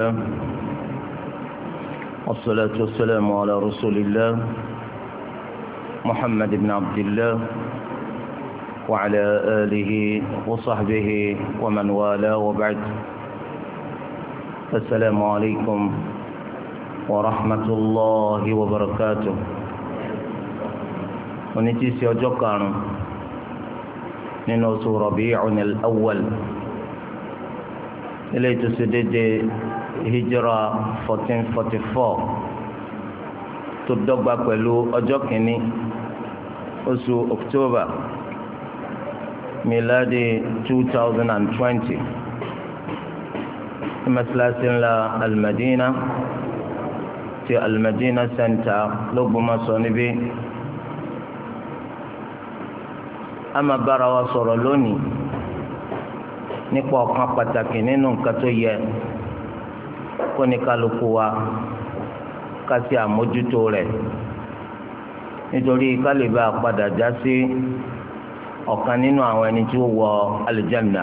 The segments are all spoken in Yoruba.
نعم. والصلاة والسلام على رسول الله محمد بن عبد الله وعلى آله وصحبه ومن والاه وبعد السلام عليكم ورحمة الله وبركاته ونتيسي وجوكان ننوس ربيع الأول إليت سديدي hijra fourteen forty four tó dọ́gba pẹ̀lú ọjọ́ kìíní oṣù october miladi two thousand and twenty mẹ́sàlásí ńlá alimadina ti alimadina center lọ́gbọ́mọsọ níbí a máa bára wa sọ̀rọ̀ lónìí nípa ọ̀kan pàtàkì nínú nǹkan tó yẹ. kó ní kálukú wa ká àmójútó rẹ̀ nítorí kálíbà padà já sí ọ̀kan nínú àwọn ẹni tí ó wọ alìjẹ́nà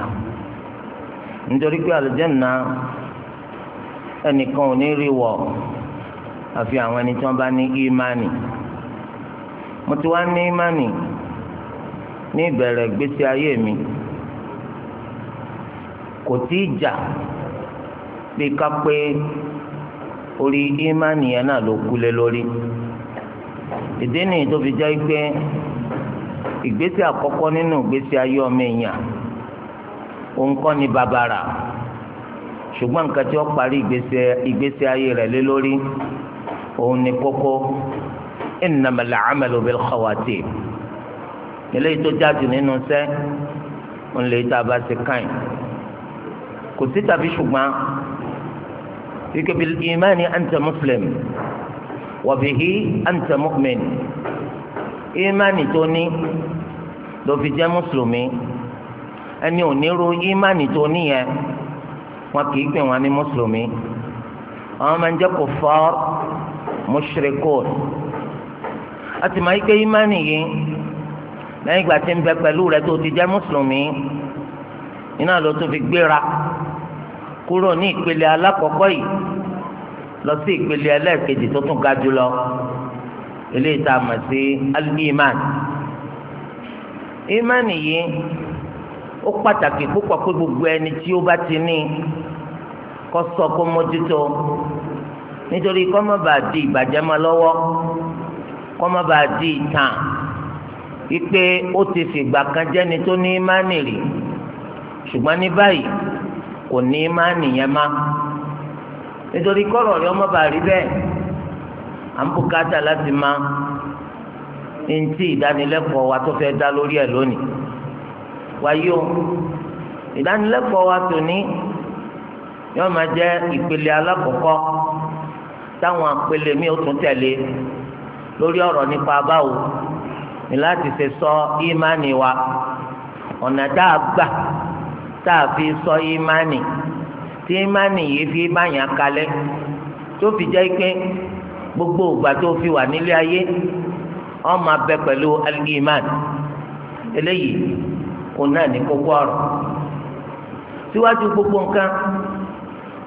nítorí pé alìjẹ́nà ẹnìkan ò ní rí wọ àfi àwọn ẹni tí wọ́n bá ní ímánì mo ti wá ní ímánì ní ìbẹ̀rẹ̀ ayé mi kò tí ì jà. Ja bí ká pé orí ìmánì yẹn náà ló kú lé lórí ìdí nìyí tó fi jẹ́ pé ìgbésí àkọ́kọ́ nínú ìgbésí ayé ọmọ èèyàn òǹkọ́ ni bàbàrà ṣùgbọ́n nǹkan tí ó parí ìgbésí ayé rẹ̀ lé lórí òun ni kókó innamal amalu bil khawatim eléyìí tó jáde nínú sẹ́ ń lè tá a bá ti káyìn kò sí tàbí ṣùgbọ́n ike bil imani anta muslim wa bihi anta mu'min imani tó ní ló fi jẹ́ mùsùlùmí ẹni ò ní ru imani tó ní yẹn wọn kì í pè wọn ní mùsùlùmí àwọn máa ń jẹ́ kufar mushrikun a sì máa ń imani yìí lẹ́yìn ìgbà tí ń bẹ pẹ̀lú rẹ tó ti jẹ́ mùsùlùmí iná ló tún fi gbéra kúrò ní ìpele alákọ̀ọ́kọ́ yìí lọ sí ìpele ẹlẹ́ẹ̀kejì tó tún ga jùlọ eléyìí tá a mọ̀ sí al-iman ìmánì yìí ó pàtàkì púpọ̀ pé gbogbo ẹni tí ó bá ti ní kó ṣọ́ kó mójútó nítorí kó má bàa di ìbàjẹ́ mọ́ lọ́wọ́ kó má bàa di ìtàn wípé ó ti fìgbà kan jẹ́ni tó ní ìmánì rí ṣùgbọ́n ní báyìí kò ní má nìyẹn má nítorí kọ́rọ̀ rẹ ọmọ bá rí bẹ́ẹ̀ à ń bùkátà láti má ntí ìdánilẹ́kọ̀ọ́ wa tó fẹ́ dá lórí ẹ̀ lónìí wáyé o ìdánilẹ́kọ̀ọ́ wa tòní yóò máa jẹ́ ìpele alákọ̀ọ́kọ́ táwọn àpele mi ò tún tẹ̀lé lórí ọ̀rọ̀ nípa báwo ni láti ṣe sọ ìmánì wa ọ̀nà tá gbà. tá a fi sọ ìmánì tí ìmánì yìí fi báyàn kalẹ̀ tó fi jẹ́ pé gbogbo ìgbà tó fi wà nílé ayé ó máa bẹ pẹ̀lú al-iman eléyìí kò náà ní kókó ọ̀rọ̀ síwájú gbogbo nǹkan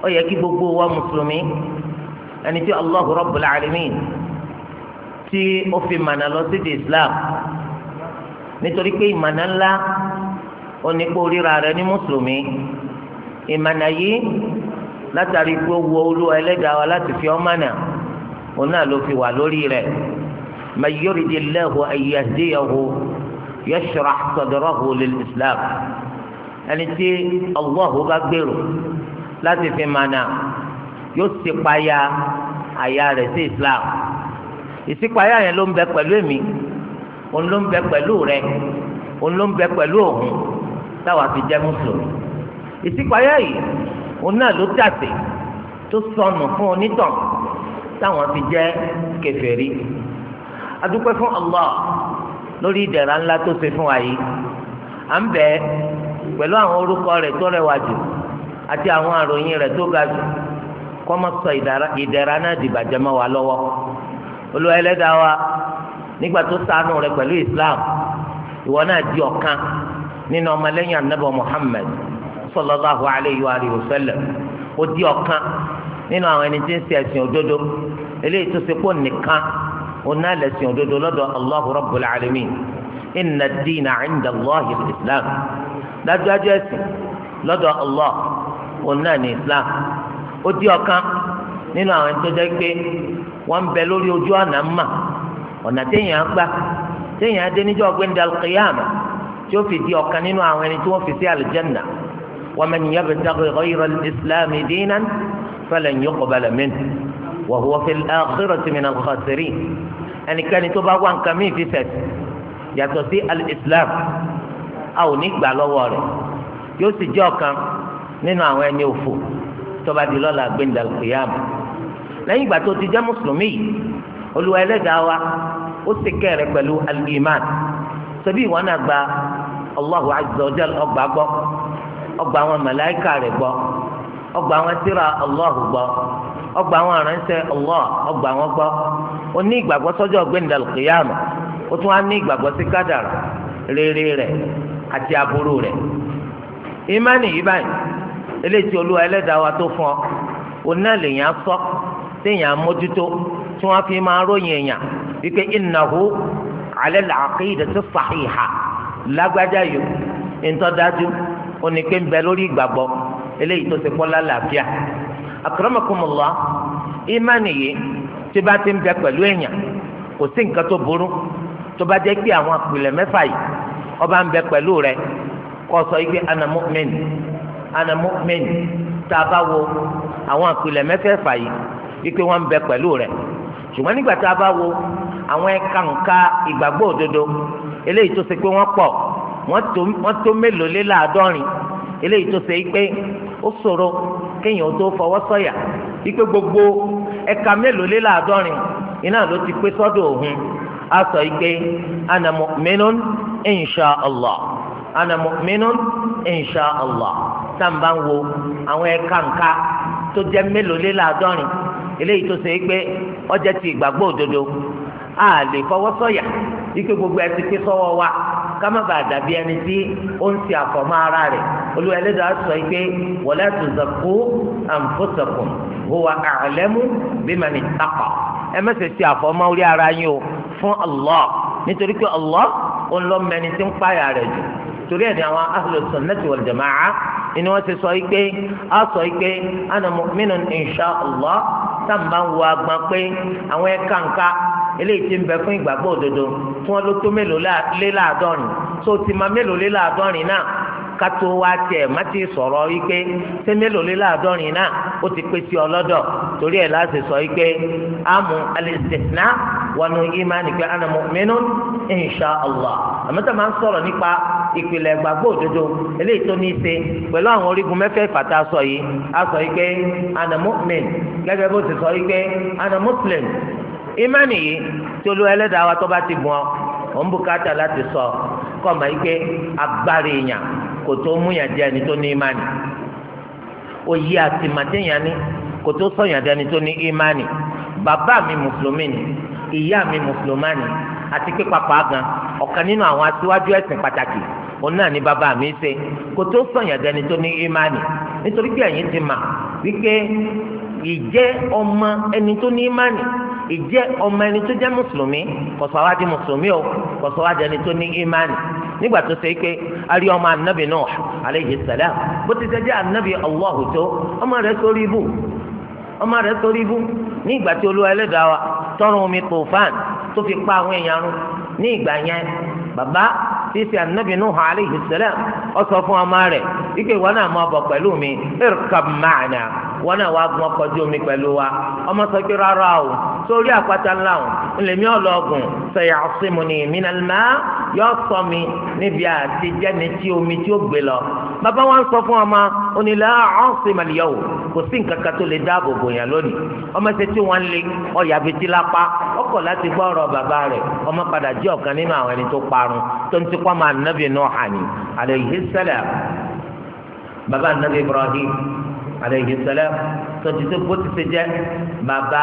ó yẹ kí gbogbo wa mùsùlùmí ẹni tí Allahu Rabbul Alamin tí ó fi mànà lọ sí di Islam nítorí pé ìmànà ńlá onípò ríra rẹ̀ ní mùsùlùmí ìmànà yìí látàrí pé ó wo olú ẹlẹ́dàá wa láti fi ọ́ mànà òun náà ló fi wà lórí rẹ̀ ma yorìdì lẹ́hu ayéhìdéyàwó yẹ́sọ̀rọ̀ àtọ̀dọ̀rọ̀hu lil islam ẹni tí ọlọ́hu bá gbèrò láti fi mànà yóò sì payà àyà rẹ̀ sí islam ìṣípayà yẹn ló ń bẹ pẹ̀lú èmi òun ló ń bẹ pẹ̀lú rẹ̀ òun ló ń bẹ pẹ̀lú òun táwa fi jẹ́ mùsùlùmí ìṣípayá yìí òun náà ló dàsè tó sọnù fún onítàn táwọn fi jẹ́ kèfèrí adúpẹ́ fún Allah lórí ìdẹ̀ra ńlá tó ṣe fún wa yìí à ń bẹ̀ ẹ́ àwọn orúkọ rẹ̀ tó rẹwà jù àti àwọn àròyìn rẹ̀ tó ga jù kọ́ mọ́ sọ ìdẹ̀ra náà dìbàjẹ́ mọ́ wa lọ́wọ́ olúwa ẹlẹ́dàá wa nígbà tó ṣàánú rẹ̀ pẹ̀lú Islam ìwọ náà di ọ̀kan nínú ọmọlẹ́yìn anabi muhammed sallallahu alayhi wa alihi wa sallam ó di ọ̀kan nínú àwọn ẹni tí ń ṣe ẹ̀sìn òdodo eléyìí tó ṣe pọ̀ nìkan ọ̀nà lẹ̀sìn òdodo lọ́dọ̀ allahu rabbul alamin inna diina inda allahi islam dájúdájú ẹ̀sìn lọ́dọ̀ allah ọ̀nà ní islam ó di ọ̀kan nínú àwọn ẹni tó jẹ́ pé wọ́n ń bẹ lórí ojú ọ̀nà mà ọ̀nà téèyàn gbà téèyàn adé níjọ́ gbẹ́ndé alqiyama tí ó fi di ọ̀kan nínú àwọn ẹni tí wọ́n fi sí àlùjẹ́nà wa man yabtaghi ghayra al-islami dinan falan yuqbala minhu wa huwa fil akhirati min al-khasirin ẹnikẹ́ni tó bá wá nǹkan mí fi fẹ̀sì yàtọ̀ sí al-islam a ò ní lọ́wọ́ rẹ̀ yóò sì jẹ́ ọ̀kan nínú àwọn ẹni òfò tó bá di lọ́la gbẹ̀ndàlùkìyàm lẹ́yìn ìgbà Allahu azza wa jalla ọgbà gbọ́ ọgbà àwọn màláíkà rẹ̀ gbọ́ ọgbà àwọn tírà Allahu gbọ́ ọgbà àwọn aránṣẹ́ Allah ọgbà àwọn gbọ́ ó ní ìgbàgbọ́ sọ́jọ́ ọ̀gbẹ́ndà lùkìyàmù ó tún á ní ìgbàgbọ́ sí kádàrà rere rẹ̀ àti aburú rẹ̀ ìmánì yìí báyìí eléyìí tí olúwa ẹlẹ́dàá wa tó fún ọ òun náà lèèyàn sọ téèyàn mójútó tí wọ́n fi máa ròyìn èèyàn wípé innahu ala al-aqidati as-sahiha lágbájá yòó ntọ́dájú ó ní pé ń bẹ lórí ìgbàgbọ́ eléyìí tó ti pọ́ lálàáfíà akramakumullah ìmánì yìí tí bá ti ń bẹ pẹ̀lú èèyàn kò sí nǹkan tó burú tó bá jẹ́ pé àwọn àpilẹ̀ mẹ́fà yìí ọba ń bẹ pẹ̀lú rẹ kó sọ yìí pé ana mu'min ana mu'min tá a bá wo àwọn àpilẹ̀ mẹ́fẹ̀ẹ̀fà yìí wípé wọ́n ń bẹ pẹ̀lú rẹ ṣùgbọ́n nígbà tá a bá wo àwọn ẹ̀ka nka ìgbàgbọ́ òdodo eléyìí tó ṣe pé wọ́n pọ̀ wọ́n tó mélòó lé láàádọ́rin eléyìí tó ṣe pé ó ṣòro kéèyàn tó fọwọ́ sọ̀yà wípé gbogbo ẹ̀ka mélòó lé láàádọ́rin iná ló ti pé sọ́dọ̀ òhun a sọ pé ana mu'minun insha allah ana mu'minun insha allah tá n bá ń wo àwọn ẹ̀ka ńka tó jẹ́ mélòó lé láàádọ́rin eléyìí tó ṣe pé ó ti ìgbàgbọ́ òdodo a lè fọwọ́ sọ̀yà ike gbogbo ẹ ti ké sọ́wọ́ wa ká má bàa dàbí ẹni tí ó ń ti àfọ̀mọ́ ara rẹ̀ olúwa ẹlẹ́dàá sọ pé wala tuzakku anfusakum huwa a'lamu bimani ittaqa ẹ mẹ́sẹ̀ ti àfọ̀mọ́ orí ara yín o fún Allah nítorí pé Allah ó ń lọ mẹni tí ń pààyà rẹ̀ jù torí ẹ̀ ní àwọn ahlu sunnati wal jama'a ni wọ́n ti sọ yìí pé a sọ yìí pé ana mu'minun insha allah sáàmbá ń wo agbọn pé àwọn ẹ̀ka nǹka eléyìí ti ń bẹ fún ìgbàgbọ́ òdodo tí wọ́n mélòó lé láàdọ́rin tó ti ma mélòó lé láàdọ́rin náà kátó wá tiẹ̀ má ti sọ̀rọ̀ wípé ṣé mélòó lé láàdọ́rin náà ó ti pé sí ọlọ́dọ̀ torí ẹ̀ láti sọ wípé àmú alẹ́sẹ̀nà wọnú ìmánì pé ana mu'minun insha allah àmọ́tà máa ń sọ̀rọ̀ nípa ìpìlẹ̀ ìgbàgbọ́ òdodo eléyìí tó ní í ṣe pẹ̀lú àwọn orígun mẹ́fẹ̀ẹ̀fà tá sọ yìí a sọ yìí pé ana mu'min gẹ́gẹ́ bó ti sọ yìí pé ana muslim ìmánì yìí tí olú ẹlẹ́dàá wa tó bá ti bùn ọ́ òun bùkátà láti sọ kọ́ ọ̀ma yìí agbára èèyàn kò tó múyàn di ẹni tó ní ìmánì òye àtìmọ̀tẹ́yàn ni kò tó ẹni tó ní ìmánì bàbá mi mùsùlùmí ni ìyá mi mùsùlùmánì àti pé gan ọ̀kan nínú àwọn aṣíwájú ẹ̀sìn pàtàkì òun náà ni bàbá mi ṣe kó tó sọ̀yàn dẹni tó ní ìmánì nítorí pé ẹ̀yin ti mà wípé ìjẹ́ ọmọ ẹni tó ní ìmánì ìjẹ́ ọmọ ẹni tó jẹ́ mùsùlùmí kọ̀sọ̀wádì mùsùlùmí o kọ̀sọ̀wádì ẹni tó ní ìmánì nígbà tó ṣe pé arí ọmọ anabi Nuh alayhi salam bó ti ṣe jẹ́ ọmọ rẹ̀ torí ibú ní ìgbà tí olúwa ẹlẹ́dàá wa tọrùn omi Tòfán tó fi pa àwọn èèyàn rún ní ìgbà yẹn bàbá sísè anabi nuhu alayhi salam ó sọ fún ọmọ rẹ̀ ike wọn náà máa bọ̀ pẹ̀lú mi irkab ma'ana wọn náà wàá gun ọkọ̀ ojú omi pẹ̀lú wa ọmọ sọ pé rárá o sórí àpáta ńlá o ńlẹmí ọlọgùn sayasimuni minal ma yọ sọ mi níbi àti jẹni omi tí ó gbé lọ bàbá wọn sọ fún ọmọ onílà asima al-yawm kò sí nǹkan kan tó lè dáàbò lọ́wọ́ bàbá rẹ̀ ọmọ padà jẹ́ ọ̀kan nínú àwọn ẹni tó parun tó ń ti kọ́ máa nàbì Nuh ni alayhi salam bàbá nàbì Ibrahim alayhi salam tó ti tó bó ti ṣe jẹ́ bàbá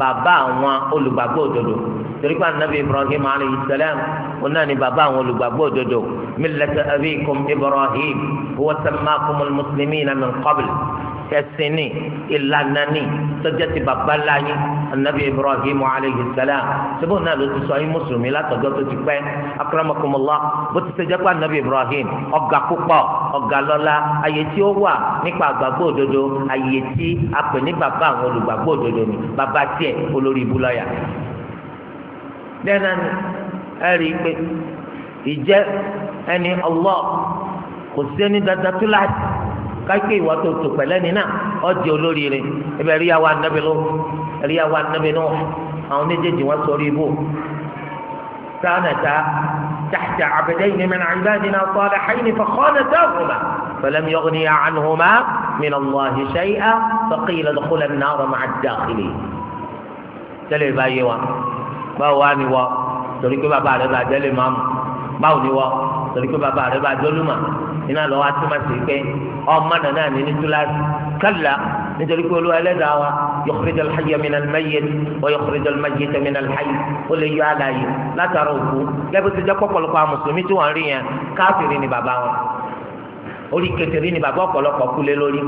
bàbá àwọn olùgbàgbọ́ òdodo torí pé anabi ibrahim alayhi salam òun náà ni bàbá àwọn olùgbàgbọ́ òdodo millata abikum ibrahim huwa sammakumul muslimina min qabl ẹ̀sìn ni ìlànà ni sọ́jà ti bàbá láyé anabi ibrahim alayhi salam síbò náà ló ti sọ ayé mùsùlùmí látọjọ́ tó ti pẹ́ akramakumullah bó ti ṣe jẹ́ pé anabi ibrahim ọ̀gá púpọ̀ ọ̀gá lọ́lá ayé tí ó wà nípa àgbàgbọ́ òdodo ayé tí a pè ní bàbá àwọn olùgbàgbọ́ òdodo ni bàbá tiẹ̀ olórí ibú lọ́yà dẹ́nà ẹ rí i pé ìjẹ́ ẹni Allah kò sí ẹni dandan tó láti káké ìwà tó tó pẹ̀lẹ́ ni náà ọjọ́ olóríire ẹbẹ̀ rí àwọn anábì ló rí àwọn anábì náà àwọn méjèèjì wọn sọ orí ibò sánàtà tàhtà abdaini min ibadina salihaini fakhanatahuma falam yughniya anhuma min Allahi shay'an faqila udkhula an-nara ma'a ad-dakhilin. tẹ́lẹ̀ bá wa báwo wá ni wọ́ torí pé bàbá rẹ̀ bá jẹ́lẹ̀ máa mú báwo ni wọ́ torí pé bàbá rẹ̀ bá jọ́lùmọ̀ iná lọ́wọ́ á túmọ̀ sí pé ọmọ nàná ní ní túláàsì kálá nítorí pé olúwa ẹlẹ́dàá wa yọkùrẹ́jọ alhayya mi náà mẹ́yẹ wọ yọkùrẹ́jọ alhayya tẹ̀ mi náà alhayya ó lè yọ àlàyé látara òkú lẹ́bi tó jẹ́ pọ̀pọ̀lọpọ̀ àwọn mùsùlùmí tí wọ́n rí yẹn káfíìrì ni bàbá wọn orí kẹtẹ̀rí ni bàbá ọ̀pọ̀lọpọ̀ kú lé lórí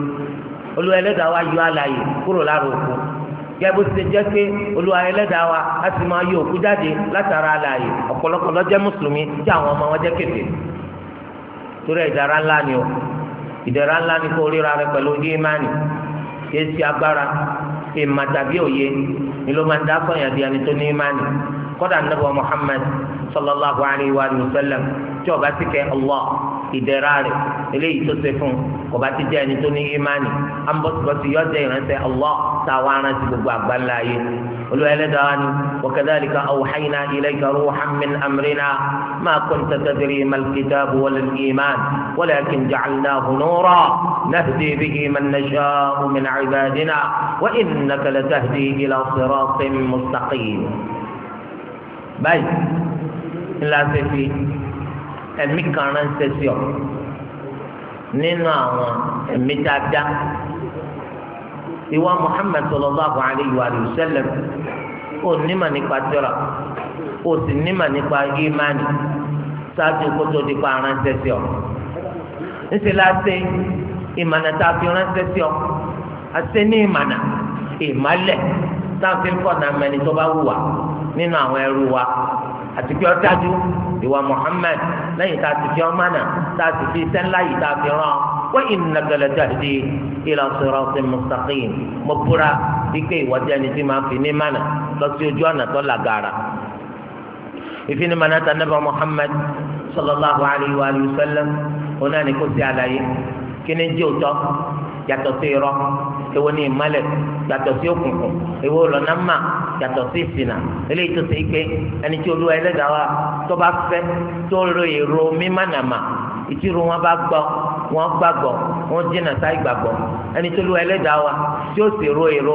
olúwa ẹlẹ́dàá wa yọ àlàyé kúrò lára òkú gẹ́gbó ti jẹ́ pé olúwa ẹlẹ́dàá wa a sì máa yọ òkú jáde látara àlàyé ọ̀pọ̀lọpọ̀ lọ́jẹ́ mùsùlùmí tí àwọn ọmọ wọn jẹ́ kẹtẹ̀rí torí ìdára ńlá ni o ìdára ńlá ni kò ríra rẹ pẹ̀lú ojú ìmánì kí esi agbára ìmà tàbí òye ni ló máa ń dá sọ̀yàn di ẹni tó ní ìmánì kọ́dà nàbà muhammad sallallahu alayhi wa sallam tí ó bá ti kẹ́ allah ìdẹ̀ra rẹ̀ eléyìí tó ṣe fún kò bá ti jẹ́ ẹni tó ní ìmánì ambọ̀sibọ̀sì yọ jẹ́ ìránṣẹ́ allah tá a wá rántí gbogbo àgbáńlá yìí olùwẹ̀lẹ́dàá ni وكذلك أوحينا إليك روحا من أمرنا ما كنت تدري ما الكتاب ولا الإيمان ولكن جعلناه نورا نهدي به من نشاء من عبادنا وإنك لتهدي إلى صراط مستقيم báyìí ńlá ṣe fi ẹ̀mí kan ránṣẹ́ sí ọ nínú àwọn ẹ̀mí dáadáa ìwà Muhammad sallallahu alayhi wa sallam ó nímọ̀ nípa tírà ó sì nímọ̀ nípa ìmánì ṣáájú kó tó di pa ránṣẹ́ sí ọ ńṣe la ìmọ̀nà tá a fi ránṣẹ́ sí ọ àṣẹ ní ìmọ̀nà ìmọ̀lẹ̀ táwọn fi ń kọ́ náà mẹ́ni tó bá wù wá nínú àwọn ẹrú wa àti pé ọ́dájú ìwà Muhammad lẹ́yìn tá a ti fi ọmọ náà tá a ti fi iṣẹ́ ńlá yìí tá a fi rán wa innaka latahdi ila siratin mustaqim mo búra wípé ìwọ́dí ẹni tí máa fi ní mánà lọ sí ojú ọ̀nà tó làgàrà ìfini mánà tá nàbà Muhammad sallallahu alayhi wa sallam onáni kò sí àlàyé kí ni jẹ́ òótọ́ yàtọ̀ sí irọ́ èwo ni ìmálẹ̀ yàtọ̀ sí òkùnkùn èwo lọ́nà mà yàtọ̀ sí ìṣìnà eléyìí tó ṣe é pé ẹni tí olúwa ẹlẹ́dàá wa tó bá fẹ́ tó ro èrò mímánàmà ìtìrú wọn bá gbọ́ wọn gbàgbọ́ wọn jìnnà sáì gbàgbọ́ ẹni tó olúwa ẹlẹ́dàá wa tí ó sì ro èrò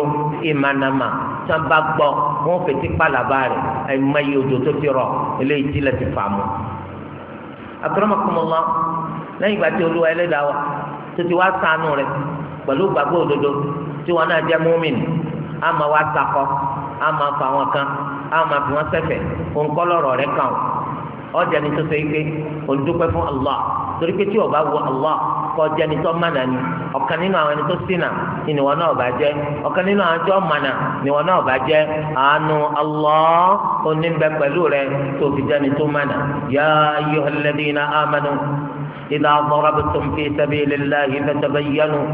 ìmánàmà tí wọn bá gbọ́ wọn fètí pàlàbà rẹ ẹ̀ẹ́mẹ́yìí òjò tó ti rọ̀ eléyìí tí ilẹ̀ ti fà mọ́ lẹ́yìn ìgbà tí olúwa ẹlẹ́dàá wa tó wá ṣàánú rẹ̀ pẹ̀lú gbàgbọ́ òdodo tí wọn náà jẹ́ múmìnì á máa wá sakọ á máa fa wọn kan á máa fi wọn sẹ́fẹ̀ òǹkọ́lọ́rọ̀ rẹ̀ kàn ọ́ jẹni tó ṣe ike olùdókòwò fún Allah torí pé tí o bá wọ Allah kọ jẹ ní tọ́ mánà ni ọ̀kan nínú àwọn ẹni tó ṣìnà ni wọn náà bá jẹ ọ̀kan nínú àwọn tó mánà ni wọn náà bá jẹ àánú Allah oníbẹ̀ pẹ̀lú rẹ tó fi jẹ ní tó mánà yā ayyuhalladhīna āmanū. إذا ضربتم في سبيل الله فتبينوا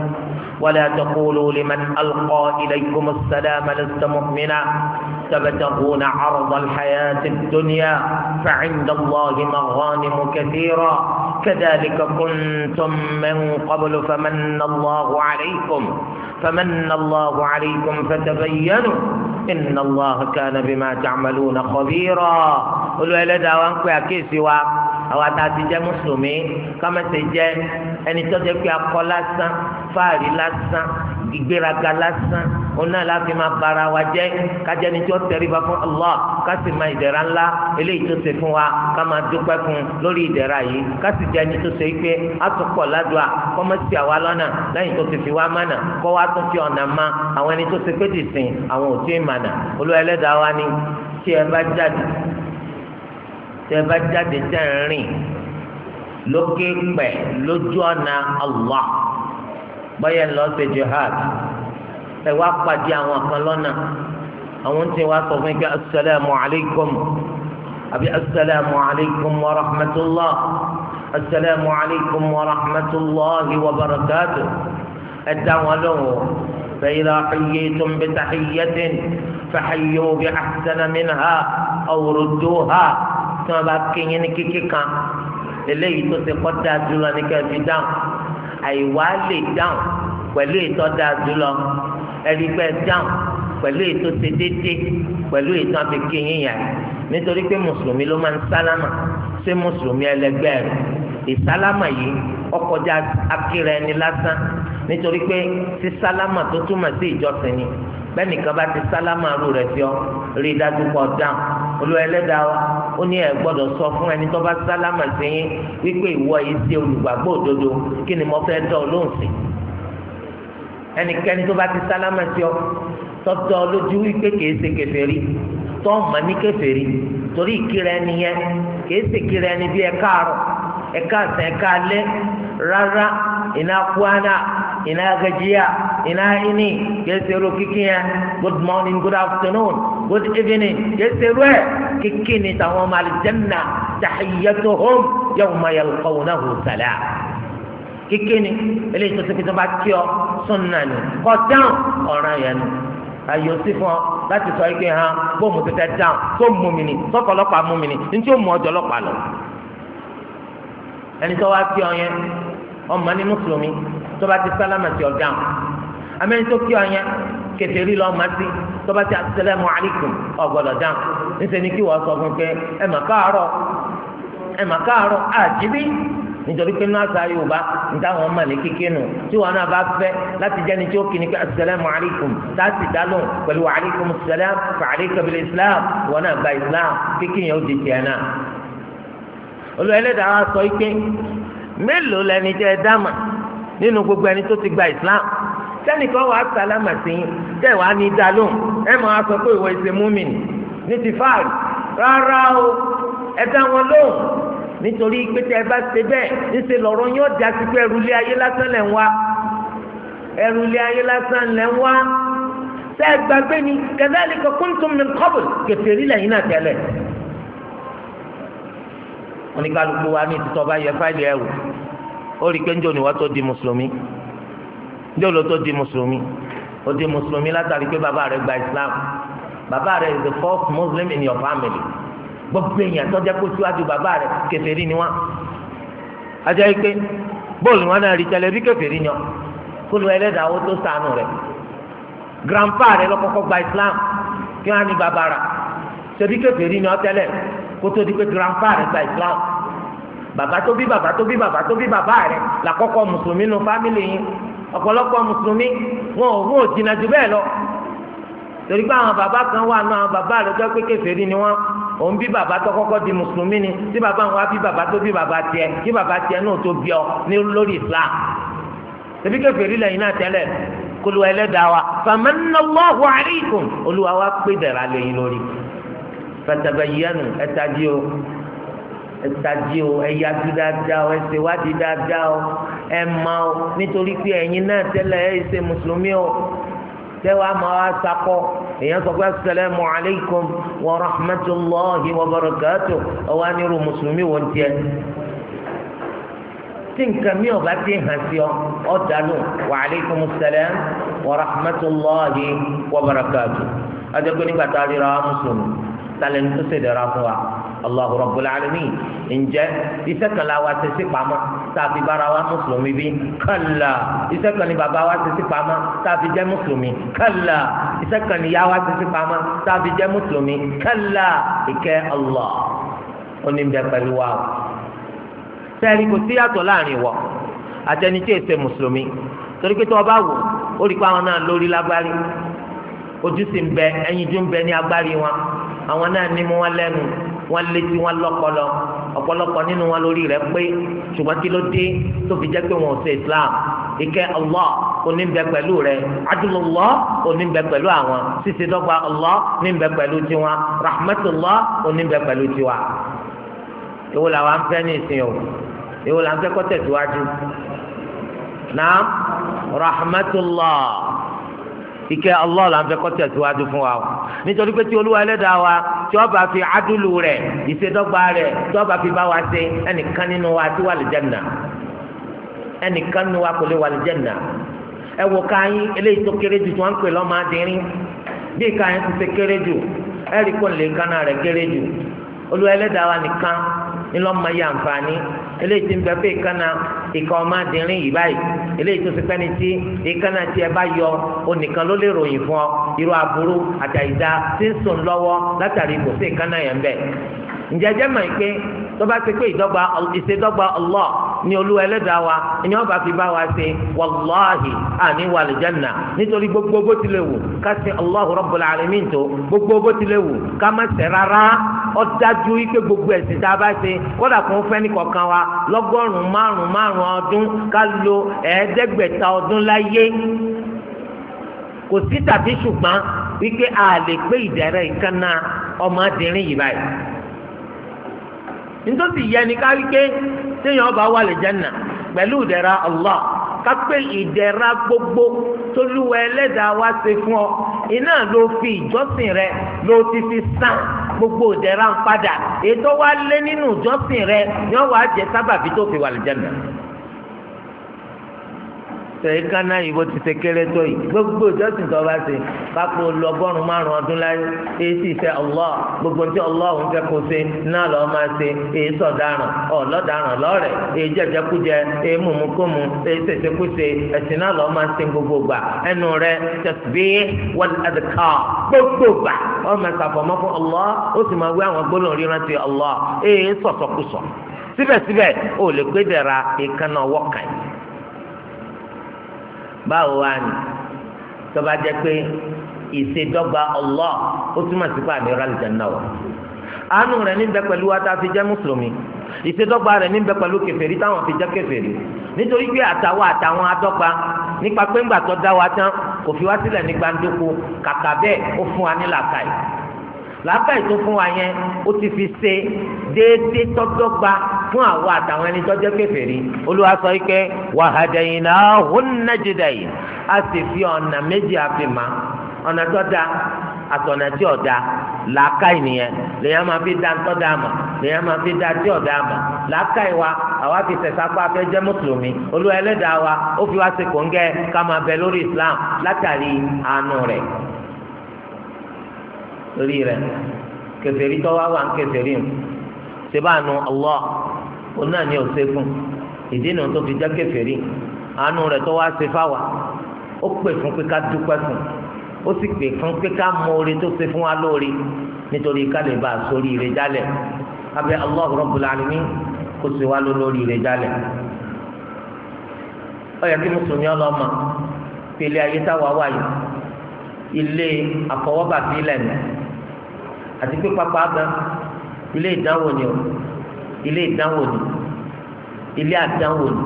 ولا تقولوا لمن ألقى إليكم السلام لست مؤمنا تبتغون عرض الحياة الدنيا فعند الله مغانم كثيرا كذلك كنتم من قبل فمن الله عليكم فمن الله عليكم فتبينوا إن الله كان بما تعملون خبيرا قلوا إلى دعوانك يا كيسي àwọn اتاتي jẹ́ mùsùlùmí كما jẹ́ ẹni tó jẹ́ pé akọ lásán fáàrí lásán. lásán ìgbéraga lásán ọ̀nà láti máa bara wa jẹ́ kájẹ́ni tí ó fún Allah ká sì máa ìdẹ̀ra ńlá eléyìí tó ṣe fún wa ká máa dúpẹ́ fún lórí ìdẹ̀ra yìí ká sì jẹ́ni tó ṣe pé a tún pọ̀ ládùá kọ́mọ́sí àwa lọ́nà lẹ́yìn tó ti fi wá mánà kọ́ wa tún fi ọ̀nà ma àwọn ẹni tó ṣe pé dìsìn àwọn ò tí ì mànà olú ẹlẹ́dàá wa ni tí ẹ bá jáde tí ẹ bá jáde tẹ̀ ń rìn lókè pẹ̀ lójú ọ̀nà Allah bọ́yẹ̀ lọ ṣe jihad ẹ wá pàdé àwọn kan lọ́nà àwọn tí wàá sọ fún ike asalaamu alaykum àbí asalaamu alaykum wa rahmatulah asalaamu alaykum wa rahmatulah wa barakatuh ẹ dá wọn lóhùn. فإذا حييتم بتحية فحيوا بأحسن منها أو ردوها ثم بقى كيني كيكي كان eléyìí tó ti kọjá àìwá lè dáhùn pẹ̀lú ètò dáadúró lọ ẹ̀rí pẹ́ dáhùn pẹ̀lú ètò ṣe déédéé pẹ̀lú ètò àfikún yín yẹn nítorí pé mùsùlùmí ló máa ń sálámà ṣé mùsùlùmí ẹlẹgbẹ́ rẹ̀ ìsálámà yìí ọkọjá akéré ẹni lásán nítorí pé tí sálámà tó túmọ̀ sí ìjọsìn ni bẹ́ẹ̀ nìkan bá ti sálámà rú rẹ̀ sí ọ rí i dájú pọ̀ dáhùn olú ẹlẹ́dàá wa ó ní ẹ gbọ́dọ̀ sọ fún ẹni tó bá sálámà sí yín wípé ìwọ yìí ṣe olùgbàgbọ́ òdodo kí ni mo fẹ́ dán ọ lóhùn sí ẹnikẹ́ni tó bá ti sálámà sí ọ tọ́tọ́ lójú wípé kìí ṣe kèfèrí tó mọ̀ ní kèfèrí torí ìkíra ẹni yẹn kìí ṣe kíra ẹni bí ẹ káàárọ̀ ẹ káàsán ẹ káalẹ́ rárá ìnákúánà ina gajiya ina ini ke seru kikiya good morning good afternoon good evening ke seru eh. kiki ni tawon mal janna tahiyyatuhum yawma yalqawnahu salam kiki ni ele to se kitan ba ti sunna ni ko down ọ̀ràn yẹn ayo si fún ọ láti sọ ike hàn bóòmù tètè dáhùn tó mú mi ni sọkọlọpàá mú ntí ó mú ọjọ lọ ẹni tó wá sí ọmọ ní mùsùlùmí tó bá ti sálámà sí ọ̀dáhùn amẹ́ni tó kí ọ yẹn kẹtẹ́rì lọ́ọ́ máa ti tó bá ti asẹ́lẹ̀mù alaykum ọ̀gbọ́dọ̀ dáhùn níṣẹ́ ni kí wọ́n sọ fún pé ẹ mà káàárọ̀ ẹ mà káàárọ̀ àjíbí nítorí pé náà sáà yorùbá níta wọn mà ní kíkí nù tí wọn náà bá fẹ́ láti jẹni tí ó kí ni pé asẹ́lẹ̀mù alaykum láti dálóhùn pẹ̀lú alaykum sẹlẹ̀m fàálẹ́ kẹbìlẹ̀ islam wọn náà gba islam kíkí yẹn ó di tiẹ̀ náà olùwẹ̀lẹ́dàá sọ mélòó lẹni jẹ dáàmà nínú gbogbo ẹni tó ti gba islam sẹ́nìkan wàá sálámà sí i tẹ̀ wàá ní dá lóhùn ẹ máa sọ pé ìwọ ìṣe múmin ní ti fáàlì rárá o ẹ dá wọn lóhùn nítorí pé tẹ ẹ bá ṣe bẹ́ẹ̀ níṣẹ́ lọ́rọ̀ yóò já sí pé ẹrù ilé ayé lásán lẹ̀ ń wá ẹrù ilé ayé lásán lẹ̀ ń wá sẹ́ẹ̀ gbàgbé ni kẹ́sẹ́ àlìkọ́ kúntùm min qabl kẹfẹ́rí lẹ́yìn náà tẹ́lẹ̀ oníkálukú wa ní ìtìtọ́ bá yẹ fáìlì ẹ̀wò ó rí i pé ń jò ní wọ́n tó di mùsùlùmí ń jò ló tó di mùsùlùmí ó di mùsùlùmí látàrí pé bàbá rẹ̀ gba Islam bàbá rẹ̀ is the first Muslim in your family gbogbo èèyàn tó jẹ́ kó síwájú bàbá rẹ̀ kèfèrí ni wọ́n ajá yìí pé bóòlù wọn náà rí tẹlẹ bí kèfèrí ni ọ kóòlù ẹlẹ́dàá owó tó sànù rẹ̀ grandpa rẹ̀ lọ́kọ́kọ́ gba Islam kí wọ́n á ní bàbá rà ṣebí kèfèrí ni ọ tẹ́lẹ̀ kó tó di pé grandpa rẹ̀ gba islam bàbá tó bí bàbá tó bí bàbá tó bí bàbá rẹ̀ làkọ́kọ́ mùsùlùmí nu fámìlì yín ọ̀pọ̀lọpọ̀ mùsùlùmí wọn ò wọn ò jìnnà jù bẹ́ẹ̀ lọ torí pé àwọn bàbá kan wà náà bàbá rẹ̀ jẹ́ pé kèfèrí ni wọ́n òun bí bàbá tó kọ́kọ́ di mùsùlùmí ni tí bàbá wọn á bí bàbá tó bí bàbá tiẹ̀ kí bàbá tiẹ̀ náà tó bí ọ ní lórí islam tẹ̀bí kèfèrí lẹ́yìn náà tẹ́lẹ̀ kólú ẹlẹ́dàá wa famanallahu alaykum olúwa pé dẹ̀ra lẹ́yìn lórí fatabayyanu ẹtají o ẹtají o ẹyájú dáadáa o ẹsẹ wádìí dáadáa o ẹ má o nítorí pé ẹ̀yin náà tẹ́lẹ̀ ẹ ṣe mùsùlùmí o tẹ́wọ́ àmọ́ wa sakọ èèyàn sọ pé asalaamu alaykum wa rahmatulahi wa barakatu ọwọ́ anirú mùsùlùmí wọ́n tiẹ̀ tí nǹkan mi ò bá ti hàn sí ọ ọ dànù wa aleykum salaam wa rahmatulahi wa barakatu adékun nígbà tá a lè ra mùsùlùmí talẹ̀ ní tó ṣèdẹ̀ra fún wa allahu rabbul alamin ǹjẹ́ iṣẹ́ kan la wa ṣe sí pamọ́ tàbí bára wa mùsùlùmí bí kàlà iṣẹ́ kan ni bàbá wa ṣe sí pamọ́ tàbí jẹ́ mùsùlùmí kàlà iṣẹ́ kan ni yá wa ṣe sí pamọ́ tàbí jẹ́ mùsùlùmí kàlà ìkẹ́ allah onímbẹ pẹ̀lú wa o sẹ́ẹ̀rì kò sí yàtọ̀ láàrin wọ àtẹni tí èsè mùsùlùmí torí pé tí wọ́n bá wò ó rí i àwọn náà lórí lágbárí ojú sì ń bẹ ẹyin ju ń bẹ ní agbárí wọn àwọn náà ní mú wọn lẹ́nu wọn létí wọn lọ́pọlọ ọ̀pọ̀lọpọ̀ nínú wọn lórí rẹ̀ pé ṣùgbọ́n kí ló dé tó fi jẹ́ pé wọn ò ṣe islam ìkẹ́ allah oníbẹ̀ pẹ̀lú rẹ̀ adúlọ́lọ́ oníbẹ̀ pẹ̀lú àwọn ṣíṣe dọ́gba allah níbẹ̀ pẹ̀lú tiwọn rahmatullah oníbẹ̀ pẹ̀lú tiwa. èwo làwọn afẹ́ ní ìsìn o èwo làwọn afẹ́ kọ́ tẹ̀síwájú. naam rahmatullah. Ike Allah la ń fẹ́ kó fún wa o nítorí pé tí wa tí fi adúlù rẹ̀ ìṣèdọ́gba rẹ̀ tí ó fi bá wa nínú wa ti wà lè jẹ́nà kan nínú wa kò lè wà lè jẹ́nà ẹ wò káyín eléyìí tó kéré jù tí wọ́n pè lọ́mọ adìrín bí káyín ti ṣe kéré kò lè kéré olúwa wa nìkan ńlọ ma ya nfaani eléyìí ti ń bẹ pé ìkànnà ìkà ọmọdérin yìí báyìí eléyìí tó ti pẹ́ ni tí ìkànnà tí ẹ bá yọ onìkan ló lè ròyìn fún ọ irú aburú àtàyídá tí ń sùn lọ́wọ́ látàrí kò sí ìkànnà yẹn bẹ́ẹ̀ ǹjẹ́jẹ́ mọ̀ pé tó bá ti pé ìdọ́gba ìṣèdọ́gba Allah ni olú ẹlẹ́dàá wa ni wọ́n bá fi bá wa ṣe wàláhì àní wà lìjánà nítorí gbogbo bó tilẹ̀ wù ká ṣe Allahu Rabbul Alamin tó gbogbo bó tilẹ̀ wù ká má ṣe rárá ó dájú ike gbogbo ẹ̀sìn tá a bá ṣe kódà kó fẹ́ ní kọ̀ọ̀kan wa lọ́gọ́rùn-ún márùn-ún márùn-ún ọdún ká lo ẹ̀ẹ́dẹ́gbẹ̀ta ọdún láyé kò sí tàbí ṣùgbọ́n wípé a lè pé ìdẹ̀rẹ̀ ìkànnà ọmọdérin nítòsí yẹ ni ká wí pé téèyàn bá wà lè jẹ́nà pẹ̀lú ìdẹ̀ra Allah kápẹ́ ìdẹ̀ra gbogbo tolúwa ẹlẹ́dàá wá ṣe fún ọ iná ló fi ìjọsìn rẹ ló ti fi sàn gbogbo ìdẹ̀ra ń padà ètò wa lé nínú ìjọsìn rẹ ni wá jẹ sábàbí tó fi wà lè jẹ́nà sẹ̀yìn kánà yìí bó ti ṣe kéré tó yìí gbogbo ìjọsìn tó bá ṣe kápò lọ́gọ́rùn-ún márùn-ún ọdún láyé èyí sì fẹ́ Allah gbogbo tí Allah òun fẹ́ kó ṣe náà lọ́ọ́ máa ṣe èyí sọ̀daràn ọ̀lọ́daràn lọ́rẹ̀ èyí jẹjẹkújẹ èyí mùmùkùmù èyí ṣèṣekúṣe ẹ̀sìn náà lọ́ọ́ máa ṣe gbogbo gbà ẹnu rẹ tasbih wal adhkar gbogbo báwo wá ni tó bá jẹ́ pé ìṣèdọ́gba Allah ó túmọ̀ sí pé àmì ọ̀rọ̀ àlùjánnà wọ̀ àánú rẹ̀ níbẹ̀ pẹ̀lú wa tá a fi jẹ́ mùsùlùmí ìṣèdọ́gba rẹ̀ níbẹ̀ pẹ̀lú kèfèrí táwọn fi jẹ́ kèfèrí nítorí pé àtàwọn àtàwọn adọ́gba nípa pé ńgbà tó dá wa tán kò fi wá sílẹ̀ ní gbàǹdókò kàkà bẹ́ẹ̀ ó fún wa ní làkàì làákàyè tó fún wa yẹn ó ti fi ṣe déédéé tọ́dọ́gba fún àwa àtàwọn ẹni tó jẹ́ kèfèrí olúwa sọ pé wahadaynahun najdayn a sì fi ọ̀nà méjì àfihàn ọ̀nà tó dáa àtọ̀nà tí ọ̀dà làákàyè nìyẹn lèyàn máa fi dá ńtọ́ dá àmà lèyàn máa fi dá tí ọ̀dà àmà làákàyè wa àwa fi sẹ̀sá pa afẹ́ jẹ́ mùsùlùmí olúwa ẹlẹ́dàá wa ó fi wá sí kòńgẹ́ ká bẹ lórí Islam látàrí àánú rẹ̀ rí rẹ̀ kẹfẹ́rí tó wá wà ń kẹfẹ́rí mu sebáànù Allah òun náà ni òṣèkùn ìdí nu tó fi jẹ́ kẹfẹ́rí àánú rẹ̀ tó wá ṣe fáwa ó pè fún pé ká dúpẹ́ fún ó sì pè fún pé ká mọ oore tó ṣe fún wa lóore nítorí ká bá a sórí ire jálẹ̀ abẹ́ Allah Rabbul Alamin kó ṣe wá lórí ire jálẹ̀ ó kí mùsùlùmí ọlọ́mọ pèlè ayé táwa wáyé ilé àfọwọ́bàtì ilẹ̀ nù àti pé pápá gan ilé ìdánwò ni o ilé ìdánwò ni ilé àdánwò ni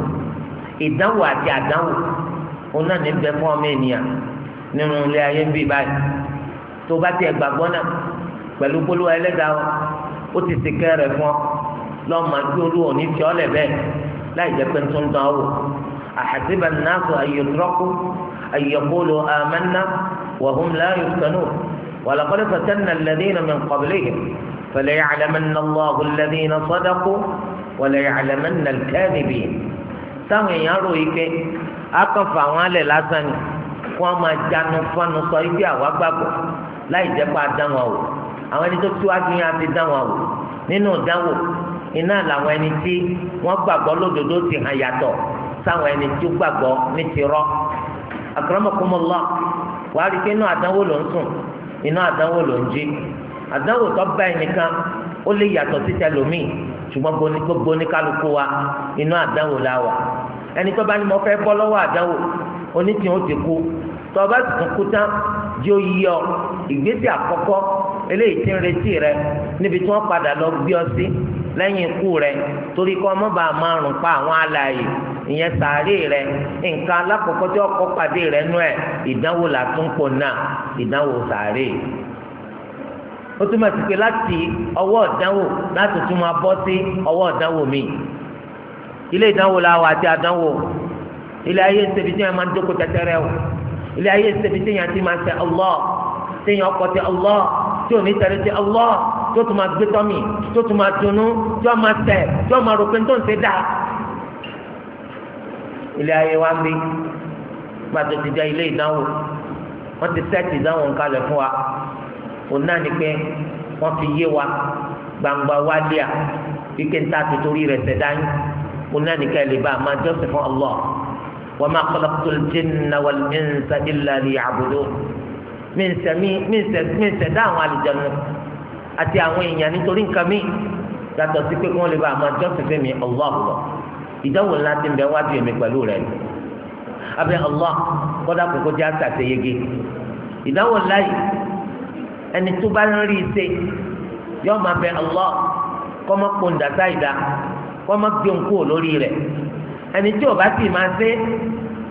ìdánwò àti àdánwò òun náà ní bẹ fún ọmọ ènìyàn nínú ilé ayé ń bí báyìí tó bá tiẹ̀ gbàgbọ́ náà pẹ̀lú polówó ẹlẹ́dàá o ó ti sèké rẹ̀ fún ọ lọ́mọ tí olúwo ní fi ọ́ lẹ̀ bẹ́ẹ̀ láì jẹ́ pé tó ń dán wò àhàzíbà náà sọ ayọ̀tọ́kù ayọ̀kọ́lù àmánná wàhùn láàyò sọ́nù. ولقد فتنا الذين من قبلهم فليعلمن الله الذين صدقوا وليعلمن الكاذبين táwọn èèyàn rò yìí pé akọ̀fà àwọn alẹ̀ lásán ni kó wọn máa jánu fánu sọ ibi àwa gbàgbọ́ láì jẹ́ pé a dán wọn wò àwọn ẹni tó tíwájú yẹn á ti dán wọn wò nínú ìdánwò iná làwọn ẹni tí wọ́n gbàgbọ́ lódodo ti hàn yàtọ̀ sáwọn ẹni tí ó gbàgbọ́ ní ti rọ́ àkàràmọ̀kọ́mọ́lá wàá rí i pé inú àdánwò ló ń sùn inú àdánwò ló ń jí àdánwò tó bá ẹnìkan ó lè yàtọ̀ sí tẹlòmíì ṣùgbọ́n gbogbo oníkálukú wa inú àdánwò la wà ẹni tó bá ní mo fẹ́ bọ́ lọ́wọ́ àdánwò onítìhún ti kú tọba tuntun kúta jẹ́ oyè ọ ìgbésẹ̀ àkọ́kọ́ eléyìí tí ń retí rẹ níbi tí wọ́n padà lọ gbé ọ sí lẹ́yìn ikú rẹ torí kọ́ ọmọ bá márùn pa àwọn alààyè ìyẹn sàárè rẹ nǹkan alákọ̀ọ́kọ́ tí ọkọ̀ pàdé rẹ nú ẹ̀ ìdánwò làtúnpò náà ìdánwò sàárè ó túmọ̀ sí pé láti ọwọ́ ìdánwò láti tún máa bọ́ sí ọwọ́ ìdánwò mi ilé ìdánwò làwọn àti àdánwò ilé ayé ń ṣe ibi tí wọ́n máa ń dókòó tẹ́tẹ́rẹ́ o ilé ayé sẹbi téèyàn ti máa ṣe Allah téèyàn ọkọ ti Allah tí ò ní tẹ̀lé ti Allah tó tún máa gbé tọ́mì tó tún máa dunnú tó máa tẹ̀ tó máa rò pé tó ń ṣe dá ilé ayé wa ń bí gbàtò ti jẹ ilé ìdánwò wọ́n ti sẹ́ẹ̀tì ìdánwò nǹkan lẹ̀ fún wa òun náà ni pé wọ́n fi yé wa gbangba wálé à kíkẹ́ ń ta àtútórí rẹ̀ sẹ̀dá yín òun náà ni ká ẹ lè bá a máa jọ́sìn fún Allah. وما خلقت الجن والإنس إلا ليعبدون من سمي من سد من سدان على الجنة أتي أوين يعني تولين كمي لا تسيبك ولا بقى ما جوف فيني الله الله إذا ولا تنبه واجي مقبلو أبي الله قد أكو جاتا سيجي إذا ولا أن tó bá يوم rí i ṣe yọọ máa bẹ Allah kọ́ máa ẹni tí o bá sì máa ṣe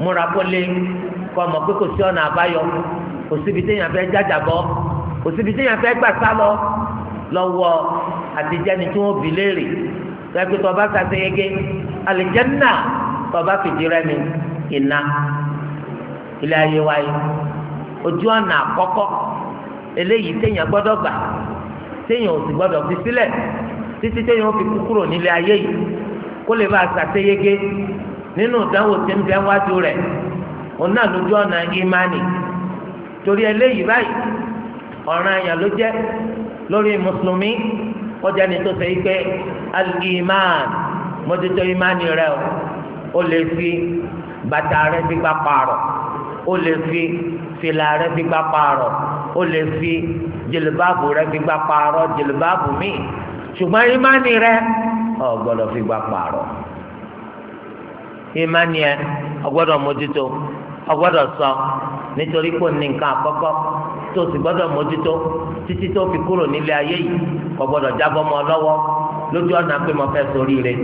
múra kó lé kọ́ ọmọ pé kò sí ọ̀nà àbáyọ kò síbi téèyàn fẹ́ jájàbọ́ kò síbi téèyàn fẹ́ gbà sá lọ lọ́wọ́ àtijẹ́ni tí wọ́n bì léèrè lẹ́gbẹ́ tó o bá sase yege alìjẹ́nà tó o bá fìdí rẹ́mi iná ilé ayé wáyé ojú ọ̀nà àkọ́kọ́ eléyìí téèyàn gbọ́dọ̀ gbà téèyàn ò sì gbọ́dọ̀ fi sílẹ̀ títí téèyàn ó fi kúrò nílé ayé yìí kó lè bá a ṣàṣeyege nínú ìdánwò tí ń bẹ wájú rẹ̀ òun náà lójú ọ̀nà ìmánì torí eléyìí báyìí ọ̀ràn àyàn ló jẹ́ lórí mùsùlùmí ọjà ni tó ṣe pé al-iman mọ́tòtò ìmánì rẹ o ó lè fi bàtà rẹ fi gbà pààrọ̀ ó lè fi fìlà rẹ fi gbà pààrọ̀ ó lè fi jìlìbáàbù rẹ fi gbà pààrọ̀ jìlìbáàbù míì ṣùgbọ́n ìmánì rẹ. ọ fi gba pààrọ̀ ìmánì ẹ mójútó ọ sọ nítorí kò ní nǹkan àkọ́kọ́ tó sì gbọ́dọ̀ mójútó títí tó fi kúrò nílé ayé yìí kò gbọ́dọ̀ jábọ́ mọ́ lójú ọ̀nà pé mo fẹ́ sórí rẹ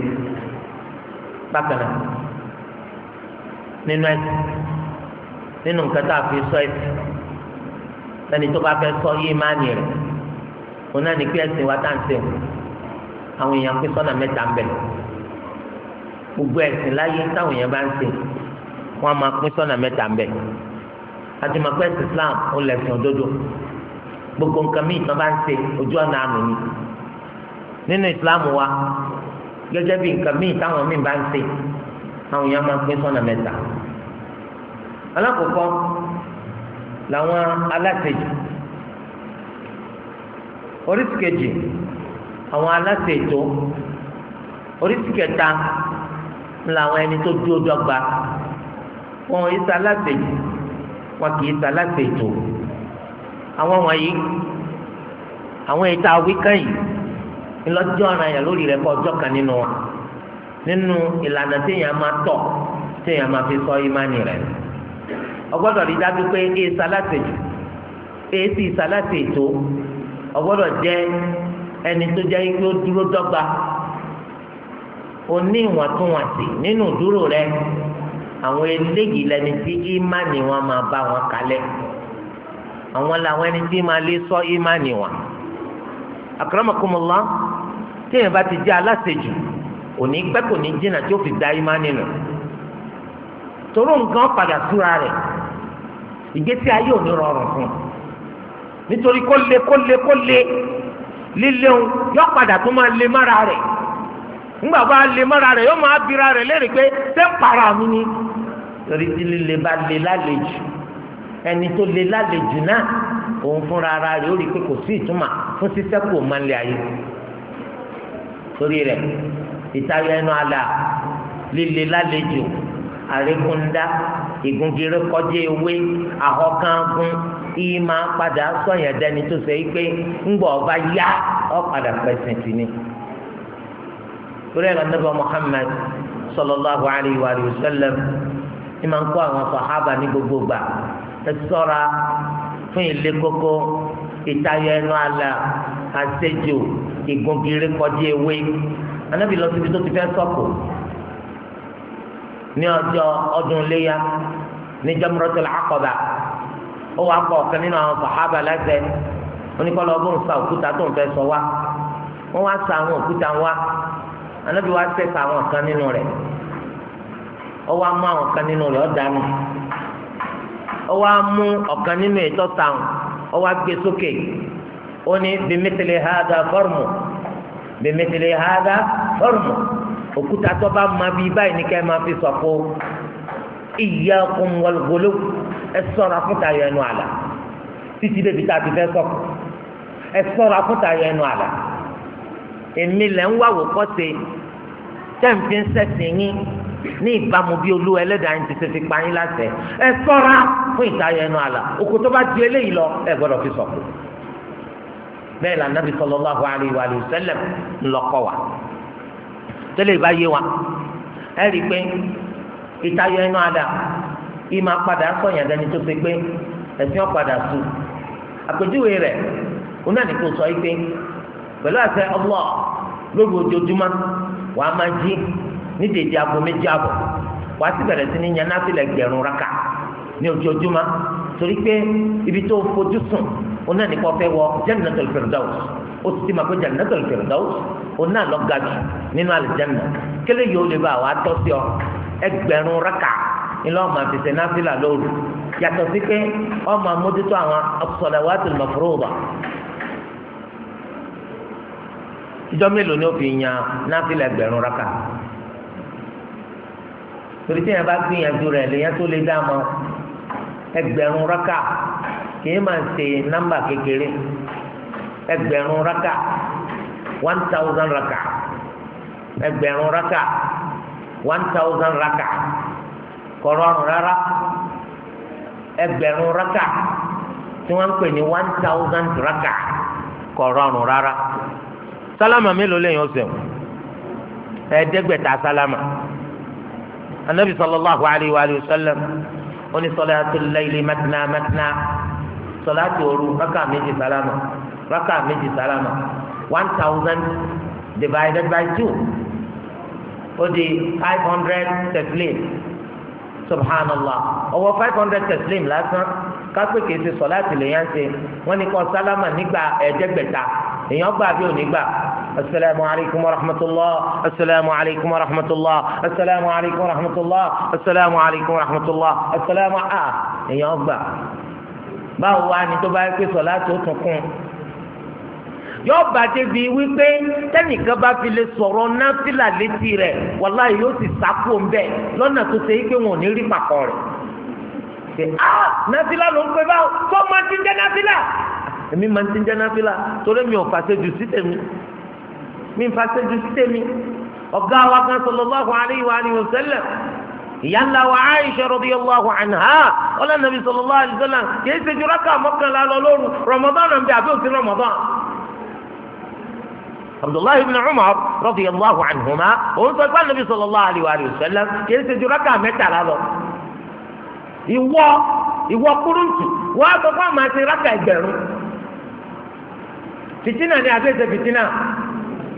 a fi sọ ẹsẹ̀ ẹni tó bá fẹ́ sọ yìí máa rẹ òun àwọn èèyàn pín sọ́nà mẹ́ta ń bẹ gbogbo ẹ̀sìn láyé táwọn èèyàn bá ń ṣe wọn a máa pín sọ́nà mẹ́ta ń bẹ àti máa pẹ́ sí Islam ó lẹ̀sìn òdodo gbogbo nǹkan míì tán bá ń ṣe ojú ọ̀nà àmì ni nínú Islam wa gẹ́gẹ́ bí nǹkan míì táwọn míì bá ń ṣe àwọn èèyàn máa pín sọ́nà mẹ́ta alákòókò làwọn alátẹ̀jù oríṣi àwọn aláṣẹ ètò oríṣi kẹta làwọn ẹni tó dúró dọ́gba wọn yìí sálàṣẹ wọn kì í sálàṣẹ ètò àwọn wọ̀nyí àwọn ètò àwíkàn yìí ńlọjọ ara yẹn lórí rẹ kọ ọjọ́ kan nínú wa nínú ìlànà téèyàn máa tọ̀ téèyàn máa fi sọ ìmánì rẹ ọgbọ́dọ̀ rí dájú pé èé sálàṣẹ jù sì sálàṣẹ ètò ọgbọ́dọ̀ jẹ ẹni tó jẹ́ ikú dúró dọ́gba o ni ìwọ̀ntúnwọ̀nsì nínú dúró rẹ àwọn eléyìí lẹni tí ìmánì wọn máa bá wọn kalẹ̀ àwọn làwọn ẹni tí máa lè sọ ìmánì wọn àkàràmọ̀kùnmọ̀lá tí èèyàn bá ti jẹ́ aláṣejù òní pẹ́ kò ní jìnnà tí ó fi da ìmánì nù toró nǹkan padà súra rẹ̀ ìgbésí ayé ò ní rọrùn fún un nítorí kó le kó le kó le. líléun yọ padà tó máa lé mára rẹ̀ ńgbà bá lé mára rẹ̀ yọ máa bira rẹ̀ lérè pé ṣé para mi ni. torí tí líle bá lé lálejò ẹni tó lé lálejò náà òun fúnra ara rẹ̀ ó rí i pé kò sí ìtumà fún sísẹ́kù òmàlẹ́ ayé. torí rẹ̀ ìtayọ ẹnu àlà líle lálejò àríkúndá ìgúngiré kọjá ewé àhọkángun ìyí máa padà sọyàn dẹni tó ṣe é pé ńgbọ ọba yá ọ padà pẹsìn tì ní. torí ẹ̀rọ nígbà Muhammad sallallahu alayhi wa sallam ní máa ń kó àwọn sàhábà ní gbogbo gbà ẹ ṣọ́ra fún ilé kókó ìtayọ ẹnu àlà àṣejù ìgúngiré kọjá ewé anábì lọ síbi tó ti fẹ́ sọ̀kò. ní ọjọ́ ọdún léya ní jamratul aqaba ó wàá ahụ ọ̀kan nínú àwọn sàhábà lẹ́sẹ̀ oníkọ́lọ́ ọgbọ́n sa òkúta tó ń fẹ́ sọ wá wọ́n wá sa àwọn òkúta wá anábì wá àwọn kan nínú rẹ̀ ó mú àwọn kan nínú rẹ̀ ó mú ọ̀kan nínú ètò ó gbé sókè ó ní òkúta tó bá ma bíi báyìí ní ká ẹ máa fi sọ̀kò iyyakum wal ghuluw ẹ sọ̀rọ̀ afúta yọ ẹnu àlà títí débi tá a ti fẹ́ sọ̀kò ẹ sọ̀rọ̀ afúta yọ ẹnu àlà èmi lẹ̀ ń wá wòkọ́sẹ̀ tẹ́ǹfì ń sẹ̀sìn yín ní ìbámu bí olú ẹlẹ́dàá yín ti fi pa yín láṣẹ ẹ sọ́ra fún ìtayọ ẹnu àlà òkú tó bá di eléyìí lọ ẹ gbọ́dọ̀ fi sọ̀kò bẹ́ẹ̀ tẹ́lẹ̀ bá yé wa ẹ rí i pé ìtayọ inú ada yìí máa padà sọ̀yàn dání tó ṣe pé ẹ̀sìn ọ̀padà sùn àpèjúwe rẹ̀ òun náà sọ yìí pé pẹ̀lú àṣẹ Allah lórí ojoojúmọ́ wàá máa jí ní dèjì méjì wàá sì bẹ̀rẹ̀ sí ní gbẹ̀rún raka ní ojoojúmọ́ torí pé ibi tó fojú sùn òun náà fẹ́ wọ Jannatul otu ó sì ti máa òun náà lọ ga jù nínú àlìjẹ́nà kélé yìí ó lè bá àwọn atọ́ sí ọ ẹgbẹ̀rún rákà ńlọ ọmọ àfẹsẹ̀ náfìlà lóru yàtọ̀ sí pé ọmọ àmójútó àwọn as-salawatul mafruḍa ìjọ mélòó ni ó fi yan náfìlà ẹgbẹ̀rún rákà torí tí yẹn bá gbìyànjú rẹ̀ lèyàn tó lè dá mọ́ ẹgbẹ̀rún rákà kì í máa ṣe nọ́mbà kékeré ẹgbẹ̀rún rákà one thousand raka ẹgbẹ̀rún raka one thousand raka kọ̀rọ̀rùn rárá ẹgbẹ̀rún raka tí wọ́n ń pè ní one thousand raka kọ̀rọ̀rùn rárá sálámà mélòó lẹ́yìn ọ̀sẹ̀ ẹ̀ẹ́dẹ́gbẹ̀ta sálámà anabi sallallahu alayhi wa sallam oni salatu layli matna matna salatu òru raka méjì salama, raka méjì salama one thousand divided by two ó di five hundred teslim subhanallah ọwọ́ five hundred teslim lásán kápẹ́ kìí ṣe sọ láti lè yàn ṣe wọ́n ní kọ́ sálámà nígbà ẹ̀ẹ́dẹ́gbẹ̀ta èèyàn gbà bí ò ní gbà. السلام عليكم ورحمة الله السلام عليكم ورحمة الله السلام عليكم ورحمة الله السلام عليكم ورحمة الله السلام آه èèyàn gbà báwo wá ni tó bá yẹ pé sọ láti ó tún kún yọ bàjẹ́ bí wípé tẹ́nìkan bá fi lè sọ̀rọ̀ náfìlà létí rẹ̀ wàláhì yóò sì sákò ń bẹ̀ lọ́nà tó ṣe é pé wọn ò ní rí pàkọ́ rẹ̀ ṣe á ah, náfìlà ló ń pè báwo tó máa ti ń jẹ́ náfìlà èmi máa ti ń jẹ́ náfìlà torí mi ò fàṣejù sí tèmi mi fàṣejù sí tèmi ọ̀gá wa kan sallallahu alaihi wa alihi wa sallam wa Aisha radiyallahu anha ọlọ́nà mi sallallahu alaihi wa kì í ṣe ju rákà mọ́kànlá lọ lóru Ramadan náà bí àbí òsín Ramadan abdullahi ibn umar radiyallahu anhuma òun sọ pé anabi sallallahu alayhi wa sallam kì í ṣe ju rákà mẹ́tàlá lọ ìwọ ìwọ kúrúntù wọ́n á sọ fún àmà ti rákà ẹgbẹ̀rún fìtínà ni àti ẹsẹ̀ fìtínà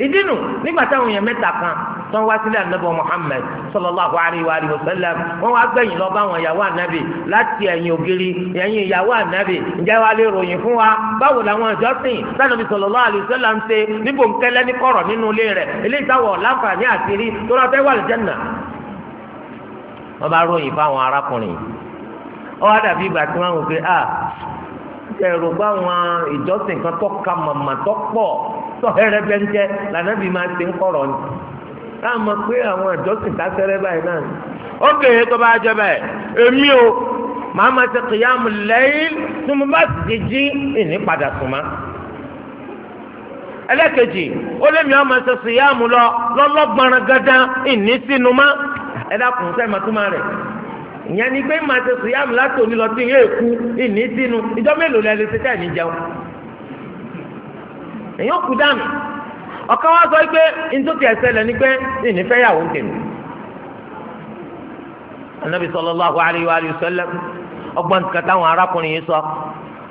ìdínú nígbà táwọn èèyàn mẹ́ta kan tó ń wá sílẹ̀ ànábọ̀ Muhammad sallallahu alayhi wa sallam wọ́n wá gbẹ̀yìn lọ bá àwọn ìyàwó ànábì láti ẹ̀yìn ògiri ẹ̀yìn ìyàwó ànábì ǹjẹ́ wàá lè ròyìn fún wa báwo làwọn ìjọsìn sànàbí sallallahu alayhi wa sallam ń ṣe níbo nkẹ́lẹ́ ní kọ̀rọ̀ nínú ilé rẹ̀ eléyìí táwọn ẹ̀rọ bá wọn ìjọsìn kan tọ́ka màmá tọ́pọ̀ tọ́hẹ́rẹ́ bẹ́ńkẹ́ lànàbí máa ti ń kọ̀rọ̀ ni táà mọ̀ pé àwọn ìjọsìn tásẹ́rẹ́ báyìí náà ni. ó kéré tó bá jẹ bẹ́ẹ̀ èmi o màá máa ti kìyàmù lẹ́yìn tí mo bá ti jí ìní padà sùn mọ́. ẹlẹ́kejì ó lé mi àwọn máa ṣe sìyàmù lọ lọ́lọ́gbọ̀nrán gángan ìní sínú mọ́. ẹ dákun sẹ́ẹ̀ máa túmọ̀ rẹ̀ ìyẹn ni pé màá ṣe sùyàmù láti òní lọ sí ìyẹn èkú ìní sínú ìjọ mélòó lẹ lè ṣe tẹ́ ní jẹun èyàn kú dànù ọ̀kan wá sọ pé ntòkè ẹsẹ̀ lẹ ni pé ìní fẹ́ yàwó ń tèmi anabi sallallahu alayhi wa sallam ọgbọ́n nǹkan táwọn arákùnrin yìí sọ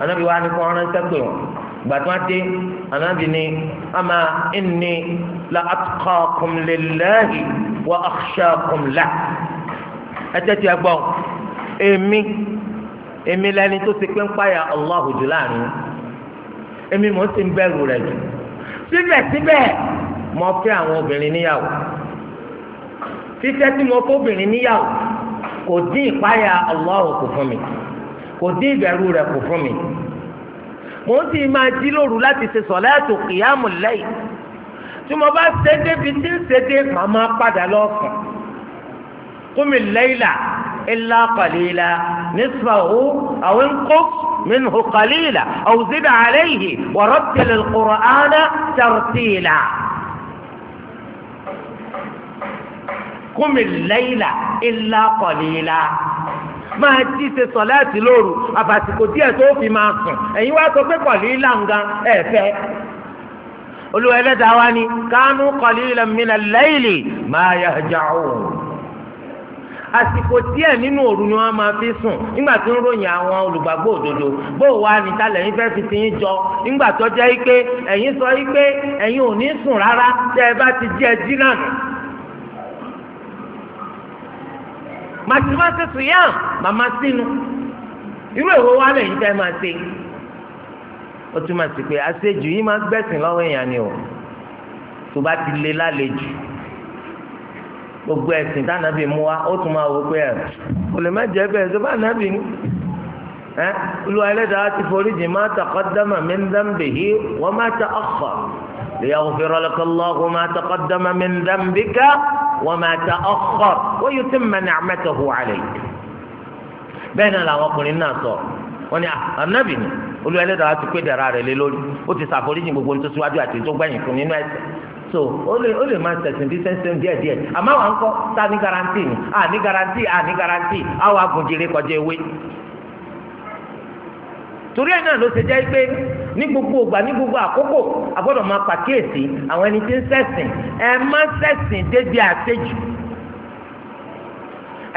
anabi wa ni kò ránṣẹ́ pé wọn gbàtúwàtí anabi ni ama inni la atqakum lillahi wa akhshakum la. ẹtẹ́tí ẹgbọ́n èmi èmi lẹni tó ti pé ń páyà Allahu jù láàrin èmi mò ń ti bẹ̀rù rẹ̀ jù síbẹ̀síbẹ̀ mo fẹ́ àwọn obìnrin níyàwó fífẹ́ tí mo fóbìnrin níyàwó kò dín ìpáyà Allahu kù fún mi kò dín ìbẹ̀rù rẹ̀ kù fún mi mò ń máa jí lóru láti ṣe tí mo bá ṣe débi tí ń ṣe dé màá قم الليل إلا قليلا نصفه أو انقص منه قليلا أو زد عليه ورتل القرآن ترتيلا قم الليل إلا قليلا máa jí ṣe sọ láti lóru àbàsìkò díẹ̀ tó fi máa sùn ẹ̀yin wá sọ pé kọ̀lílà ń gan ẹ̀fẹ́ olùwẹ̀lẹ́dàá wa ni kánú kọ̀lílà min al-layli máa yahja'un àsìkò díẹ̀ nínú òru ni wọ́n máa fi sùn nígbà tí ń ròyìn àwọn olùgbàgbọ́ òdodo bó wa níta lẹ́yìn fẹ́ fi ti yín jọ nígbà tó jẹ́ pé ẹ̀yin sọ pé ẹ̀yin ò ní sùn rárá tẹ́ ẹ bá ti jẹ́ dínà nù. màtìmá ṣe sùn yá màmá sínú irú èwo wa lẹ́yìn tẹ́ máa ṣe. ó túmọ̀ sí pé àṣejù yìí máa gbẹ̀sìn lọ́wọ́ èèyàn ni o tó bá ti le lálejò gbogbo ẹ̀sìn tánàbì mú wa ó tún máa wò pé ẹ̀ kò lè má jẹ́ bẹ́ẹ̀ tó bá nàbì ní. ẹ olúwa ẹlẹ́dàá ti forí jì má taqaddama min dhanbihi wa má ta'akhkhar liyaghfira laka Allahu má taqaddama min dhanbika wa má ta'akhkhar wa yutimma ni'matahu 'alayk. bẹ́ẹ̀ náà làwọn ọkùnrin náà sọ wọ́n ní ah, ànábì ni olúwa ẹlẹ́dàá ti pé dàrá rẹ̀ lé lórí ó ti ṣàforíjì gbogbo ní àti tó fún nínú ẹ̀ṣẹ̀ so ó lè ó lè máa tẹ̀sìn bí sẹ́ńsẹ́ń díẹ̀ díẹ̀ àmọ́ àwọn ń kọ́ ni a ní garanti ni a ní garanti a ní garanti àwọn agùnjìnrìn kọjá ewé torí ẹ̀ náà ló ṣe jẹ́ pé ní gbogbo ìgbà ní gbogbo àkókò a gbọ́dọ̀ máa pàkíyèsí àwọn ẹni tí ń ṣẹ̀sìn ẹ má ṣẹ̀sìn débi àṣejù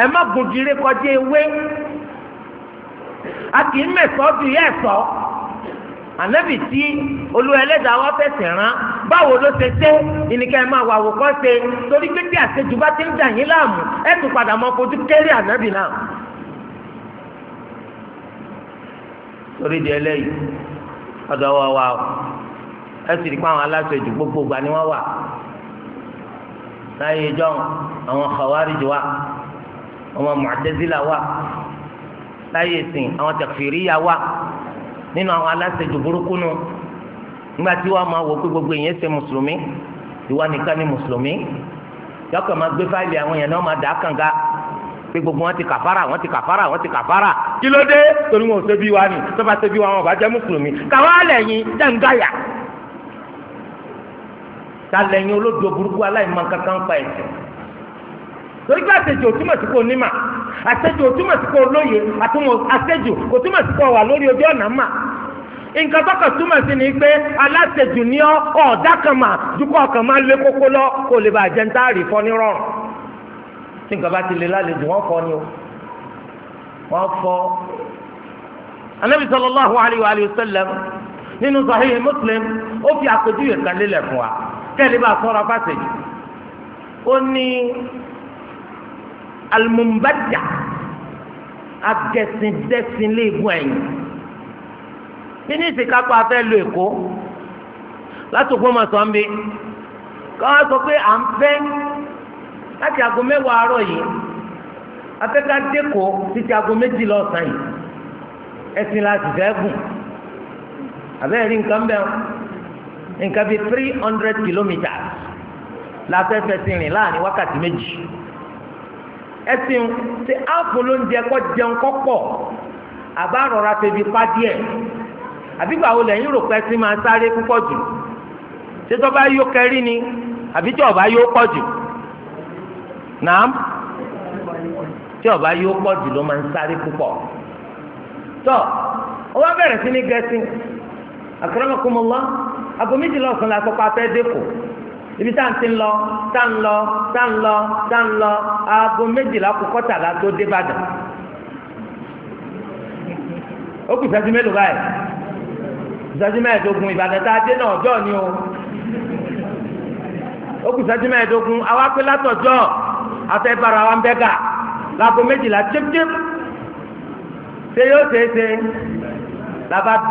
ẹ má gùnjìnrìn kọjá ewé a kì í mẹ̀sọ́ ju yẹ́ ẹ̀sọ́ ànábì tí olú ẹlẹ́dàá wá fẹ̀sìn rán báwo ló ṣe ṣe ìníkà ẹ máa wà wò kọ́ ṣe torí pé bí àṣejù bá ti ń dà yín láàmú ẹ tún padà mọ fojú kéré ànábì náà. torí di eléyìí ọ̀dọ̀ wa wà ó ẹ sì rí i pé àwọn aláṣejù gbogbo ìgbà ni wọ́n wà láyé ìjọ àwọn khawarij wa àwọn mu'tazila wa láyé ìsìn àwọn takfiriya wa nínú àwọn aláṣejù burúkú nù nígbà tí wàá máa wò pé gbogbo èèyàn ṣe mùsùlùmí ìwà nìkan ni mùsùlùmí yọkọ̀ máa gbé fáìlì àwọn èèyàn náà máa dà á kànga pé gbogbo wọn ti kàfàrà wọn ti kàfàrà wọn ti kàfàrà kí ló dé torí wọn ò ṣe bí wa ni tó bá ṣe bí wa wọn bá jẹ́ mùsùlùmí kàwá lẹ́yìn dẹ́ngàyà ta lẹ́yìn olódò burúkú aláìmọ̀ kankan pa ẹ̀sìn torí pé àtẹ̀jù òtúmọ̀ sí kò nímà àtẹ̀jù òtúmọ̀ sí kò lóye àtẹ̀jù òtúmọ̀ sí kò wà lórí ojú ọ̀nà mà nǹkan tọkàn túmọ̀ sí ni pé aláṣejù ní ọ ọ̀dà kan mà dúkọ̀ kan máa lé kókó lọ kó lè bàjẹ́ ń táàrí fọ́ ní rọrùn tí nǹkan bá ti lè lálejò wọ́n fọ́ ni o wọ́n fọ́ anabi sallallahu alayhi wa sallam nínú sahih muslim ó fi àpèjúwe kan lélẹ̀ fún wa kẹ́lẹ́ bá sọ́ra fásitì ó ní almumbadda agẹ̀sìndẹ̀sìn léegun ẹ̀yìn kí ní ìsìnkápá afẹ́ lu èkó látòkó mọ̀ sọ́n bí káwọn sọ pé à ń fẹ́ láti aago mẹ́wàá àárọ̀ yìí afẹ́ká dẹ́kọ̀ títí aago méjì lọ́sàn yìí ẹ̀sìn láti fẹ́ gùn àbẹ́ rí nǹkan bẹ́ẹ̀ nǹkan bíi three hundred kilometres la fẹ́ fẹ́ sí rìn láàrin wákàtí méjì ẹ̀sìn ṣe áàfù ló ń jẹ kọ́ jẹun kọ́ àbá rọra febi pa díẹ̀ àbígbà wo lẹ́yìn rò pẹ́ sí máa sáré púpọ̀ jù ṣé tó bá yó kẹrí ni àbí tí ọba yó pọ̀ jù nàám tí ọba yó pọ̀ jù ló máa ń sáré púpọ̀ tọ́ ọ wá bẹ̀rẹ̀ sí ní gẹ̀ẹ́sì àkàràmọ̀kọ́mọ́lá aago méjìlá ọ̀sán la sọpá fẹ́ dẹ́kọ̀ ibi tá à ń ti lọ tá à ń lọ tá à ń lọ tá à ń lọ aago méjìlá kù kọ́tàlá tó dé Ìbàdàn ó kù sẹ́sí mélòó báyìí. ìṣẹ́jú ìbàdàn tá a dé náà ọjọ́ ni o ó kù ìṣẹ́jú àwa pé látọ̀jọ́ afẹ́ bára wa ń bẹ́ gà láago méjìlá ṣé yóò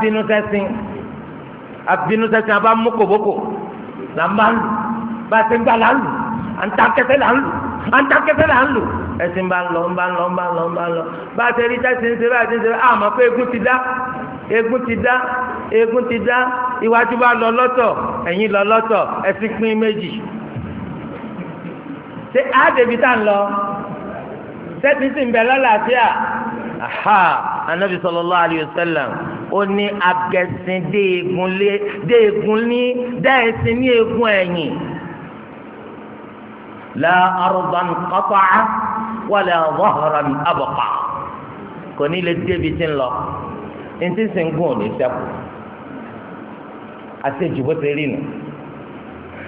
bínú sẹ́sìn sẹ́sìn mú kòbókò là ń bá ń lù bá a ṣe ń gbà là ń lù à ń ta kẹsẹ́ là ń lù à ń ṣe rí sẹ́sìn ṣe bá ṣe ń ṣe bá pé egun ti dá egun ti dá iwájú bá lọ lọ́tọ̀ ẹ̀yìn lọ lọ́tọ̀ ẹ̀sìn pín méjì ṣé àdèbí tá ń lọ sẹ́tì sì ń bẹ lálàáfíà aha anabi sallallahu alayhi wa sallam ó ní abẹ́sìn dé egun lé dé egun ní dá ní egun ẹ̀yìn la ardan qata'a wala dhahran abqa kò ní lè débi tí ń lọ. ntí sì ń gùn òní sẹ́kù àṣejù bó ṣe rí nu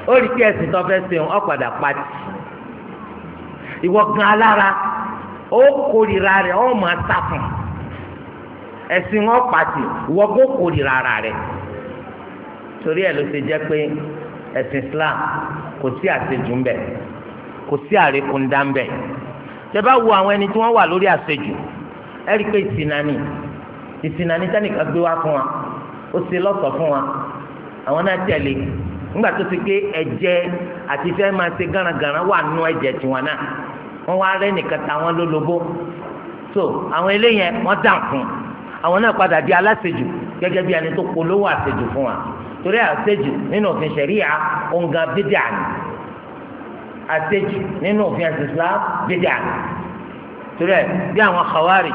ó rí kí ẹ̀sìn tó padà pati ìwọ gan alára ó kórìíra rẹ̀ ó máa sàfùn ẹ̀sìn ọ̀ pati ìwọ kó kórìíra ara rẹ torí ẹ̀ ló ṣe jẹ́ pé ẹ̀sìn Islam kò sí àṣejù ń bẹ kò sí àrékúndá ń bẹ tẹ bá wo àwọn ẹni tí wọ́n wà lórí àṣejù ẹ rí i pé ìsìn náà nìyí ìsìn ànítánì kan gbé wá fún wa ó ṣe lọ́sọ̀ fún wa àwọn náà tẹ̀lé nígbà tó ti pé ẹ̀jẹ̀ àti fẹ́ máa ṣe wà ẹ̀jẹ̀ tiwọn náà wọ́n wá rẹ́ nìkan táwọn lólobó so àwọn wọ́n dàn fún àwọn náà padà di aláṣejù gẹ́gẹ́ bí ẹni tó polówó àṣejù fún wa torí àṣejù nínú òfin ni àṣejù nínú òfin ni torí bí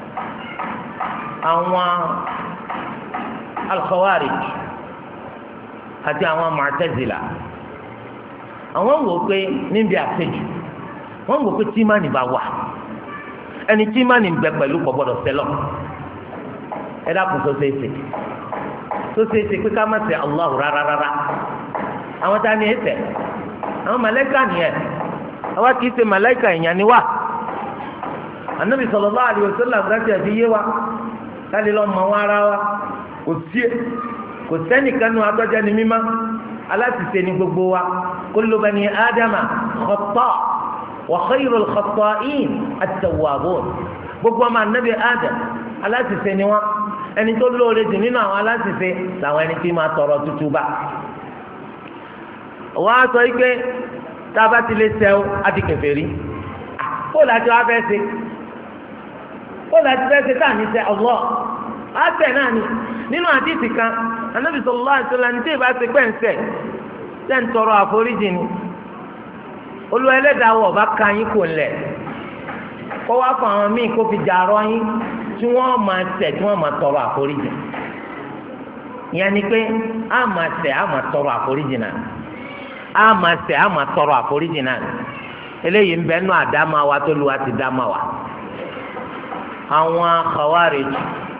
àwọn al-Khawarij àti àwọn Mu'tazila àwọn wò pé níbi àṣejù wọ́n wò pé tímánì bá wà ẹni tímánì ń bẹ pẹ̀lú kò gbọ́dọ̀ sẹ́lọ̀ ẹ dákun tó ṣe é ṣe tó ṣe é ṣe pé ká má ṣe Allahu rárá rárá àwọn tá a ní ẹsẹ̀ àwọn màláíkà nìyẹn àwa kì í ṣe màláíkà ìyàn ni wà Ànábì sallallahu alaihi wasallam àgbàtì yé wa láti lọ mọ ara wa kò sí kò sẹ́nìkan nu atọ́jẹ́ ni mímá aláṣìṣe ni gbogbo wa kullu bani ádámà khata' wa khayrul khata'in at-tawwabun gbogbo ọmọ anabi ádám aláṣìṣe ni wọn ẹni tó lóore jù nínú àwọn aláṣìṣe làwọn ẹni tí máa tọrọ tútù bá wọn sọ yìí pé tá a bá ti lè sẹ́wọ́ á ti kẹfẹ́ rí kó làjọ afẹ́ ṣe. ó láti fẹ́ ṣe táà ní sẹ́ ọlọ́ àtẹ náà ni nínú àdìsí kan anábì sallallahu alaihi wasallam ní tí ìbá ṣe pẹ́ ṣe ń tọrọ àforíjì ni olúwa ẹlẹ́dàá wọ̀ bá ka yín kò lẹ̀ kó wá fún àwọn míì kó fi jàrọ yín tí wọ́n máa ṣẹ̀ tí wọ́n máa tọrọ àforíjì ìyẹn ni pé a máa a máa tọrọ àforíjì náà a máa a máa tọrọ àforíjì náà eléyìí ń bẹ́ẹ̀ wa àwọn Khawarij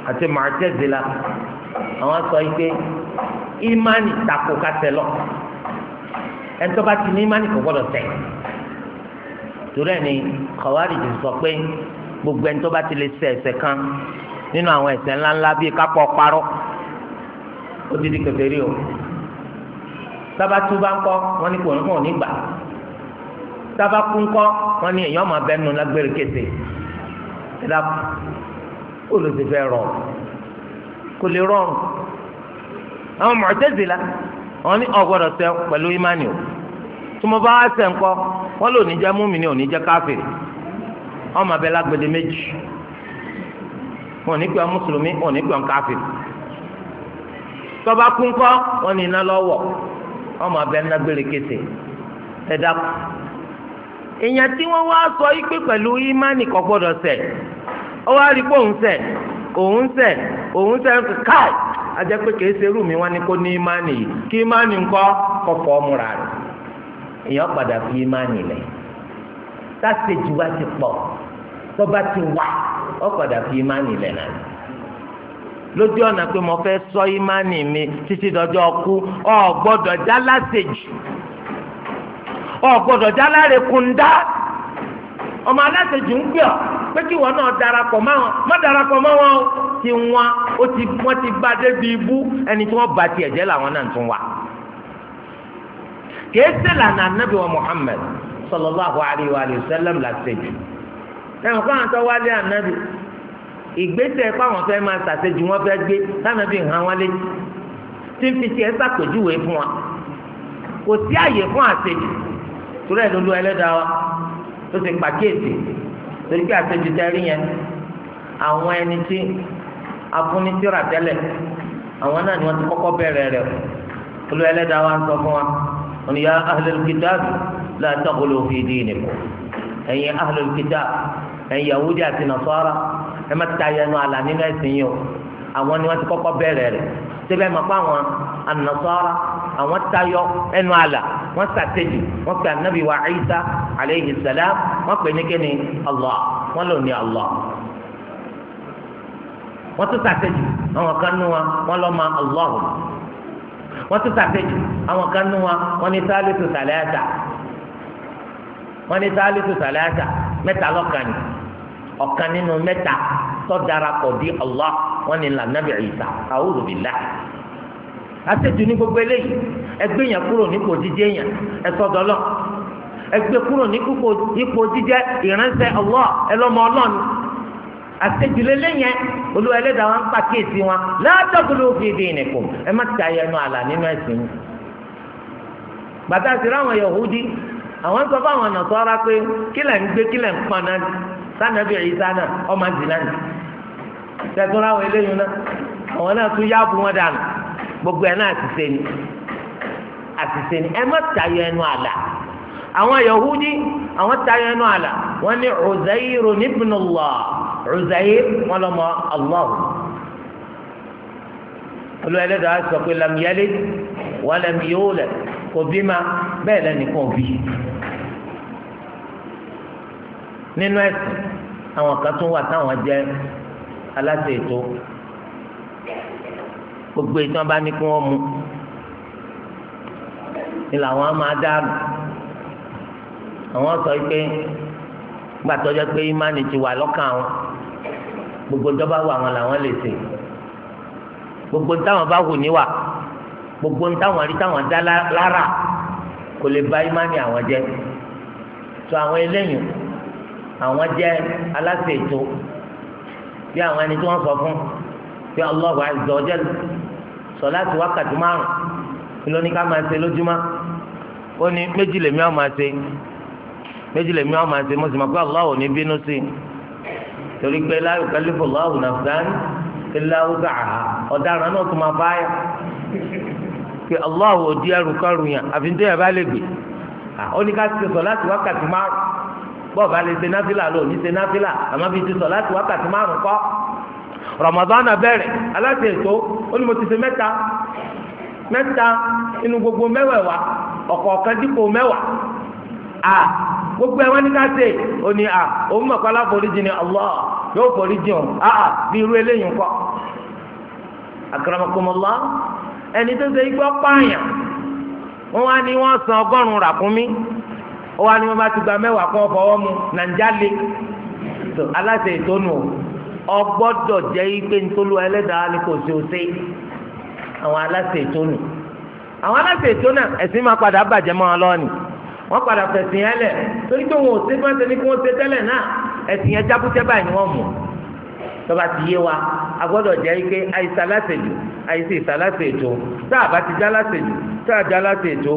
àti Mu'tazila àwọn sọ pé ìmánì tako kásẹ̀ lọ ẹ̀ńtọ́ bá ti ní ìmánì kò gbọ́dọ̀ tẹ̀ torí ẹ̀ ni Khawarij sọ pé gbogbo ẹ̀ńtọ́ bá ti lè ṣe ẹ̀ṣẹ̀ kan nínú àwọn ẹ̀ṣẹ̀ ńláńlá bíi kápọ̀ parọ́ ó ti di kèfèrí o sábàtú bá ń kọ́ wọ́n ní kò ní kò ní gbà sábàkú ń kọ́ wọ́n ní èèyàn máa bẹ́ẹ̀ nù lágbèrè kété ẹ̀dá olùsèfẹ́ rọrùn kò lè rọrùn àwọn Mu'tazila àwọn ní ọ̀gbọ́dọ̀ ṣe pẹ̀lú ìmánì o tí mo bá wá ṣe ńkọ́ wọ́n lò ní jẹ́ mùsùlùmí ní káfíìrì tọ́ba kú ní iná lọ́wọ́ èèyàn tí wọ́n wá sọ ipe pẹ̀lú imani kò gbọ́dọ̀ ṣẹ̀ ó wá rí pé òun ṣẹ̀ òun ṣẹ̀ òun ṣẹ̀ ń káì ajẹ́ pé kìí ṣe mi wá ní kó ní imani yìí kí ìmánì ńkọ́ kọ̀kọ́ múra rẹ̀ èèyàn padà fi ti pọ̀ tọ́ba ti padà fi imani lẹ̀ náà lójú ọ̀nà pé mo fẹ́ sọ imani mi títí dọjọ́ ọkú gbọ́dọ̀ já ọ̀gbọ́dọ̀ jáláre kúndá ọmọ alátẹ̀jù ń gbìyà pé kí wọn náà darapọ̀ mọ́ wọn má darapọ̀ mọ́ wọn o ti wọn ó ti wọn ti bá débi ibú ẹni tí wọ́n bá tiẹ̀ jẹ́ làwọn náà tún wà. kìí ṣe lànà anábì wa Muhammad sallallahu alayhi wa sallam làṣẹjù ẹ̀wọ̀n kọ́ àwọn tó wálé anábì ìgbésẹ̀ fáwọn fẹ́ máa ṣàṣejù wọn fẹ́ gbé lánàbì hàn wọn létí tí ń fi tiẹ̀ ṣàpèjúwe fún wa kò sí àyè fún àṣejù torí ẹ̀ ló lu ẹlẹ́dàá wa tó ti pàkíyèsí torí pé àtẹ̀jú tẹ́rí yẹn àwọn ẹni tí afúnitìrà tẹ́lẹ̀ àwọn náà ni wọ́n ti kọ́kọ́ bẹ̀rẹ̀ rẹ̀ olú ẹlẹ́dàá wa ń sọ fún wa wọn ni ya ahlul kitab la taghlu fi dinikum ẹ̀yin ahlul kitab ẹ̀yin yahudi àti nasara ẹ̀ má ta yẹnu àlà nínú ẹ̀sìn o àwọn ni wọ́n ti kọ́kọ́ bẹ̀rẹ̀ rẹ̀ síbẹ̀ mọ̀ pé àwọn ànàsárà àwọn tayọ ẹnu àlà wọ́n sàtẹ́jì wọ́n pè ànábì wa Isa aleyhi salam wọ́n pè ní kíni Allah wọ́n lò ní Allah wọ́n tún sàtẹ́jì àwọn kan nù wọn wọ́n lọ́ ma Allah wọ́n tún sàtẹ́jì àwọn kan nù wọn wọ́n sálẹ̀ tó sàlẹ̀ àtà wọ́n ní sálẹ̀ tó sàlẹ̀ àtà mẹ́ta lọ́kàn yìí. ọ̀kan nínú mẹ́ta tó darapọ̀ di Allah wọn ni lànàbì Ìsá a'udhu billah aṣèjú ní gbogbo eléyìí ẹgbẹ́ yẹn kúrò nípò jíjẹ́ yẹn ẹ̀sọ́dọ́lọ́ ẹgbẹ́ kúrò nípò ipò jíjẹ́ ìránṣẹ́ Allah ẹlọ́mọ aṣèjú ẹlẹ́dàá wọn ń pàkíyèsí wọn látọ́gbọ́lọ́ fi di ẹ má àlà nínú ẹ̀sìn gbàtà sí Yahudi àwọn sọ pé kílẹ̀ ń gbé kílẹ̀ ń sanabi Isa náà ọmọ zina ni tẹ̀sán àwọn eléyìí náà àwọn náà tún yáàbù wọn dànù gbogbo ẹ̀ náà àtìsẹ́ ni àtìsẹ́ ni ẹ má tayọ ẹnu àlà àwọn Yahudi àwọn tayọ ẹnu àlà wọn ní Uzairu ibn Allah wọn lọmọ Allah olùwẹ̀lẹ́dọ̀ á sọ pé lam yalid wa kò bí ma bẹ́ẹ̀ lẹ́nìkan bí nínú ẹ̀sìn àwọn kan tún wà táwọn jẹ́ aláṣẹ ètò gbogbo ètò bá ní kí wọ́n mu ni làwọn á máa dáàbò àwọn sọ pé gbàtọ́jọ́ pé imáni ti wà lọ́kàn àwọn gbogbo dọ́bà wà wọn làwọn lè sè gbogbo táwọn bá hù níwà gbogbo táwọn rí táwọn dá lára kò lè bà imáni àwọn jẹ́ tó àwọn eléyìí àwọn jẹ́ aláṣẹ ètò bí àwọn ẹni tí wọ́n sọ fún bí Allahu azza wa jalla sọ láti wákàtí márùn kí ló ní ká máa ṣe lójúmọ́ ó ní méjì lèmi àwọn máa ṣe méjì lèmi àwọn máa ṣe mo sì mọ̀ pé Allah ní bínú sí torí pé la yukallifu Allahu nafsan illa ọ̀daràn náà tó máa báyà pé Allah ò di ẹrù kọrù yàn àfi ní tó yẹ bá lè gbé ó ní ká ṣe sọ láti wákàtí márùn. bọ́ọ̀bù alẹ́ ṣe náfìlà lò ní ṣe náfìlà àmọ́ bíi ti sọ láti wákàtí márùn kọ́ Ramadan bẹ̀rẹ̀ aláṣẹ ètò ó ní mo ti ṣe mẹ́ta mẹ́ta inú gbogbo mẹwa. ọ̀kọ̀ọ̀kan dípò mẹ́wàá a gbogbo ẹ̀wọ́n ṣe ó a òun mọ̀ ni Allah yóò bí irú eléyìí kọ́ ẹni tó ṣe igbó pààyàn wọn wá ní ó wá ní wọn bá ti gba mẹ́wàá kọ́ fọwọ́ mu nàìjà tó aláṣẹ ìtọ́nù ọgbọ́dọ̀ jẹ́ ipe ntolu ẹlẹ́dàá ni kò ose àwọn aláṣẹ ìtọ́nù àwọn aláṣẹ ìtọ́nù ẹ̀sìn máa padà bàjẹ́ mọ́ ọ wọ́n padà fẹ̀sìn torí pé wọn ò ṣe fún ẹsẹ̀ ní kí wọ́n ṣe tọ́ba ti yé wa a gbọ́dọ̀ jẹ́ ike àìsàn aláṣejù àìsàn ìsàlásèjò tá a bá ti já láṣejù tá a já láṣejù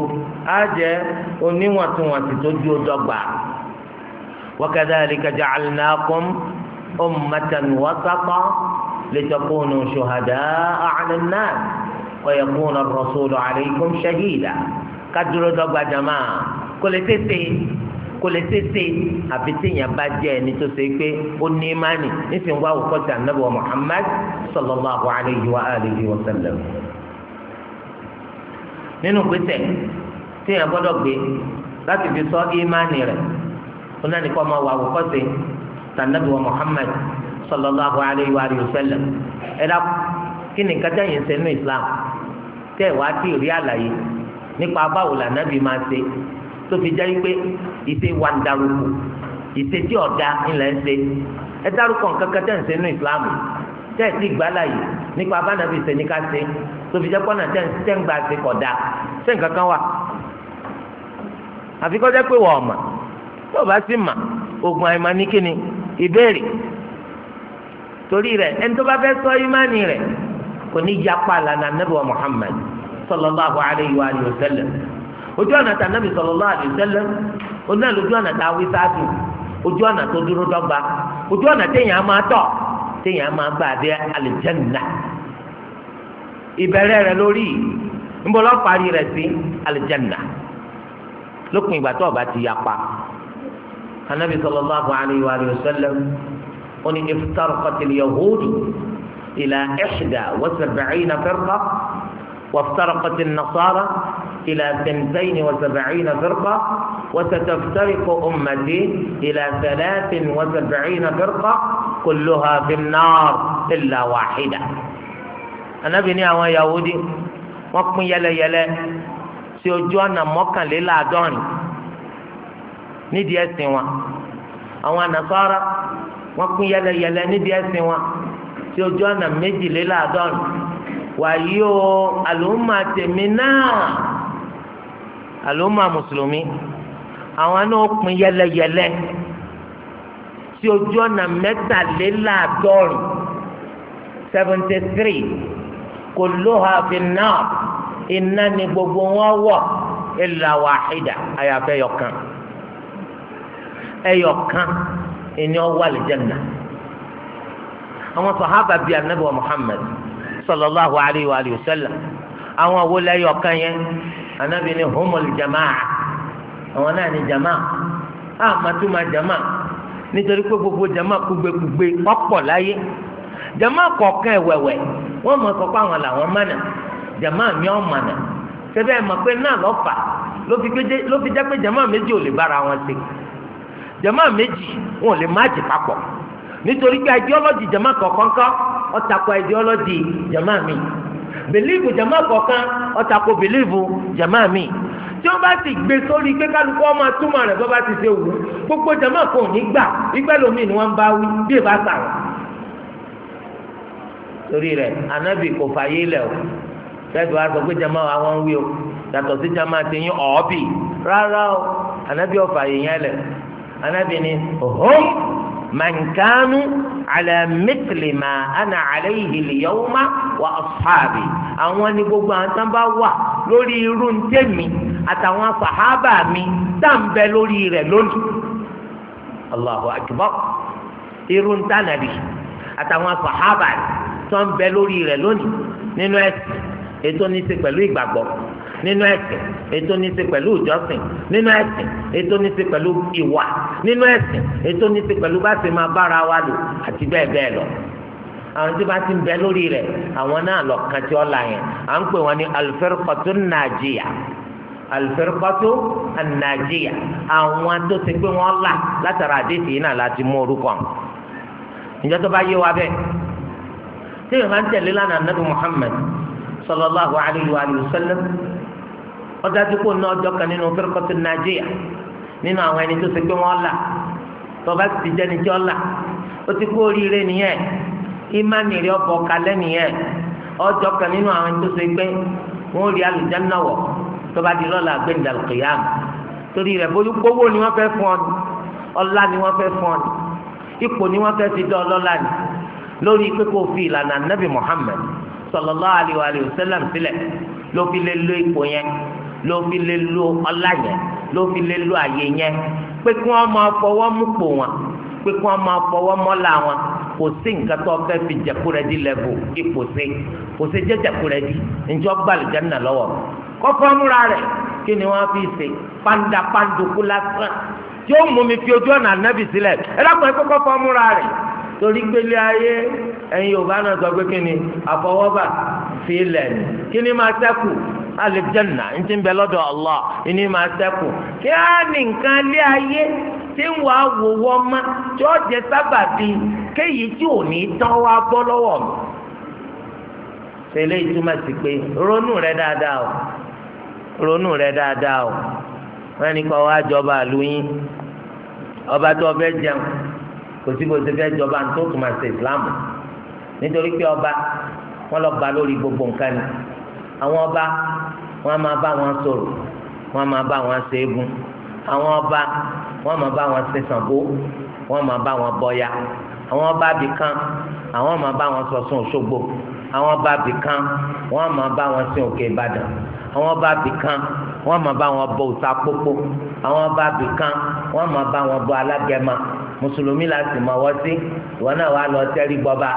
á jẹ́ oníwọ̀ntúnwọ̀ntì tó dúró dọ́gba. wa kadhalika ja'alnakum ummatan wasata litakunu shuhada'a 'ala an-nas wa yakuna ar dọ́gba jama kò kò lè ṣeéṣe àfi téèyàn bá jẹ ẹni tó ṣe pé ó ní imáni nísìnyí wá òkọtì ànábì wa Muhammad sallallahu alayhi wa alihi wa sallam. nínú gbèsè téèyàn gbọ́dọ̀ gbé láti fi sọ imáni rẹ̀ ó náà nìkan máa wà òkọtì ànábì wa Muhammad sallallahu alayhi wa alihi wa sallam. ẹ dá kí ni nǹkan tẹ̀yìn ṣe nínú Islam tẹ̀ wá tí ì rí àlàyé nípa báwo làǹdàbí máa ṣe tó fi jẹ́ wípé ìṣe wà ń darúgbó ìṣe tí ọ̀dà ńlẹ̀ ń ṣe ẹ dárúkọ nǹkan kan tẹ̀ ń ṣe nínú ìsìláàmù tẹ́ ẹ̀ sì gbálà yìí nípa abánàbí ṣe ní ká ṣe tó fi jẹ́ pọ́nà tẹ́ ń gbà ṣe kọ̀dà ṣé nǹkan kan wà àfi kọ́jẹ́ pé wọ́n ọ̀mà tó o bá sì mà oògùn àìmọ̀ ní kíni ìbéèrè torí rẹ̀ ẹni tó bá fẹ́ sọ ìmánì rẹ̀ kò ní yapa lànà nàbẹ̀wò Muhammad sallallahu alayhi wa sallam ojú ọ̀nà tà nàbì sallallahu alaihi wasallam ojú ọ̀nà ojú ọ̀nà tà wí sáájú ojú ọ̀nà tó dúró dọ́gba ojú ọ̀nà téèyàn máa tọ̀ téèyàn máa gbà dé àlìjẹ́nà ìbẹ̀rẹ̀ rẹ̀ lórí ńbọ̀lọ́ parí rẹ̀ sí àlìjẹ́nà lópin ìgbà tó ọba ti yapa anabi sallallahu alayhi wa sallam ó ní iftarqatil yahudu ila ihda wa sab'ina وافترقت النصارى إلى ثنتين وسبعين فرقة وستفترق أمتي إلى ثلاث وسبعين فرقة كلها في النار إلا واحدة أنا بني أو يهودي وقم يلا يلا سيوجوانا موكا للا دوني nídìí ẹ̀sìn wọn àwọn ànàsárà wọn pín yẹlẹyẹlẹ nídìí ẹ̀sìn wọn tí ojú wàyí o àlùmà tèmi náà àlùmà mùsùlùmí àwọn náà pín yẹlẹyẹlẹ sí ojú ọ̀nà mẹ́tàléláàádọ́rin seventy three kò lóha fi náà iná ni gbogbo wọn wọ̀ illa wahida àyàfẹ́ yọkan ẹyọkan ẹni ọwọ́ àlìjẹ́nà àwọn sàhábà bíi anabi wa sallallahu alayhi wa sallam àwọn wo lẹ́yọ̀ kan yẹn anabi ni humul jamaa àwọn náà ni jamaa a matuma jamaa nítorí pé gbogbo jamaa kúgbekúgbe ọ̀pọ̀ láyé jamaa kọ̀ọ̀kan ẹ̀wẹ̀wẹ̀ wọ́n mọ̀ sọ pé àwọn làwọn mánà jamaa mi ọ̀ mánà sẹ́fẹ́ ẹ̀ mọ̀ pé náà lọ́fà ló fi jẹ́ pé jamaa méjì ò lè bára wọn ṣe jamaa méjì wọn ò lè máàjì papọ̀. nítorí pé ideology jama kọ̀ọ̀kan kọ́ ideology jama mi believe jama kọ̀ọ̀kan ó tako jama mi tí wọn bá ti gbé sórí pé kálukú ọmọ rẹ̀ bọ́ bá ti gbogbo jama kò ní gbà ìgbẹ́ lomi ni wọ́n bá wí bí ìbá sà anabi kò fàyè lẹ̀ o fẹ́ẹ̀tù wa sọ pé jama wí o yàtọ̀ sí jama ti yín ọ̀ọ́bì rárá o anabi lẹ̀ anabi ni ọ̀hún. mànkánú àlàmítìlì mà ánà àlẹ́yìí lìyọ́wọ́mà wà ọ̀fààbì àwọn ni gbogbo àwọn tán bá wà lórí irú ntẹ́mi àtàwọn sàhábà mi dáǹbẹ́ lórí rẹ̀ lónìí Allahu akbar irú ntánàbì àtàwọn sàhábà tó bẹ lórí rẹ̀ lónìí nínú ẹ̀sìn ètò ní í ṣe pẹ̀lú ìgbàgbọ́ nínú ẹ̀sìn ètò ní í ṣe pẹ̀lú ìjọsìn nínú ẹ̀sìn ètò ní í ṣe pẹ̀lú ìwà nínú ẹ̀sìn ètò ní í ṣe pẹ̀lú bá ṣe máa bára wa lò àti bẹ́ẹ̀ bẹ́ẹ̀ lọ àwọn tí bá ti ń bẹ lórí rẹ̀ àwọn náà lọ kàn tí ọ̀la yẹn à ń pè wọn ní alifẹ́rẹ́kọ̀tù nàìjíríà alifẹ́rẹ́kọ̀tù nàìjíríà àwọn tó ti pé wọ́n là látara àdéhìí yìí náà láti mú orúkọ ìjọ tó bá yé wa bẹ́ẹ̀ tí yorùbá ń tẹ̀lé lánàá Muhammad sallallahu alayhi wa ọjà tí kò ná ọjọ́ kan nínú fẹ́rẹ́kọ́tì nàìjíríà nínú àwọn ẹni tó ṣe pé wọ́n là tọ́ba ti jẹ́ni tí wọ́n là ó ti kú oríire nìyẹn ìmánìrì ọ̀bọ̀ kalẹ́ nìyẹn ọjọ́ kan nínú àwọn ẹni tó ṣe pé wọ́n rí àlùjánnà wọ̀ tọ́ba di lọ́la gbẹ̀ndàlùkìyàm torí rẹ̀ bóyú gbówó ni wọ́n fẹ́ fún ọ ọlá ni wọ́n fẹ́ fún ọ ipò ni wọ́n fẹ́ fi dán ọlọ́lá ni lórí pé kò fi ìlànà nabi Muhammad sallallahu alaihi wa sallam ló fi lé lé ipò yẹn ló fi lè lo ọlá yẹn ló fi lè lo àyè yẹn pé kí wọ́n máa fọwọ́ mú pò wọn pé kí wọ́n máa fọwọ́ mọ́lá wọn kò sí nǹkan tó fẹ́ fi jẹ̀kúrẹ́dì lẹ́bù ipò sí kò sí jẹ́ jẹ̀kúrẹ́dì njọ́ gbàlùjẹ́ nà lọ́wọ́ kọ́kọ́ múra rẹ̀ kí ni wọ́n fi ṣe panda panduku lásán yóò mú mi fi ojú ọ̀nà ànábì sílẹ̀ ẹ lápò kọ́kọ́ fọ́ múra rẹ̀ torí gbélé ayé ẹ̀yin yorùbá náà sọ pé kíni àfọwọ́bà fi lẹ̀ ní kíni máa sẹ́kù alẹ́jẹ̀nà ń ti ń bẹ lọ́dọ̀ Allah ìní máa sẹ́kù kí á ní nǹkan lé ayé tí ń wàá wò wọ́n mọ́ tí ó jẹ sábàbí kéyìí tí ò ní tán wá bọ́ lọ́wọ́ mi. tẹ̀lé ìtumọ̀ sí pé ronú rẹ dáadáa o ronú rẹ dáadáa o wọ́n ní kọ́ wá jọba àlùyìn ọba tó ọbẹ̀ jẹun kò sí bó ṣe fẹ́ jọba tó tún máa ṣe ìsìláàmù nítorí pé ọba wọn lọ ba lórí gbogbo nǹkan ni àwọn ọba wọn máa bá wọn sọ̀rọ̀ wọn máa bá wọn ṣe égún àwọn ọba wọn máa bá wọn ṣe Ṣàngó wọn máa bá wọn bọya àwọn ọba bìkan àwọn máa bá wọn sọ Ọ̀ṣun Òṣogbo àwọn ọba bìkan wọn máa bá wọn sin Òkè Ìbàdàn àwọn ọba abìkan wọ́n máa bá wọn bọ òòṣà pópó àwọn ọba abìkan wọ́n máa bá wọn bọ alágẹmọ mùsùlùmí la sì máa wọ́ sí ìwọ náà wàá lọ tẹ́rí gbọ́ba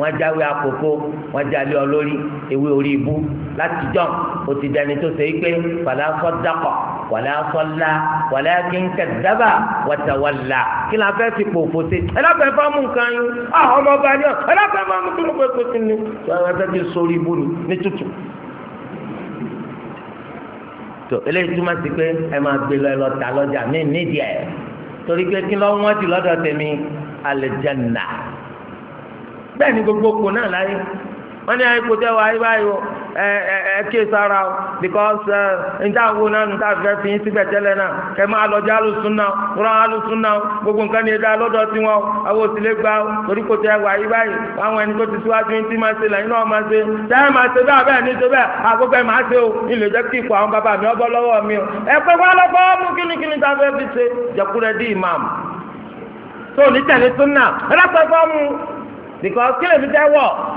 wọ́n jáwé àkókò wọ́n jalè olórí ewé orí ibú láti jọ́n o ti dẹni tó ṣe é pé fàlà sọ́dọ̀kọ̀ wàlẹ́ asọ́lá wàlẹ́ akínkẹ́ dábà wàtàwàlà kí la fẹ́ fi pòfò sí ẹlẹ́fẹ́ bá mú nǹkan yín ah, ọmọ ọba ni ọ ẹlẹ́fẹ́ bá mú kúrò pé kò sí ni wọ́n fẹ́ fi sórí ibú ni ní tútù tó eléyìí túmọ̀ sí pé ẹ máa gbé lọ ẹ lọ ta lọ́jà mí nídìí ẹ̀ torí pé kí lọ́ wọ́n ti lọ́dọ̀ tèmi àlùjánnà bẹ́ẹ̀ ni gbogbo kò náà láyé wọ́n ní àyíkò tẹ́ wọ ayé báyìí o ẹ ẹ ẹ ké sára o because njẹ́ àwọn wo náà nù a fẹ́ fi náà kẹ́ máa lọ jẹ́ gbogbo nǹkan ní ẹ̀dá lọ́dọ̀ àwọn òsìlẹ̀ o torí kò tẹ́ ayé báyìí àwọn ti síwájú máa ṣe lẹ́yìn náà máa ṣe máa ṣe ẹ̀ máa ṣe o ilé jẹ́ kí ipò àwọn bàbá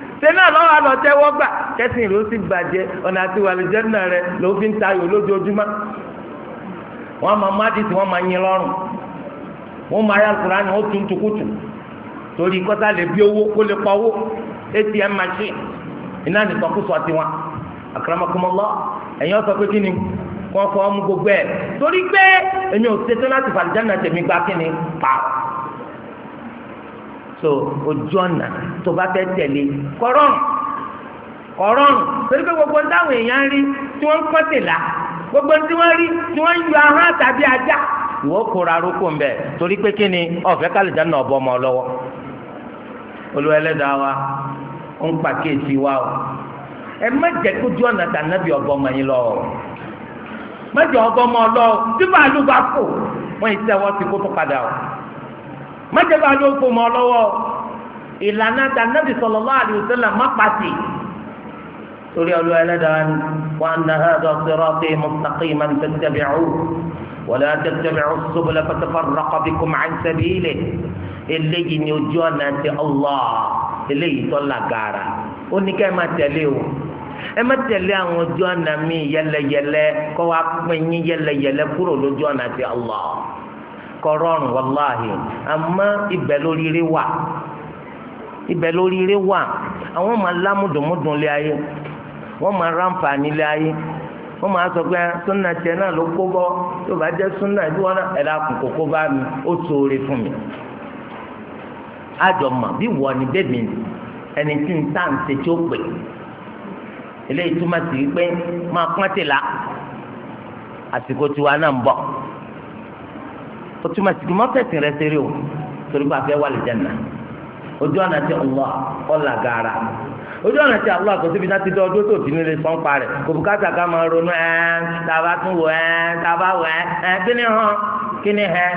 ṣé náà lọ́wọ́ àlọ́ tẹ́wọ́ gbà kẹ́sìn ló sì bàjẹ́ ọ̀nà àti rẹ ló fi ń lójoojúmọ́ wọ́n máa má dìtì wọ́n máa yin lọ́rùn wọ́n máa yá kura ni wọ́n tún Tori torí kọ́tà lè bí owó kó lè pa owó atm machine iná nìkan kó sọ tiwọn ẹ̀yin ọ̀sọ́ pé kí ni gbogbo ẹ̀ torí pé èmi ò so ojú ọ̀nà tó bá fẹ́ tẹ̀lé kọ́rọ́ọ̀nù kọ́rọ́ọ̀nù torí gbogbo táwọn èèyàn rí tí wọ́n ń kọ́tìlá gbogbo tí wọ́n rí tí wọ́n ń yọ ahọ́n àtàbí ajá kóra ń bẹ torí pé kí ni ọ̀fẹ́ kálíjà náà bọ́ ọmọ lọ́wọ́ olúwa ẹlẹ́dàá wa wa o ẹ má jẹ́ kójú ọ̀nà tànàbí ọmọ yín lọ o má jẹ́ ọmọ lọ o tí màálù bá kò wọ́n yìí kó mọ́jẹ́bà ló kó mọ́ lọ́wọ́ ìlànà dànàbì sallallahu alaihi wasallam má pàṣẹ torí ọlọ́ ẹlẹ́dàá ni wa anna hadha sirati mustaqiman fattabi'uhu wa la tattabi'u subula fatafarraqa bikum an sabilihi eléyìí ni ojú ọ̀nà ti Allah eléyìí tó làgàrà ó ní ká ẹ má tẹ̀lé o ẹ má tẹ̀lé àwọn ojú ọ̀nà mi yẹlẹyẹlẹ kọ́ wa pín yẹlẹyẹlẹ kúrò lójú ọ̀nà ti Allah. kọrọrùn wàláhì àmọ́ ibẹ̀ lóríire wà ibẹ̀ lóríire wà àwọn máa lámùdùnmùdùn lé ayé wọ́n máa ráǹfà nílé ayé wọ́n máa sọ pé ah, súnà tiẹ̀ náà ló kó tó bá súnà kó bá mi ó ṣoore fún mi. àjọ mà bí ẹni tí ń tà ń ṣe tí o túmọ̀ sí mọ́ fẹ̀sìn rẹ o torí a fẹ́ wà lè jẹ́ nà ojú ọ̀nà tí Allah ọ̀là gàrà ojú ọ̀nà tí Allah kò síbi láti dán ọdún tó ti nílé sọ́n parẹ̀ kò bùkátà ká máa ronú ẹ̀ tàbá tún wò ẹ̀ hàn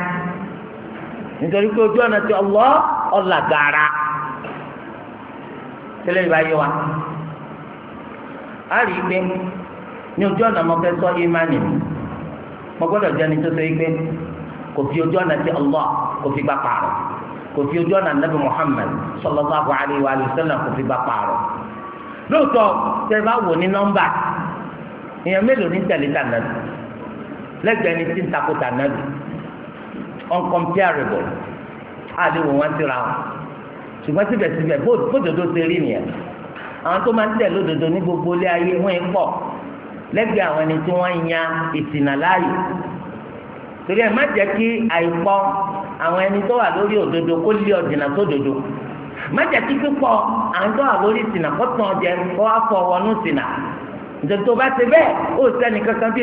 nítorí pé ojú ọ̀nà tí ọ̀là sọ gbọ́dọ̀ jẹ́ kò fi ojú ọ̀nà ti Allah kò fi gbà pààrọ̀ kò fi ojú ọ̀nà nabi Muhammad sallallahu alayhi wa sallam kò fi gbà pààrọ̀ lóòótọ́ tẹ́ bá wò ní nọ́mbà èèyàn mélòó ní tẹ̀lé tà nàbì lẹ́gbẹ̀ẹ́ ni tí ń takò tà nàbì uncomparable àlè wò wọ́n síra wọn ṣùgbọ́n síbẹ̀síbẹ̀ bódodo ṣe rí nìyẹn àwọn tó máa ń tẹ̀ lódodo ní gbogbo ilé ayé wọ́n ń pọ̀ lẹ́gbẹ̀ẹ́ àwọn ẹni tí wọ́n ń yan ìsìnà láàyè torí ẹ má jẹ́ kí àìpọ̀ àwọn ẹni tó wà lórí òdodo kó lé ọ̀dìnà tó dodo má jẹ́ kí pípọ̀ àwọn tó wà lórí ìsìnà kó tàn jẹ kó wá fọ wọnú ìsìnà nítorí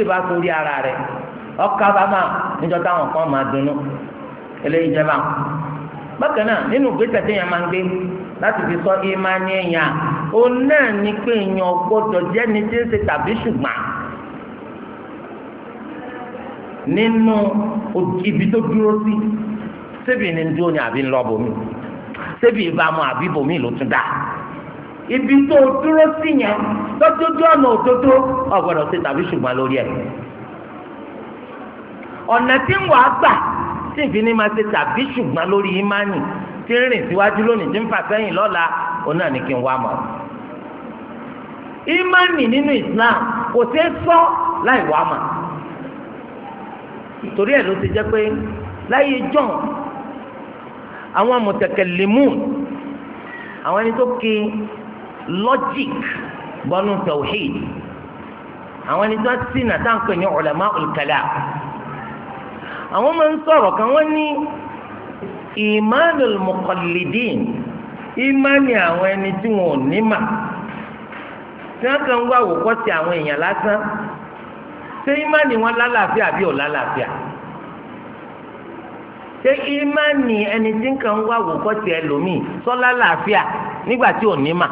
bá ti ara rẹ̀ ọkà bàbá níjọ táwọn kan máa dunnú eléyìí jẹba bákan náà nínú ìgbésẹ̀ téèyàn máa ń gbé láti fi sọ òun náà ní pé èèyàn tí ń ṣe tàbí ṣùgbọ́n nínú ibi tó dúró sí ṣebí ni ń ni àbí ń bòmí ṣebí ìbámu àbí bòmí ló tún dá ibi tó dúró sí yẹn lọ́dọọdún ọ̀nà òdodo ọ̀gbọ́dọ̀ ṣe tàbí ṣùgbọ́n lórí ẹ̀ ọ̀nà tí ń wàá gbà tí tàbí ṣùgbọ́n lórí ìmánì tí ń rìn síwájú lónìí tí ń fà sẹ́yìn lọ́la òun Islam kò sọ láì wá torí ẹ̀ ló ti jẹ́ pé láyé john àwọn mutakallimun àwọn ẹni tó ke logic bọ́nú tawhid àwọn ẹni tó sì nà ní ulama al àwọn máa ń sọ̀rọ̀ kan wọ́n ní imanul muqallidin imani àwọn ẹni tí wọn ò ní mà tí kàn ń ṣé imani wọn lálàáfíà bí ò lálàáfíà ṣé imani ẹni tí nǹkan wà wò kọ́ tiẹ̀ sọ lálàáfíà nígbà tí ò ní mà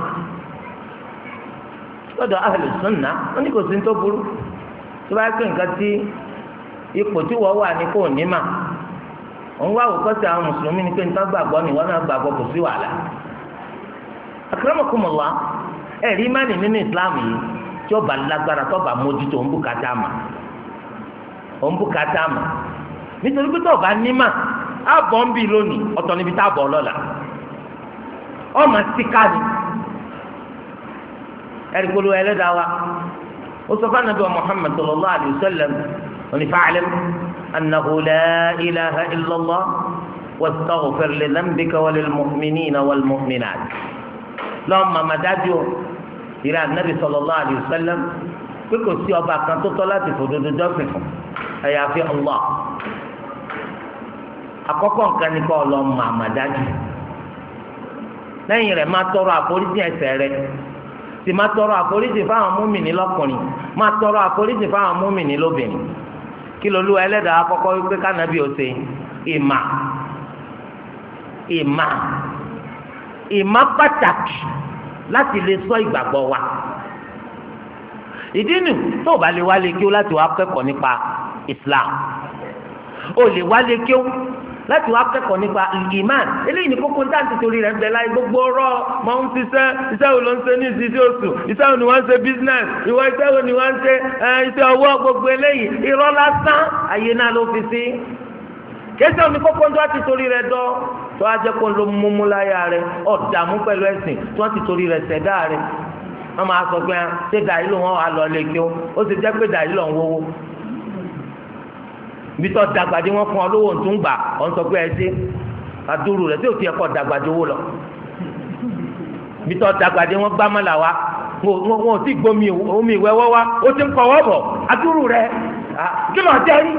lọ́dọ̀ ahlus sunnah wọ́n ní kò sí tó burú tó bá pè nǹkan tí ipò tí wọ́n wà ní kò ní mà òun àwọn mùsùlùmí ni pé nípa gbàgbọ́ ni wọ́n náà gbàgbọ́ kò sí wàhálà tí ọba lágbára tí ọba mójútó ń bùkátà mà ń bùkátà mà nítorí pé tí ọba nímà àbọ̀ ń bì lónìí ọ̀tọ̀ níbi tá a bọ̀ lọ́la ọmọ síkà ni ẹ̀rìkolo ẹlẹ́dàá wa ó sọ fún anabi Muhammad sallallahu alayhi wa sallam onífàálẹ́m annahu la ilaha illallah wastaghfir li dhanbika wa lil mu'minina wal mu'minat lọ́ọ́ màmá ìrẹ́ anabi sallallahu alayhi wa sallam pé kò sí ọba kan tó tọ́ láti fòdodo jọ́sìn fún àyàfi Allah àkọ́kọ́ nǹkan ni kọ́ ọ lọ mọ àmàdájú lẹ́yìn rẹ̀ máa tọrọ àforíjì ẹ̀ṣẹ̀ rẹ̀ sì máa tọrọ àforíjì fáwọn múmìnì lọ́kùnrin máa tọrọ àforíjì fáwọn múmìnì lóbìnrin kí lolú ẹlẹ́dàá àkọ́kọ́ wípé kánábì ọ̀sẹ̀ ìmà ìmà ìmà pàtàkì láti lè sọ ìgbàgbọ́ wa ìdí nù tó o bá lè wálé kí o láti wá kẹ́kọ̀ọ́ nípa Islam o lè wálé kí o láti wá kẹ́kọ̀ọ́ nípa iman eléyìí ní kókó ní táǹtì torí rẹ̀ ń bẹ láyé gbogbo ọ̀rọ̀ mọ̀ ń ṣiṣẹ́ iṣẹ́ wo ló ń ṣe ní ìṣiṣẹ́ oṣù iṣẹ́ wo ni wọ́n ń ṣe business ìwọ iṣẹ́ wo ni wọ́n ń ṣe iṣẹ́ ọwọ́ gbogbo eléyìí irọ́ lásán ayé náà ló fi sí kéṣẹ́ omi kókó ní tó torí rẹ̀ dọ́ tó a jẹ́ kó ló múmú láyà rẹ pẹ̀lú ẹ̀sìn tí torí rẹ̀ wọ́n ṣé dàí ló wọn àlọ́ lè kí ó sì jẹ́ pé dàí ń ibi tó dàgbàdì wọn ọ lówó tó ń gbà ń sọ pé tí ò lọ ibi tó dàgbàdì wọn wa wọn ò tí gbomi omi wa ó ti ń kọ́ rẹ ah, kí jẹ́ rí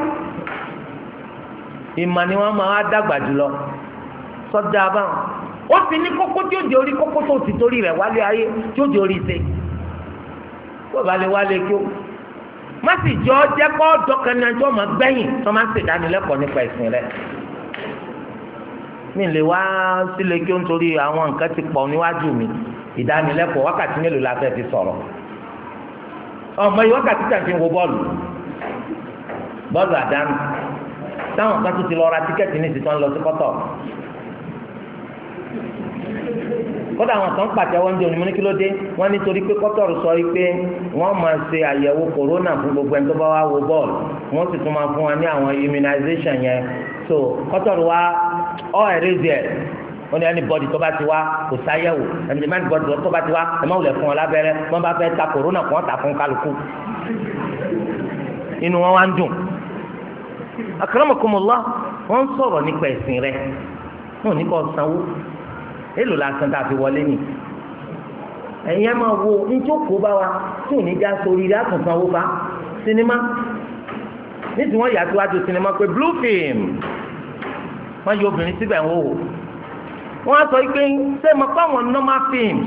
ìmọ̀ ni sọ́dọ̀ abáwọn ó ti ní kókó tí ó di orí kókó tó ti torí rẹ̀ wálé ayé tí o di orí ṣe tó bá lè wálé kí ó má sì jọ jẹ́ kó dọ́kan ní ẹjọ́ máa gbẹ́yìn tó máa ń ṣèdánilẹ́kọ̀ọ́ nípa ìsìn rẹ̀ mi lè wá sílé kí ó ń torí àwọn nǹkan ti pọ̀ níwájú mi ìdánilẹ́kọ̀ọ́ wákàtí mélòó la fẹ́ fi sọ̀rọ̀ ọmọ yìí wákàtí tàbí wo bọ́ọ̀lù bọ́ọ̀lù àdánù táwọn kan tó ti lọ ra tíkẹ́ẹ̀tì ní ìsìtàn lọ sí kọ́tọ̀ kódà àwọn kan pàtẹ́wọ́ ń di onímọ̀ ní kí ló dé wọ́n nítorí pé kọ́tọ̀rù sọ pé wọ́n máa ṣe àyẹ̀wò kòrónà fún gbogbo ẹni tó bá wá wo bọ́ọ̀lù wọ́n sì tún máa fún wa ní àwọn immunization yẹn so kọ́tọ̀rù wa ọ̀ ẹ̀rẹ́ díẹ̀ wọ́n ní anybody tó bá ti wá kò sáyẹ̀wò ẹni anybody tó bá ti wá ẹ má wulẹ̀ fún wọn lábẹ́rẹ́ wọ́n bá fẹ́ ta kòrónà kò wọ́n ta fún kálukú inú wọn wá ń dùn akramakumullah wọ́n sọ̀rọ̀ nípa ẹ̀sìn rẹ̀ wọ́n ní kò sanwó èlò lásán tá a fi wọlé nì ẹ̀yin á máa wo njókòó bá wa tí ò ní já sórí ilé àtúnṣan owó bá sinimá nítorí wọ́n yà síwájú sinimá pé blue film wọ́n yọ obìnrin síbẹ̀ ń wò wọ́n á sọ pé ṣé mo pa àwọn normal film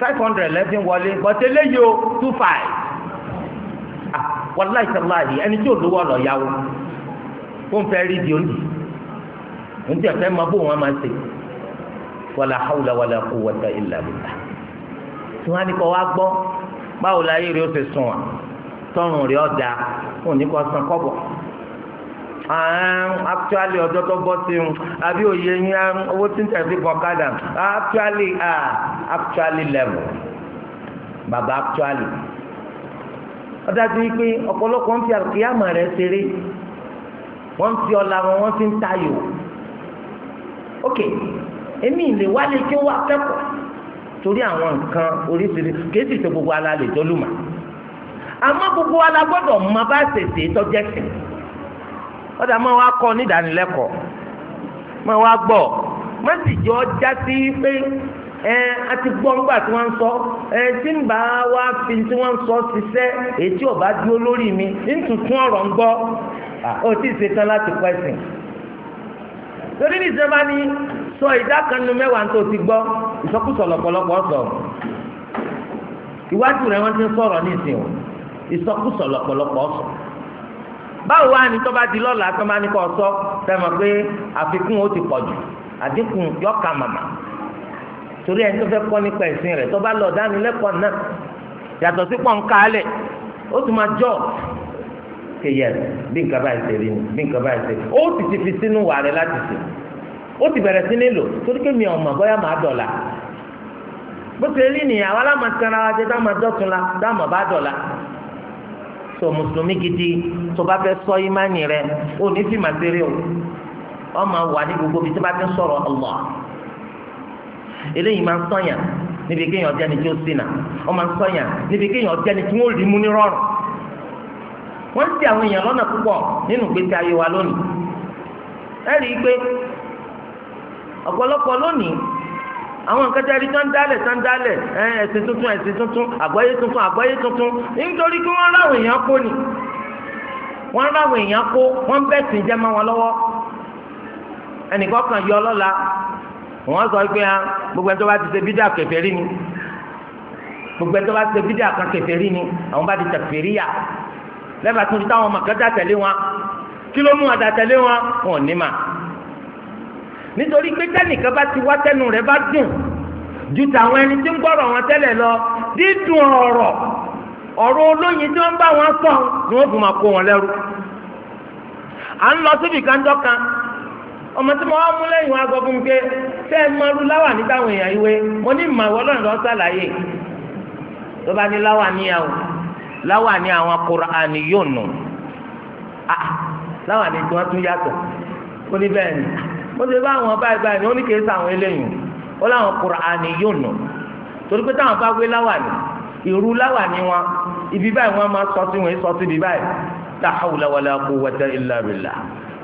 five hundred lẹ́sìn wọlé bọ́tẹ́ léyìí o two five ah, wàláì sàláì ẹni tí ò lówó ọ̀lọ́ yáwó ó ń fẹ́ rí di òǹdì òǹdì ọ̀fẹ́ máa bó wọn máa ṣe wàlà hàwùlà wàlà quwwata illa billah tí wọ́n á ní kọ́ wá gbọ́ báwo la ayé rẹ̀ ó ti sùn wà tọrùn rẹ̀ ọ̀dà òun ní san kọ́bọ̀ actually ọjọ́ tó bọ́ sí un àbí òye yín owó tí ń tẹ̀sí kan kádà actually actually level bàbá actually ọdájú wípé ọ̀pọ̀lọpọ̀ ń fi àkíyàmọ̀ rẹ̀ ṣeré wọ́n ń fi ọ̀la wọn wọ́n ti ń tayò ok èmi ìlè wálé kí wọ́n akẹ́kọ̀ọ́ torí àwọn nǹkan oríṣiríṣi kéésì tó gbogbo ala lè jọlùmọ̀ àmọ́ gbogbo ala gbọ́dọ̀ mọ bá ṣèṣe tọ́jẹ́ sí ọ̀dà máa wá kọ́ nídánilẹ́kọ̀ọ́ máa wá gbọ́ má sì jọ já sí pé ẹ a ti gbọ́ ńgbà tí wọ́n ń sọ ẹ tí ń bá wá fi tí wọ́n ń sọ ṣiṣẹ́ ètí ọ̀bá dúró lórí mi ń tuntun ọ̀rọ̀ ń gbọ́ ó ti ṣetán láti pẹ́sìn torí nìjọba ni sọ ìdá kan nínú mẹ́wàá tó ti gbọ́ ìsọkúsọ lọ́pọ̀lọpọ̀ sọ ìwájú rẹ̀ wọ́n ti ń sọ̀rọ̀ nísìn o ìsọkúsọ lọ́pọ̀lọpọ̀ sọ báwo wá ní tó bá di lọ́la tó bá ní kó sọ fẹ́mọ̀ pé àfikún ó ti pọ̀ jù àdínkù yọ̀ọ̀ka màmá torí ẹni tó fẹ́ kọ́ nípa ẹ̀sìn rẹ̀ tó bá lọ dánilẹ́kọ̀ọ́ náà yàtọ̀ sí pọ̀nká alẹ̀ ó tún máa jọ́ kéyẹ bí nǹkan báyìí ṣe rí ni bí nǹkan báyìí ṣe ó sì ti fi sínú wà rẹ̀ ó ti bẹ̀rẹ̀ sí nílò torí pé mi ò mọ̀ bóyá màá dọ̀la bó ṣe rí nìyà wa láwọn aṣara wa jẹ la táwọn bá dọ̀la mùsùlùmí gidi tó bá fẹ́ sọ ìmánì rẹ ó ní fi màá o wọ́n máa wà ní gbogbo bíi tí wọ́n bá ti sọ̀rọ̀ Allah eléyìí máa ń sọ̀yàn níbi kéèyàn jẹ́ni tí ó ṣìnà wọ́n máa ń sọ̀yàn níbi kéèyàn jẹ́ni tí wọ́n rí mú ní ọ̀pọ̀lọpọ̀ lónìí àwọn nǹkan tẹ́rí tán dálẹ̀ tán dálẹ̀ ẹ̀sìn tuntun ẹ̀sìn tuntun àgbáyé tuntun àgbáyé tuntun nítorí kí wọ́n ráwọn èèyàn kó ni wọ́n ráwọn èèyàn kó wọ́n bẹ́ẹ̀ sìn jẹ́ mọ́ wọn lọ́wọ́ ẹnìkan kan yọ lọ́la wọ́n sọ pé ha ah, gbogbo ẹni tó bá ti ṣe bídà kèfèrí ni gbogbo ẹni tó bá ti ṣe bídà kan kèfèrí ni àwọn bá ti tẹ̀fẹ̀rí yà lẹ́bàá tuntun táwọn màkà nítorí pé tẹ́nìkan bá ti wá tẹ́nu rẹ̀ bá dùn ju tàwọn ẹni tí ń gbọ́rọ̀ wọn tẹ́lẹ̀ lọ dídùn ọ̀rọ̀ ọ̀rọ̀ olóyin tí wọ́n bá wọn sọ ni wọ́n fi máa kó wọn lẹ́rú à ń lọ síbi kanjọ́ kan ọmọ tí mo wá mú lẹ́yìn wọn agbọ́gun pé tẹ́ ẹ máa ru láwà ní táwọn èèyàn ìwé mo ní ìmọ̀ ìwọ lọ́nà lọ́ọ́ sàlàyé tó bá ní láwà níyàwó láwà ní àwọn Kùránì yóò nù ah, láwà ní tí wọ́n tún yàtọ̀ ó ní bẹ́ẹ̀ ni ó ṣe bá àwọn báyìí báyìí ni ó ní kì í sàwọn eléyìí ó láwọn Kùránì yóò nù torí pé táwọn bá wé láwàní ìrú láwàní wọn ibi báyìí wọn máa sọ sí wọn sọ sí ibi báyìí la hawla wala quwwata illa billah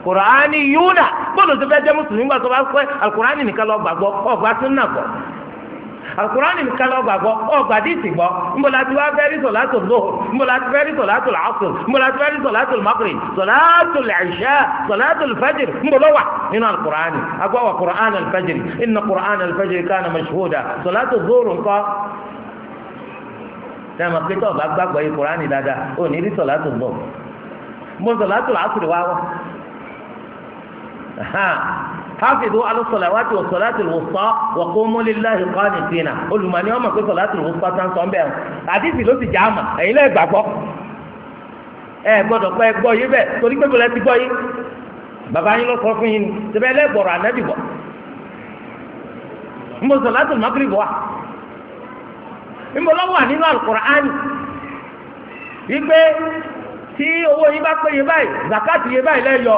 Kùránì yóò nà bọ́ọ̀lù tó fẹ́ jẹ́ mùsùlùmí gbà bá pẹ́ Al-Kùránì nìkan lọ gbàgbọ́ ọ̀gbà sínú nàgbọ́ alukurani nìkan lọ gbàgbọ́ ọgbàdìsì gbọ́ nbola ti wá fẹ́rí sọ̀látò lò nbola ti fẹ́rí sọ̀látò làásùn nbola ti fẹ́rí sọ̀látò mọ́kìrì sọ̀látò làṣà sọ̀látò fẹ́jìrì nbola wà nínú alukurani agbọ́wọ̀ kur'an alfẹ́jìrì inna kur'an alfẹ́jìrì kánà mashhuda sọ̀látò zoro nǹkan sẹ́wọ̀n pé tọ́ọ̀ bá gbàgbọ́ yìí kur'ani dáadáa ò ní rí sọ̀látò lò mo sọ̀látò làásùn wá wá hafizu ala salawati wa salati al-wusta wa qumu lillahi qanitina olùmọ̀ni ọmọ pé salati al-wusta tán sọ bẹ́ẹ̀ àdìsí ló ti ẹ gbọ́dọ̀ pé gbọ yí bẹ, torí pé ti gbọ́ bàbá yín sọ fún yín wa nínú wípé tí owó bá báyìí zakati báyìí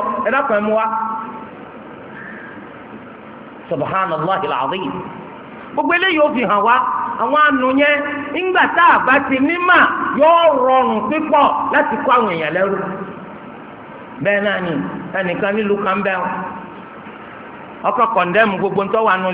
wa subhanallahi alazim gbogbo eléyìí ó fi hàn wá àwọn àánú ńgbà a bá ti yóò rọrùn pípọ̀ láti kó àwọn èèyàn náà ni ẹnìkan nílùú kan gbogbo ń tọ́wọ́ àánú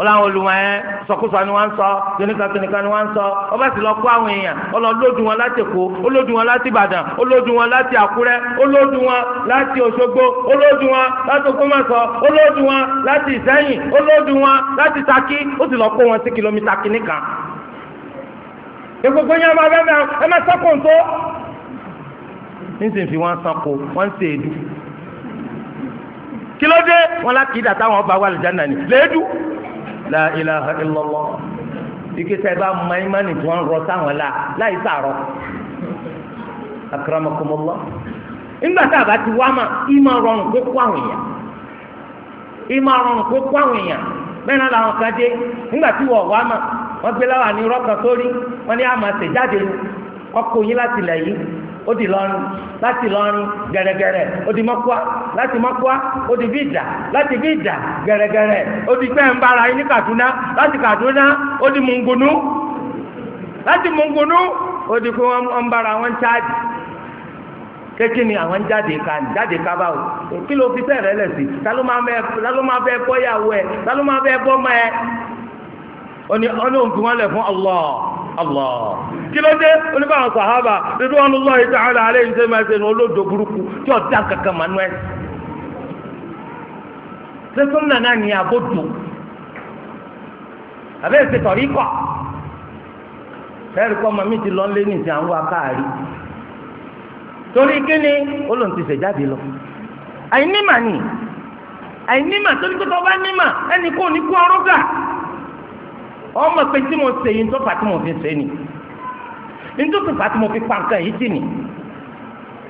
ọlọ́run olùmọ̀ ẹ sọkúsọ ni wọ́n ń sọ kìnìkan kìnìkan ni wọ́n ń sọ ọba sì lọ kó àwọn èèyàn ọlọ́dún wọn láti Èkó olódún wọn láti Ìbàdàn olódún wọn láti Àkúrẹ́ olódún wọn láti Òṣogbo olódún wọn láti Ògbómọ̀ṣọ́ olódún wọn láti Ìsẹ́yìn olódún wọn láti Ṣakí ó sì lọ kó wọn sí kìlómítà kìnìkan. ìgbogbo yẹn máa bẹ́ẹ̀ bẹ́ẹ̀ ẹ máa sọ́kùn tó. nísìnyí fi wọn sanko wọn ń ṣe èdú wọn lá kì dàtà àwọn ọba wa lè jẹ́ nàní lè é la ilaha illallah ike tẹ bá mọ imáni tí wọn rọ sáwọn la láì sàrọ akramakumullah nígbà tá a bá ti wá mà ìmọ̀ rọrùn kó kó àwọn èèyàn ìmọ̀ rọrùn kó kó àwọn èèyàn bẹ́ẹ̀ náà làwọn kan dé nígbà tí wọ́n wá wọ́n gbé láwọn ọkọ̀ yín láti lẹ̀ yìí ó di lọ́rin láti lọ́rin gẹ̀rẹ́gẹ̀rẹ́ ó di mọ́kúá láti mọ́kúá ó di bíjà láti bíjà gẹ̀rẹ́gẹ̀rẹ́ ó di pẹ́ ń bára yín ní Kaduna láti Kaduna ó di mungunu láti mungunu ó di pé ń bára wọn ṣáàjì kékin ni àwọn jáde ká jáde ká bá o kí ló fi bẹ́ẹ̀ rẹ lẹ̀ sí ta ló máa bẹ́ẹ̀ bọ́yàwó ẹ ta ló máa bẹ́ẹ̀ bọ́ ọmọ ẹ. onye ọlọ́nkú wọ́n fún Allah Allah kí ló dé oníbà sàhábà nínú wọn lọ́wọ́ ìta alẹ́ ìṣe máa ṣe ní olóòjò burúkú tí ọ̀dà kankan mà nú ẹ̀. ṣé súnmọ́ ní abódò àbẹ́ ìṣe tọ̀rí kọ̀ ẹ̀rí kọ́ mami ti lọ lé ní ìsìn àwọn akáàrí torí kí ni olóhùn ti ṣèjáde lọ bá ẹnì kò ní kú ọmọ pé tí mo ṣe yìí ntọ́fà tí mo fi ṣe ni ntọ́fà tí mo fi pa nǹkan yìí tì ní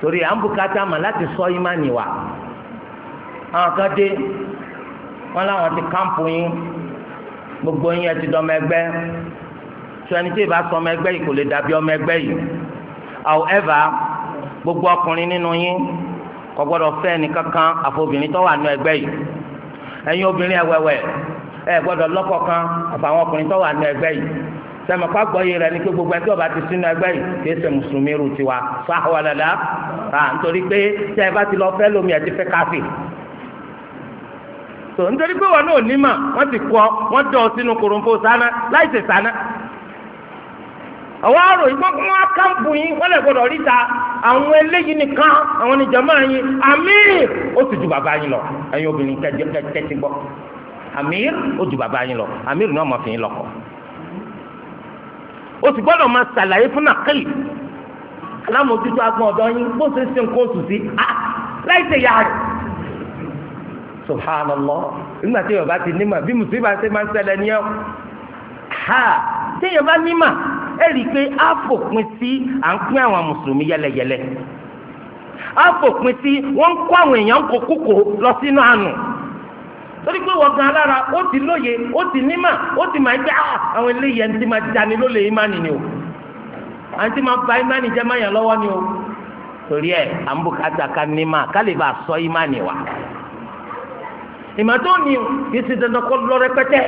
torí à ń bùkátà mà láti sọ ìmánì wa àwọn kan dé wọn làwọn ti kámpù yín gbogbo yín ẹ ti dọmọ ẹgbẹ́ tí wọn ní tí ì bá sọ ọmọ ẹgbẹ́ yìí kò lè dàbí ọmọ ẹgbẹ́ yìí however gbogbo ọkùnrin nínú yín kò gbọ́dọ̀ fẹ́ ẹnìkankan àfọbìnrin tó wà nínú ẹgbẹ́ yìí ẹ̀yin obìnrin ẹwẹwẹ ẹ gbọdọ lọkọ kan àfàwọn ọkùnrin tó wà ní ẹgbẹ́ yìí sẹ́mi ọ̀pá gbọ́yé ni pé gbogbo ẹni bá ti sínú ẹgbẹ́ yìí kì í ṣe mùsùlùmí rù tiwa fáwọn ọ̀lẹ́dá nítorí pé tẹ́ ẹ bá ti lọ fẹ́ lómi ẹ̀ ti fẹ́ káfí tó nítorí pé wọn náà ti sínú sáná sáná. àwọn ìgbọ́n yín lè ríta àwọn eléyìí nìkan àwọn yín ó sì ju bàbá yín lọ obìnrin amir ó ju bàbá yín lọ amir náà mọ̀ fi yín lọ́kọ. o sì gbọ́dọ̀ máa ṣàlàyé fún nàkìlì alámòjútó agbọ̀n ọ̀dọ́ yín bó ṣe ń sin nǹkan oṣù sí ah, láì ṣe yára rẹ̀ subhanallah nígbà tí yorùbá ti nímà bí mùsùlùmí bá ṣe máa ń ṣẹlẹ̀ ní ọ ha tí yorùbá nímà ẹ rí i pé a fòpin sí à ń pín àwọn mùsùlùmí yẹlẹyẹlẹ a fòpin sí wọn ń kó àwọn èèyàn kókókó lọ sínú àánú torí pé wọ́n gan alára ó ti lóye ó ti nímà ó ti máa gbé ah, àwọn eléyìí ẹni tí máa dání ló lè ìmánì ni o àti máa ba ìmánì jẹ́ máa yàn lọ́wọ́ ni o torí ẹ̀ àmúkàtà ká nímà ká lè bá a sọ ìmánì wa ìmọ̀tò ni yìí ti dandan kọ́ lọ rẹpẹtẹ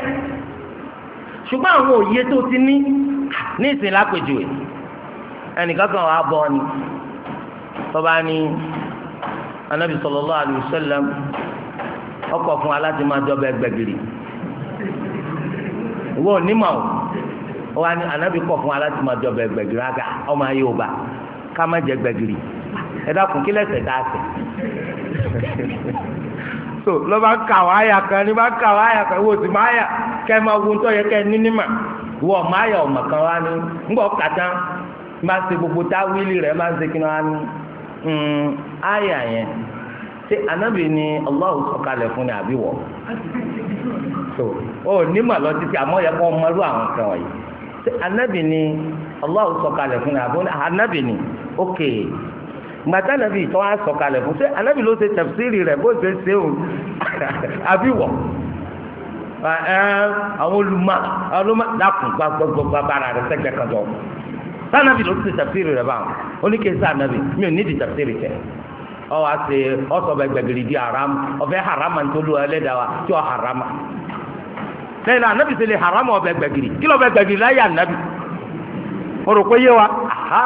ṣùgbọ́n àwọn òye tó ti ní ní ìsìn lápèjúwe ẹnìkan kan wàá bọ̀ ni bàbá ni anabi sallallahu alaihi ọkọ̀ fún wa láti máa jọba ẹgbẹ̀gìrì ìwọ onímọ̀ o wa ni anabi kọ̀ fún wa láti máa jọba ẹgbẹ̀gìrì aga ọmọ ayé ọba ká má jẹ ẹgbẹ̀gìrì ẹ dákun kí lẹ́sẹ̀ dá sẹ̀ so ló bá ń kà wá àyà kan ní bá ń kà wá àyà kan wò sí má àyà kẹ́ ẹ máa wo tó yẹ kẹ́ ẹ ní nímà wọ má àyà ọ̀mà kan wá ní ńgbọ́ kàtá má ṣe gbogbo táwílì rẹ̀ má ṣe kí ni wá ní hmm, àyà yẹn ṣé anábì ni Allah sọ̀kalẹ̀ fún ni àbí wọ̀ so ó nímọ̀ lọ títí àmọ́ yẹ kó mọ́rú àwọn kan wọ̀nyí ṣé anábì ni Allah sọ̀kalẹ̀ fún ni àbí anábì ni ok gbàtà nàbì tó wá sọ̀kalẹ̀ fún ṣé anábì ló ṣe tafsiri rẹ̀ bó ṣe ṣe o àbí wọ̀ àwọn olùmọ̀ olùmọ̀ dàkún gbàgbọ́gbà bára rẹ̀ sẹ́gbẹ̀ kan jọ sanabi ló ti tafsiri rẹ̀ báwọn oníkèésà nàbì mi ò ní di tafsiri tẹ̀. ọwọ́ àti ọsọ gbẹ̀gìrì di haram ọbẹ haram tó lu wa tí ọ haram lẹ́yìn anabi ti haram ọ̀bẹ̀ kí lọ́bẹ̀ gbẹ̀gìrì láyé anabi wa aha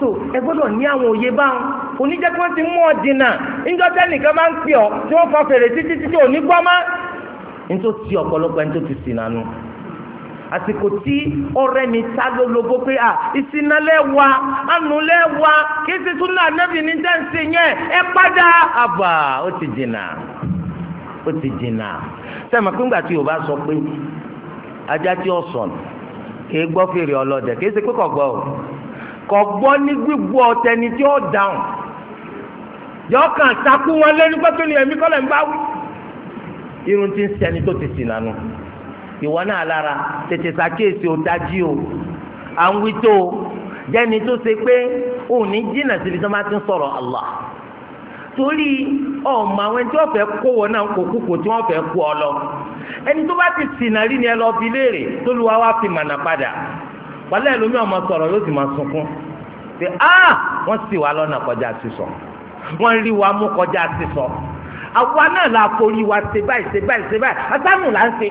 so ẹ ní àwọn òye bá oníjẹ́ tí ti mú ọ dínà máa ń pè tí fọ fèrè àsìkò tí ọrẹ mi ta lólobó pé à ìsinalẹ wa anulẹ wa súnà anábì ní jẹnsì yẹn ẹ padà àbà ó ti jìnnà ó ti jìnnà sẹmọ pé tí o bá sọ pé ajá tí ó sọnù kì í gbọ́ fèrè ọlọ́dẹ kì í ṣe pé kò o kò gbọ́ ní tí ó dáhùn yọ kàn wọn lẹ́nu pẹ́ tó ní ẹ̀mí kọ́lẹ̀ irun ti ń sẹni tó ti ìwọ náà lára tètè sàkíyèsí ò dájú o à ń wí tó ṣe pé ò ní jìnnà síbi tó máa ti ń sọ̀rọ̀ Allah torí ọmọ àwọn ẹni tí wọ́n fẹ́ kó wọn náà kó kúkú tí wọ́n fẹ́ kú ọ lọ ẹni tó bá ti sìnà ni ẹ lọ fi léèrè tó lu wa wá fi mànà padà wàlẹ́ ẹlòmíì ọmọ sọ̀rọ̀ yóò sì máa sunkún pé ah wọ́n sì wá lọ́nà kọjá sísọ wọ́n rí wa mú kọjá sísọ àwa náà la forí wa ṣe báyìí ṣe báyìí ṣe báyìí àtànù là ń ṣe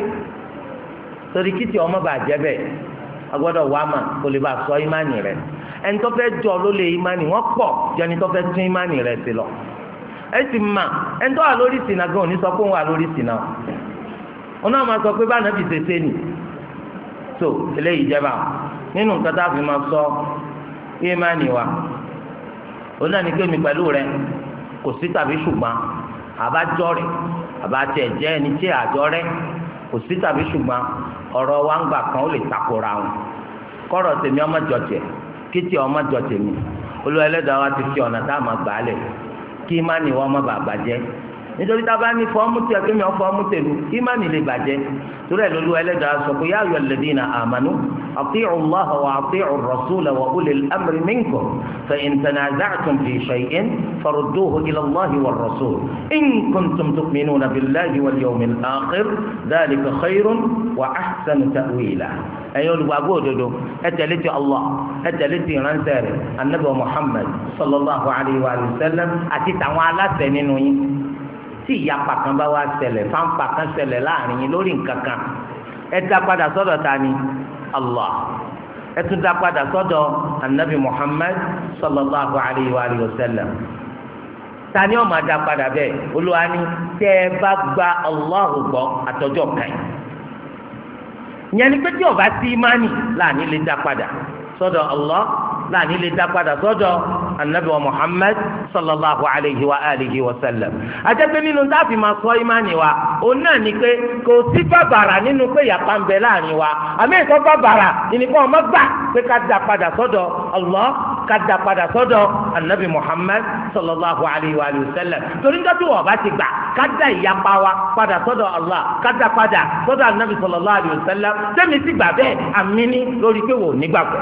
torí kìtì ọmọ bàá jẹ́ bẹ́ẹ̀ agbọ́dọ̀ wá mà kó lè bá sọ ìmánì rẹ̀ ẹni tó fẹ́ jọ ló lè ìmánì wọ́n pọ̀ jẹni tó fẹ́ tún ìmánì rẹ̀ sí lọ ẹ sì mà ẹni tó wà lórí ìsìnà gan òní sọ pé òun wà lórí ìsìnà òun náà máa sọ pé bá nàbì tètè nì so eléyìí jẹba nínú nǹkan tá a fi máa sọ ìmánì wa òun náà ní kémi pẹ̀lú rẹ̀ kò sí tàbí ṣùgbọ́n àbájọ rẹ̀ àbájẹ jẹ́ ẹni tí àjọ rẹ̀ kò sí tàbí ṣùgbọ́n ọ̀rọ̀ wa ń gbà kan ó lè takora wọn kọ́rọ̀ tèmi ọmọ jọ̀jẹ̀ kí tí ọmọ jọ̀jẹ̀ mi olú ẹlẹ́dàá wa ti fi ọ̀nà tá a máa gbà á lẹ̀ kí má ní wọ́n má bàa bàjẹ́ nítorí tá a bá ní fọ́ọ̀mù tí a kí mi ọ fọ́ọ̀mù tèlú ìmánì lè bàjẹ́ torí ẹ̀ lólu ẹlẹ́dàá sọ pé yā ayyuhalladhīna āmanū aṭīʿū Allāha wa aṭīʿū ar-rasūla wa ulil amri minkum fa in tanāzaʿtum fī shay'in faruddūhu ilā Allāhi war-rasūl in kuntum tu'minūna billāhi wal-yawmil olùgbàgbọ́ òdodo ẹ ti Allah ẹ ti ìránṣẹ́ rẹ̀ anabi Muhammad sallallahu alayhi wa sallam àti tàwọn aláṣẹ nínú yín tí ìyapa kan bá wá ṣẹlẹ̀ fáńpà kan ṣẹlẹ̀ láàrin yín lórí nǹkan kan ẹ dá padà sọ́dọ̀ ta ni Allah ẹ tún dá padà sọ́dọ̀ anabi Muhammad sallallahu alayhi wa sallam ta ni ó máa dá padà bẹ́ẹ̀ olúwa ni tẹ́ ẹ bá gba Allah gbọ́ àtọ́jọ́ kan yẹn ni pé tí ó sí imáni láàrin lè dá padà sọ́dọ̀ Allah àní lè dá padà sọ́dọ̀ anabi wa muhammad sallallahu alayhi wa alihi wa sallam àjẹpẹ́ nínú dáàfin máa sọ ìmánì wa òun náà ni pé kò sí bàbàrà nínú pé yàpá ń bẹ láàrin wa àmì ìtọ́ bàbàrà ìnìkan ọmọ gbà pé ká dá padà sọ́dọ̀ allah ká dá padà sọ́dọ̀ anabi muhammad sallallahu alayhi wa sallam torí nígbà tí wọ́n bá ti gbà ká dá ìyapa wa padà sọ́dọ̀ allah ká dá padà sọ́dọ̀ anabi sallallahu alayhi wa sallam tẹ́mi sì gbà bẹ́ẹ̀ àmì ní lórí pé wò nígbàgbọ́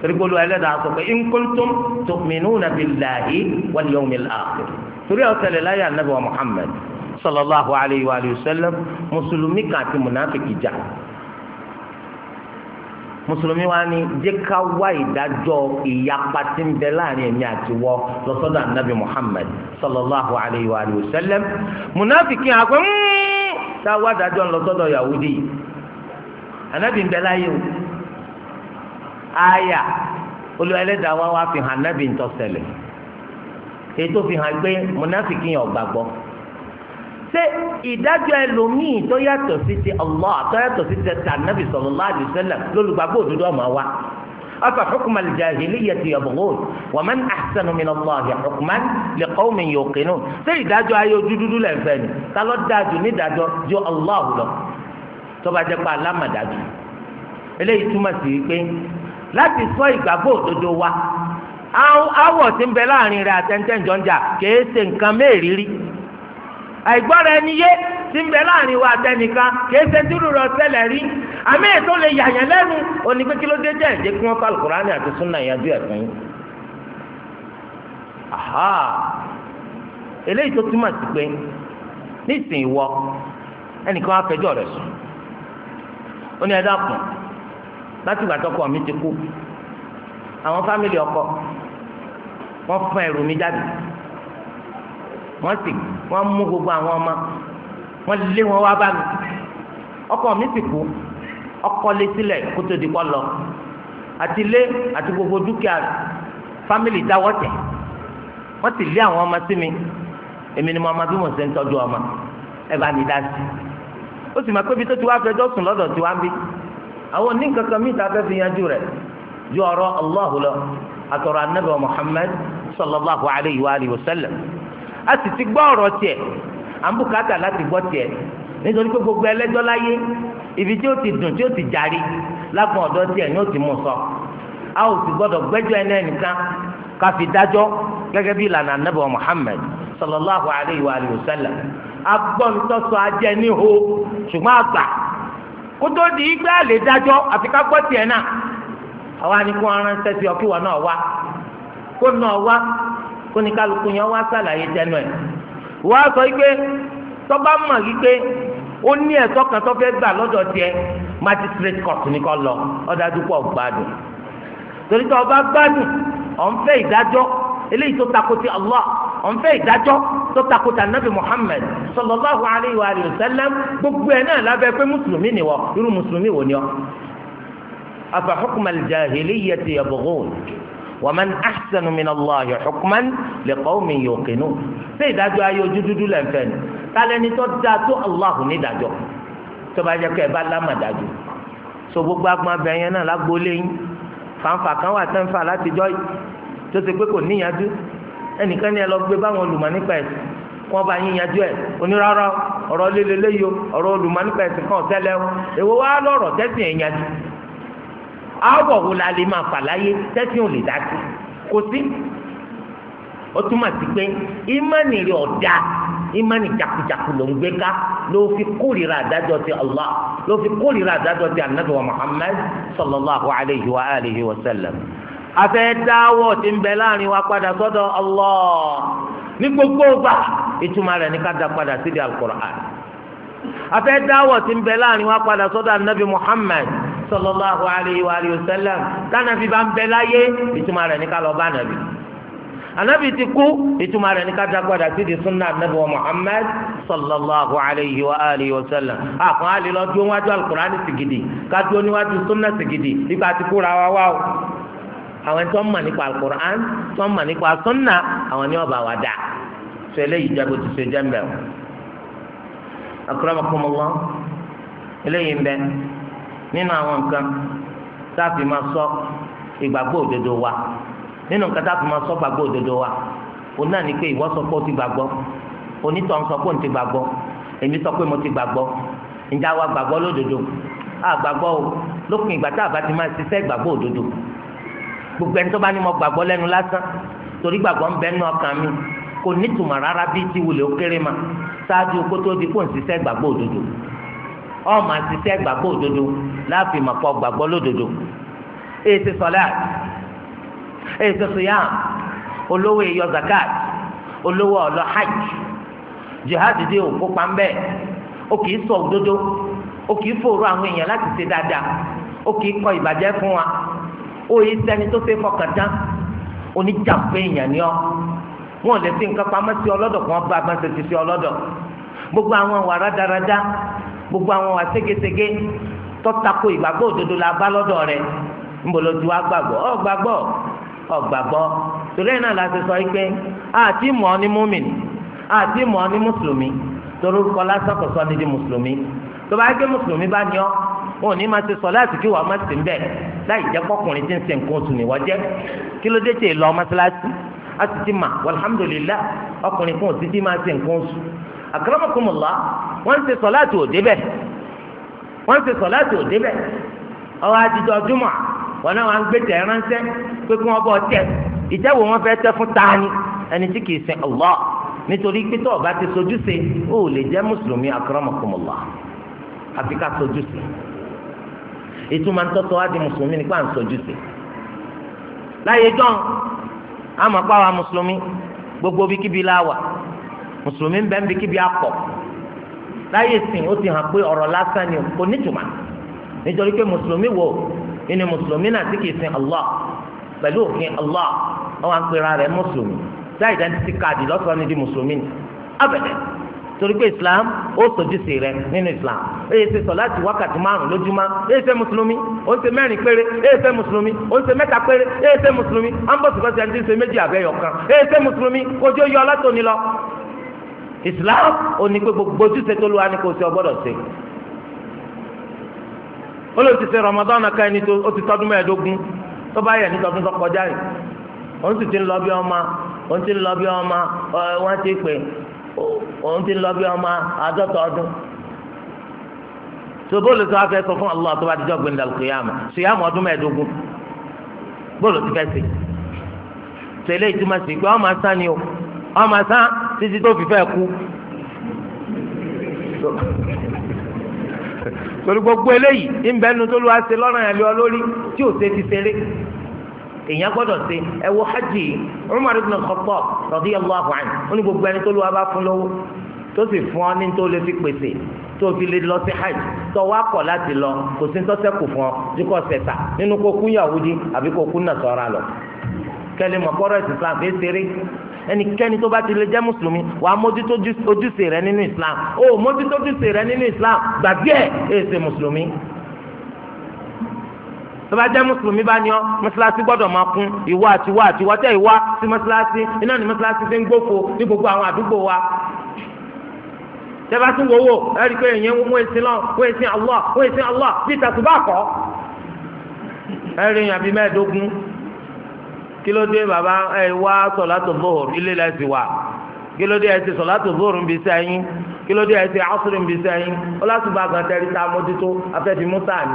torípolu ẹlẹ́dàá sọ pé in kuntum tu'minuna billahi wal yawmil akhir torí ọ̀sẹ̀lẹ̀ láyé anabi wa muhammed sallallahu alayhi wa sallam mùsùlùmí kan àti mùnàfíkì jà mùsùlùmí wa ni jẹ́ ká wá ìdájọ́ ìyapa tí ń bẹ láàrin anabi muhammed sallallahu alayhi wa sallam mùnàfíkì àgbẹ̀ mú hmm, tá a wá ìdájọ́ lọ́sọ́dọ̀ yahudi anabi ń o àyà Olúwa Ẹlẹ́dàá wa wá fi hàn nábì ń tó ṣẹlẹ̀ èyí tó fi hàn pé mùnáfíkì yẹn ò gbàgbọ́ ṣé ìdájọ́ ẹlòmíì tó yàtọ̀ sí ti Allah tó yàtọ̀ sí ti tànàbì sallallahu alaihi wasallam lólùgbàgbọ́ òdodo ọmọ wa afa hukuma al-jahiliyyati yabghun wa man ahsanu min Allahi hukman liqawmin yuqinun ṣé ìdájọ́ ayé ojú lẹ fẹ́ ni ta dájú ní ìdájọ́ ju Allah lọ tó jẹ́ pé alámàdájú eléyìí túmọ̀ sí pé láti sọ ìgbàgbọ́ òdodo wa awọ tí ń bẹ láàrin rẹ àtẹnudẹ́njọ́njà kìí ṣe nǹkan mẹ́rìírí àìgbọ́ra ẹni yé tí ń bẹ láàrin wa àtẹnìkan kìí ṣe dúró rọ ṣẹlẹ̀ rí àmì ètò lè yàyàn lẹ́nu òní pé kí ló dé jẹ́ ìdí kí wọ́n kọ́ alukurani àti sunna ìyàdú ẹ̀fún eléyìí tó túmọ̀ sí pé nísìnyí wọ ẹnìkan á fẹjọ́ rẹ̀ sùn ó ní ẹ dákun. láti ìgbà tọkọ mi ti kú àwọn fámìlì ọkọ wọ́n fún ẹrù mi jáde wọ́n sì wọ́n mú gbogbo àwọn ọmọ wọ́n lé wọn wá bá mi ọkọ mi ti kú ọkọ lé sílẹ̀ kó tó di kọ lọ àti lé àti gbogbo dúkìá fámìlì dáwọ́ tẹ̀ wọ́n sì lé àwọn ọmọ sí mi èmi ni mo ọmọ bí mo ṣe ń tọ́jú ọmọ ẹ bá mi dá sí ó sì máa pé ibi tó ti wá fẹjọ́ sùn lọ́dọ̀ tiwa ń bí àwọn ní kankan mí ta fẹ́ fi yanjú rẹ̀ ju ọ̀rọ̀ Allahu lọ àtọ̀rọ̀ anabi Muhammad sallallahu alayhi wa alihi wa sallam a sì ti gbọ́ ọ̀rọ̀ tiẹ̀ à ń bùkátà láti gbọ́ tiẹ̀ nítorí pé gbogbo ẹlẹ́jọ́ láyé ibi tí ó ti dùn tí ó ti jàre lápọn ọ̀dọ́ tiẹ̀ ni ó ti mú sọ a ò sì gbọ́dọ̀ gbẹ́jọ́ ẹni ẹnìkan ká fi dájọ́ gẹ́gẹ́ bí ìlànà anabi Muhammad sallallahu alayhi wa alihi wa sallam agbọ́ntọ́sọ ajẹ́ níhó kótó di igbe lè dájọ́ àfi ká gbọ́ tiẹ̀ náà àwa ni kó aránṣẹ́ sí ọ kí náà wá kó náà wá kó ní kálukú yẹn wá sàlàyé tẹnu ẹ̀ wọ́n á sọ wípé tọ́ba mọ̀ wípé ó ní ẹ̀tọ́ kan tó fẹ́ gbà lọ́dọ̀ tiẹ̀ magistrate court ní kò lọ ọ̀dájú gbádùn torí tọ́ba gbádùn ọ̀ ń fẹ́ ìdájọ́ eléyìí tó takoti Allah ọ̀nfẹ́ ìdájọ́ tó takoti anabi Muhammad sallallahu alayhi wa sallam gbogbo ẹ̀ náà lábẹ́ pé mùsùlùmí ni wọ́ irú mùsùlùmí wò ni ọ́ afa hukma al-jahiliyyati yabghun wa man ahsanu min Allahi hukman liqawmin yuqinun ṣé ìdájọ́ ayé ojú dúdú lẹ́nfẹ́ ni tálẹ́ni tó dáa tó Allah ní ìdájọ́ tó bá ẹ bá lámà dájú so gbogbo agbọn abẹ́yẹn náà lágbólé yín fanfa kan wà tẹ́ǹfà látijọ́ yìí tó ṣe pé kò níyanjú ẹnìkan ni ẹ lọ gbé báwọn olùmọ̀ nípa ẹ̀sìn wọn bá yín yanjú ẹ onírárá ọ̀rọ̀ lélẹlẹ yìí ọ̀rọ̀ olùmọ̀ nípa ẹ̀sìn kan ṣẹlẹ̀ o èwo wá lọ́rọ̀ tẹsán ẹ yanjú àwọ̀ wo la lè máa fà láyé tẹ́sí ò lè dá sí kò sí ó túmọ̀ sí pé ìmánì rẹ̀ ọ̀dà ìmánì jakujaku ló ń gbé ká ló fi kórìíra àdájọ́ ti Allah ló fi kórìíra àdájọ́ ti anabi wa Muhammad sallallahu alayhi wa alihi wa sallam afẹ́ dáwọ́ tí ń bẹ láàrin wa padà sọ́dọ̀ Allah ní gbogbo ọgbà ìtumọ̀ rẹ̀ ní ká da padà sídìí al-Qur'an afẹ́ dáwọ́ tí ń bẹ láàrin wa padà sọ́dọ̀ anabi Muhammad sallallahu alayhi wa sallam tánàbí bá ń bẹ láyé ìtumọ̀ rẹ̀ ní ká lọ bá anabi anabi ti kú ìtumọ̀ rẹ̀ ní ká da padà sídìí sunna anabi wa Muhammad sallallahu alayhi wa alihi wa sallam àkàn á dúró níwájú al-Qur'an ní ká dúró níwájú sunna sìgìdì ipa ti wa wá o. àwọn ẹni tó ń mọ̀ nípa alukur'an tó ń mọ̀ nípa sunna àwọn ni ọba wa dà tó eléyìí jẹ́ ti ṣe jẹ́ mbẹ́ o akramakumullah eléyìí mbẹ́ nínú àwọn nǹkan tá a fi máa sọ ìgbàgbọ́ òdodo wa nínú nǹkan tá a fi máa sọ ìgbàgbọ́ òdodo wa O náà ní pé sọ pé ti gbàgbọ́ onítọ̀ ń sọ pé ti gbàgbọ́ èmi sọ pé mo ti gbàgbọ́ ǹjẹ́ àwa gbàgbọ́ lódodo àgbàgbọ́ o gbogbo ẹni tó bá ní mo gbàgbọ́ lẹ́nu lásán torí gbàgbọ́ ń bẹ nínú ọkàn mi kò nítumọ̀ rárá bí ti wulẹ̀ ó kéré ma ṣáájú kó tó di kó ń ṣiṣẹ́ gbàgbọ́ òdodo ọmọ àṣiṣẹ́ gbàgbọ́ òdodo láàfin màpọ̀ gbàgbọ́ lódodo èsì sọlá èsì sọyàm olówó èyọ zakat olówó ọlọ hajj jihad dé òkú pàmbẹ ó kì í sọ òdodo ó kì í fòrò àwọn èèyàn láti ṣe dáadáa ó kì í kọ ìbàjẹ́ fún wa òye sẹ́ni tó ṣe fọkàn tán oníjàpé èèyàn ni ọ́ wọn ò lè fi nǹkan pamọ́ sí ọlọ́dọ̀ kan bá agbọ́nsẹ̀ ti sí ọlọ́dọ̀ gbogbo àwọn wà rádaràdá gbogbo àwọn wà ségesège tọ́tako ìgbàgbọ́ òdodo la bá lọ́dọ̀ rẹ̀ ńbọ̀lọ́dún wa gbàgbọ́ ọ̀ gbàgbọ́ ọ̀ gbàgbọ́ torí ẹ̀ náà la ti sọ yìí pé àti mọ̀ ọ́ ní múmìnì àti mọ̀ ọ́ ní mùsùlùmí torí orúkọ lásán kò sọ ní di mùsùlùmí tó bá yẹ kí mùsùlùmí bá ní ọ́ wọn ò ní máa ṣe sọ láti kí wàá má sí bẹ́ẹ̀ láì jẹ́ pọ́kùnrin tí ń ṣe nǹkan oṣù nìwọ́ jẹ́ kí ló dé tè a sì ti mà alhamdulillah ọkùnrin fún òsì tí máa ṣe nǹkan oṣù akramakumullah wọ́n ń ṣe sọ láti òde bẹ́ẹ̀ wọ́n ń ṣe sọ láti òde bẹ́ẹ̀ ọwọ́ àtijọ́ júmọ̀ wọn náà wọn gbé tẹ̀ ránṣẹ́ pé kí wọ́n bọ́ tẹ̀ ìtẹ́wò wọn fẹ́ tẹ́ fún tani ẹni tí kìí sin Allah nítorí pé tó o bá ti sojú sí o lè jẹ́ mùsùlùmí akramakumullah àfi ká sojú sí i. ìtumọ̀ ntọ́tọ́ a di mùsùlùmí nípa nsọ́júṣe láyé jọ́n àmọ́ pàwọn mùsùlùmí gbogbo bíkíbi la wà mùsùlùmí ń akọ ń si akọ̀ láyé sìn ó ti hàn pé ọ̀rọ̀ lásán ni kò nítumọ̀ nítorí pé mùsùlùmí wo ni mùsùlùmí náà kì í sin Allah pẹ̀lú òfin Allah àwọn àpèrà rẹ̀ mùsùlùmí torí pé islam ó sojúṣe rẹ nínú islam èyí ṣe sọ láti wákàtí márùn lójúmọ́ èyí ṣe mùsùlùmí ó ń ṣe mẹ́rin péré èyí ṣe mùsùlùmí ó ń ṣe mẹ́ta péré èyí ṣe mùsùlùmí ambọ̀sibọ̀sì ẹni tí ń ṣe méjì àbẹ́yọ̀ kan èyí ṣe mùsùlùmí ojú yọ látòní lọ islam ó ní pé gbogbo ojúṣe tó lu wa ni kò ṣe ọgbọ́dọ̀ ṣe olóòtú ṣe Ramadan ká ẹni tó ó ti tọdún mẹ́ẹ̀ẹ́dógún tó bá yẹ ní tọdún tó kọjá yìí òun sì ti ń lọ bí ọma òun ti ń lọ bí ọma wọ́n ti pè òun ti lọ bí ọmọ àádọ́ta ọdún so bóòlù tó wá fẹ́ sọ fún Allah tó bá ti jọ́ gbẹ̀ndà kìyàmù kìyàmù ọdún mẹ́ẹ̀ẹ́dógún bóòlù ti fẹ́ sè tẹ̀lé ìtumọ̀ sí pé ọmọ asán ni o ọmọ asán títí tó fi fẹ́ kú torí gbogbo eléyìí ń bẹ́ẹ̀ nu tó lu àṣẹ lọ́rùn ẹ̀ lé ọ lórí tí ò ṣe ti ṣeré èèyàn gbọ́dọ̀ ṣe ẹ wo hajj Umar ibn al-Khattab radiyallahu anhu ó ní gbogbo ẹni tó lù wá bá fún lówó tó sì fún ọ ní tó lè fi pèsè tó fi lè lọ sí hajj tó wá kọ̀ láti lọ kò sí tọ́sẹ̀ kù fún ọ dúkọ̀ sẹ̀ta nínú kó kú Yahudi àbí kó kú Nasara lọ kẹ́lẹ́ mọ̀ kọ́rọ̀ Islam fi ṣeré ẹnikẹ́ni tó bá ti lè jẹ́ mùsùlùmí wà á mójútó ojúṣe rẹ nínú Islam ó mójútó ojúṣe rẹ nínú Islam gbàgbé ẹ̀ ẹ̀ ṣe mùsùlùmí tó bá jẹ́ mùsùlùmí bá ní ọ mọ́sálásí gbọ́dọ̀ máa kún ìwọ àti ìwọ àti ìwọ tẹ́ ìwọ sí mọ́sálásí iná ní mọ́sálásí fi ń gbófo ní gbogbo àwọn àdúgbò wa tẹ́bá tún wọ́wọ́ ẹ̀rí pé èèyàn wọ́n èsì lọ wọ́n èsì Allah wọ́n èsì Allah bí tàtúbà kọ́ ẹ̀rí èèyàn bíi mẹ́ẹ̀ẹ́dógún kí ló dé bàbá ẹ̀ wá sọ̀látò zuhur ilé lẹ́sì wà kí ló dé ẹ̀ ti sọ̀látò zuhur ń bi sẹ́yìn kí ló dé ẹ̀ ti asr ń bi sẹ́yìn ó látùbà kan tẹ́rí tá a mójútó afẹ́fimúta ni.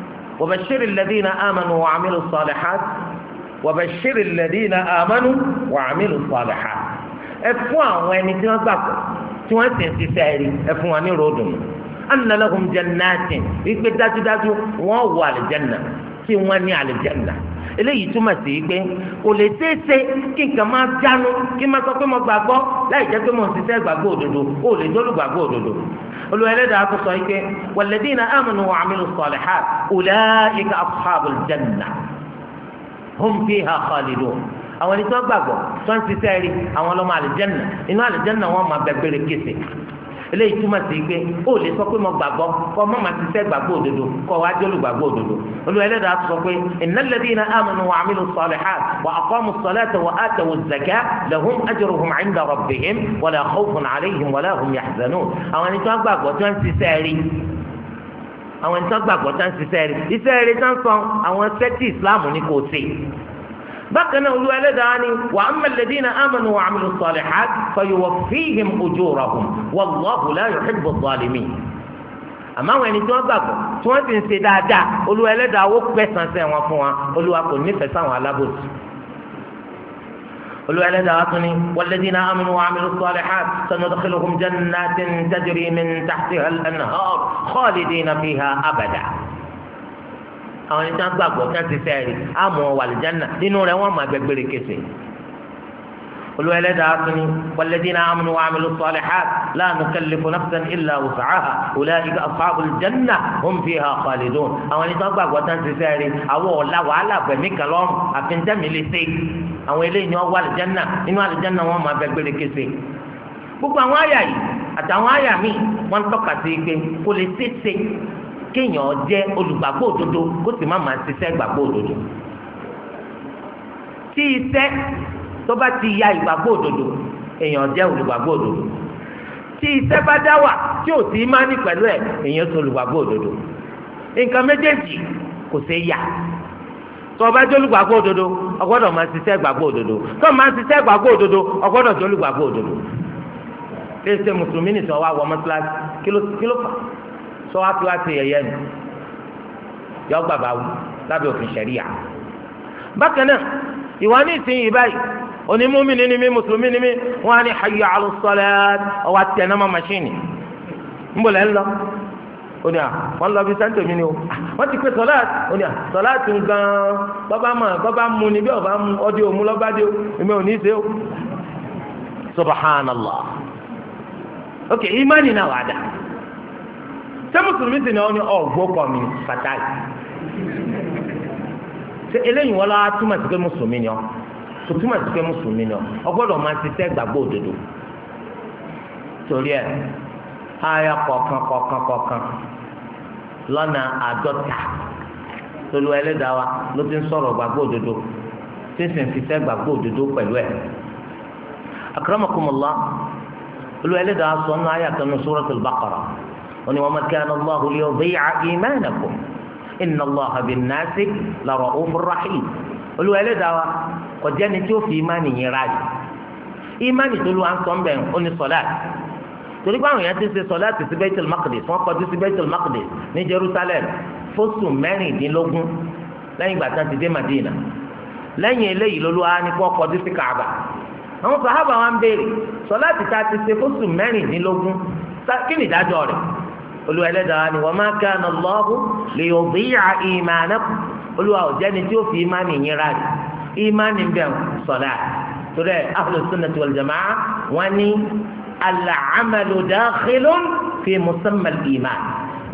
وبشر الذين آمنوا وعملوا الصالحات وبشر الذين آمنوا وعملوا الصالحات ẹfún àwọn ẹni tí wọn gbàgbọ́ tí wọn sì ń ṣiṣẹ́ rí ẹfún wọn ní ròdùn anna lahum jannatin wípé dájúdájú wọn wọ àlìjẹnà tí wọn ní àlìjẹnà eléyìí túmọ̀ sí pé kò lè ṣeéṣe kí nǹkan máa jánu kí n máa sọ pé mo gbàgbọ́ láì jẹ́ pé mo ń ṣiṣẹ́ gbàgbọ́ òdodo ó lè dólùgbàgbọ́ òdodo olùwẹ̀lẹ́dàá tó sọ ike walladhina amanu wa amilu salihat ulaika ashabul jannah hum fiha khalidun àwọn ẹni tó gbàgbọ́ tó ń ṣiṣẹ́ rí àwọn ọlọ́mọ àlìjẹ́nà inú àlìjẹ́nà wọn máa bẹ gbére kése eléyìí túmọ̀ sí pé ó lè sọ pé mo gbàgbọ́ kọ́ mọ́ màá ti sẹ́ gbàgbọ́ òdodo kọ́ wá jẹ́ olùgbàgbọ́ òdodo olùwà ẹlẹ́dàá sọ pé innal ladhina amanu wa amilu salihati wa aqamu salata wa atawu zakata lahum ajruhum inda rabbihim wala khawfun alayhim wala hum yahzanun àwọn ẹni tó ń gbàgbọ́ tó ń ṣiṣẹ́ rí àwọn ẹni tó gbàgbọ́ tó ń ṣiṣẹ́ rí iṣẹ́ rí بقنا ولداني وأما الذين آمنوا وعملوا الصالحات فيوفيهم أجورهم والله لا يحب الظالمين أما وين تو باب تو بين سيدادا أولو ولدا أو كبسان سين وفوا أولو أكون نفسان ولا بوت أولو ولدا أكوني والذين آمنوا وعملوا الصالحات سندخلهم جنات تجري من تحتها الأنهار خالدين فيها أبدا àwọn ẹni tí wọ́n gbàgbọ́ kí wọ́n ti fẹ́ rí àmọ́ wàlìjánà nínú rẹ̀ wọ́n máa gbẹgbẹrẹ kése olú ẹlẹ́dàá tún ní walladhina amanu wa amilu salihat la nukallifu nafsan illa wus'aha ulaika ashabul janna hum fiha khalidun àwọn ẹni tí wọ́n gbàgbọ́ tán ti fẹ́ rí àwọn ọ̀la wàhálà bẹ̀mí kan lọ́rùn àfihàn mi lè ṣe àwọn eléyìí ni wọ́n wà àlìjánà nínú àlìjánà gbogbo àwọn àyà yìí àtàwọn àyà míì wọ́n tọ́ka sí pé kò lè ṣeé kéèyàn jẹ́ olùgbàgbọ́ òdodo kó sì má máa ṣiṣẹ́ gbàgbọ́ òdodo tí iṣẹ́ tó bá ti ya ìgbàgbọ́ òdodo èèyàn jẹ́ olùgbàgbọ́ òdodo tí iṣẹ́ bá dá wà tí ò sí má ní pẹ̀lú ẹ̀ èèyàn tó olùgbàgbọ́ òdodo nǹkan méjèèjì kò ṣe yà tó o bá jẹ́ olùgbàgbọ́ òdodo máa ṣiṣẹ́ gbàgbọ́ òdodo tó o máa ṣiṣẹ́ gbàgbọ́ òdodo jẹ́ olùgbàgbọ́ òdodo lè ṣe sọ wá fi wá ṣe ya nù yọ gbàgbà wù lábẹ́ òfin ṣẹ̀ríyà bákan náà ìwà ní ìsinyìí báyìí onímúmini ni mí mùsùlùmí ni mí wọn á ní hayya ala salat ọwọ́ àtẹnámọ́ màṣíìnì ńbọ̀lẹ́ ńlọ oni a wọn lọ bí mi ni o wọn ti pe sọláàtì oni a sọláàtì gan bọba mọ bọba mu ni bí ọba mu ọdí òmu lọba o èmi ò ní ṣe o subhanallah ok imani na wà ṣé mùsùlùmí sì ni ọ ní ọ̀gbọ́ oh, kọ̀ mi fatai ṣe eléyìí wọn lọ́wọ́ túmọ̀ sí pé mùsùlùmí ni ọ kò túmọ̀ sí pé mùsùlùmí ni ọ ọgbọ́dọ̀ máa ti tẹ́ gbàgbọ́ òdodo torí ẹ aya kọ̀ọ̀kan kọ̀ọ̀kan kọ̀ọ̀kan lọ́nà àádọ́ta lolu ẹlẹ́dàá wa ló ti ń sọ̀rọ̀ gbàgbọ́ òdodo tí sì ń fi tẹ́ gbàgbọ́ òdodo pẹ̀lú ẹ̀ akramakumullah lolu ẹlẹ́dàá sọ aya kan ní Suratul Baqara wọn ni wa ma kana Allahu liyudi'a imanakum inna Allaha bin-nasi la ra'ufur rahim olúwa ẹlẹ́dàá wa kọjá ni tí ó fi ìmánì yẹn ra yìí ìmánì tó lu ansọ mbẹ ó ní sọláàtì torí pé àwọn èèyàn ti ṣe sọláàtì sí Baitul Maqdis wọ́n kọjú sí Baitul Maqdis ní Jerusalem fóṣù mẹ́rìndínlógún lẹ́yìn ìgbà tán ti dé Madina lẹ́yìn eléyìí lolu á ní kó kọjú sí Kaaba àwọn sàhábà wa ń béèrè sọláàtì tá a ti ṣe fóṣù mẹ́rìndínlógún kí ni ìdájọ́ rẹ̀ olúwa ẹlẹ́dàá ni wa ma kana Allahu li yudi'a imanakum olúwa ọ̀jẹ́ni tí ó fi ìmánì yín rà rí ìmánì bẹ́ẹ̀ sọ̀dá torí ahlus sunnati wal jama'a wọ́n ní al-amalu dakhilun fi musamma al-iman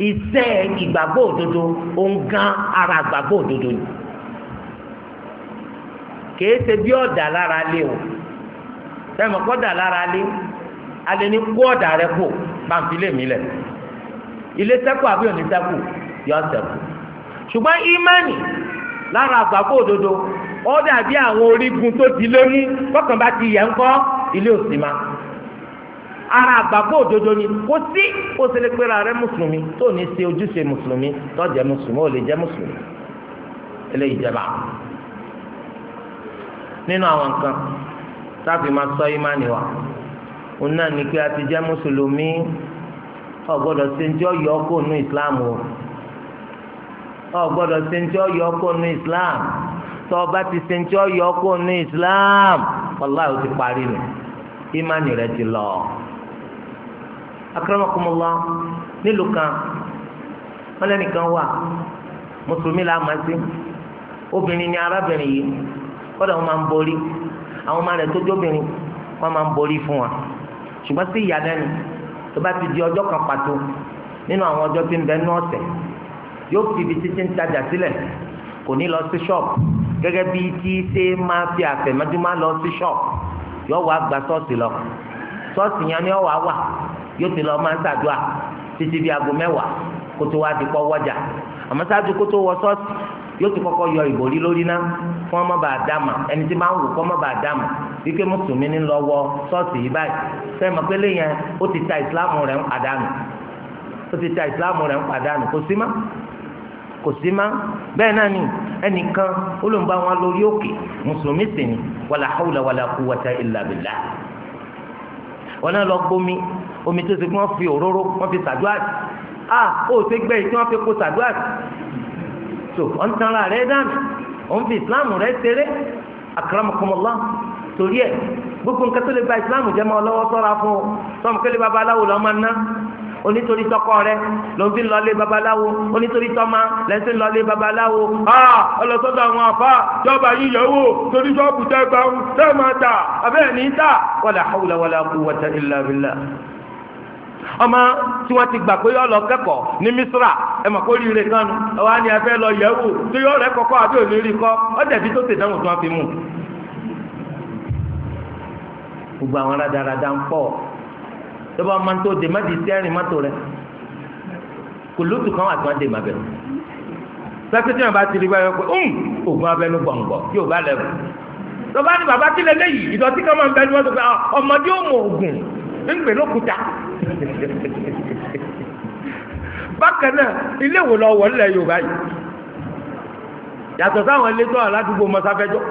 iṣẹ́ ìgbàgbọ́ òdodo òǹkan ara ìgbàgbọ́ òdodo ni kìí ṣe bí ọ̀dà lára lé o sẹ́mi kọ́ lára lé alẹ́ ní kú ọ̀dà rẹ kù bá mi lẹ̀ ilé sẹ́kù àbí òní sẹ́kù yọ sẹ́kù ṣùgbọ́n ìmánì lára àgbàgbọ́ òdodo ó dàbí àwọn orígun tó ti lé mú kọ́kàn bá ti yẹ ńkọ́ ilé òsì ma ara àgbàgbọ́ òdodo ni kò sí kó o ṣe lè pera rẹ mùsùlùmí tó ní ṣe ojúṣe mùsùlùmí tó jẹ́ mùsùlùmí ò lè jẹ́ mùsùlùmí eléyìí jẹba nínú àwọn nǹkan táàbì máa sọ ìmánì wa òun náà ní pé a ti jẹ́ mùsùlùmí ọ gbọ́dọ̀ ṣe ń tí ọ yọ ọkọ nù islam o ọ gbọ́dọ̀ ṣe ń ọ yọ ọkọ nù islam tó o bá ti ṣe ń ọ yọ ọkọ nù islam wàláhì o ti parí nù ìmánì rẹ ti lọ. akramakumullah nílùú kan wọn lẹ́nìkan wà mùsùlùmí la máa ṣe obìnrin ni arábìnrin yìí kọ́dà wọn máa ń borí àwọn ọmọ rẹ̀ tó jóbìnrin wọn máa ń borí fún wa ṣùgbọ́n sí ìyá lẹ́nu tó bá ti di ọjọ́ kan pàtó nínú àwọn ọjọ́ tí ń bẹ nú ọ̀sẹ̀ yóò fi ibi títí ń tajà sílẹ̀ kò ní lọ sí ṣọ́ọ̀bù gẹ́gẹ́ bí tí ṣe máa fi àfẹ̀mọ́júmọ́ lọ sí ṣọ́ọ̀bù yóò wá gba ṣọ́ọ̀ṣì lọ ṣọ́ọ̀ṣì yẹn ni ọ̀wá wà yóò ti lọ máa ń ṣàdúrà títí bí aago mẹ́wàá kó tó wá di pọ́ wọ́jà àmọ́ ṣáájú kó tó wọ ṣọ́ọ̀ṣì yóò ti kọ́kọ́ yọ ìbòrí lórí ná fún ọmọ bàá dàmà ẹni tí máa ń wò kọ́ ọmọ bàá dàmà wípé mùsùlùmí ní lọ wọ ṣọ́ọ̀ṣì yìí báyìí sẹ́mi pélé yẹn ó ti ta ìsìláàmù rẹ̀ ń pàdánù ó ti ta ìsìláàmù rẹ̀ ń pàdánù kò sí má kò sí má bẹ́ẹ̀ náà ni ẹnìkan ó ló ń bá wọn lórí òkè mùsùlùmí sì ni wàlà hàwùlà wàlà quwwata illa billah wọn náà lọ gbómi omi tó ti kí wọ́n fi òróró wọ́n fi sàdúrà ah, so ọ̀n tanra rẹ dànù ọ̀n fi islam rẹ ṣeré akramakumullah torí ẹ gbogbo nǹkan tó lè ba islam jẹ́ mọ́ lọ́wọ́ sọ́ra fún ọ sọ́mu kẹ́lẹ́ babaláwo lọ́ máa ná onítorí tọkọ rẹ ló ń fi lọlé babaláwo onítorí tọmọ lẹsìn lọlé babaláwo ọlọsọdọ ah, àwọn afa jọba yín yẹwò torí ṣọọbù tẹ gbà ń máa ta abẹ́ẹ̀ ní ta wala hawla wala quwwata illa ọmọ tí wọ́n ti gbà pé yọ lọ kẹ́kọ̀ọ́ ní misra ẹ mọ̀ kó rire kánú ọwọ́ á ní ẹ fẹ́ lọ yẹ̀ wò tó yọ rẹ kọ́kọ́ àbí òní rí kọ́ ọ́ dẹ̀bi tó tẹ̀sán wò tí wọ́n fi mú. gbogbo àwọn rádaràdà ń pọ̀ tó bá máa ń tó dè má di sẹ́rìn mọ́tò rẹ kò lótú kan wà tí wọ́n dè má bẹ̀rẹ̀ sẹ́kítì náà bá ti rí báyọ̀ pé ògùn abẹnú gbọ̀ngbọ̀ yóò bá lẹ́rù lọ́ba ní bàbá kílẹ̀ léyìí ìdọ̀tí kan máa ń bẹnu mọ́tò pé ah, ọmọdé ò bákan náà ilé ìwò lọ wọ̀ nílẹ̀ Yorùbá yìí yàtọ̀ sáwọn ilé tó aládùúgbò mọ́sáfẹ́jọ́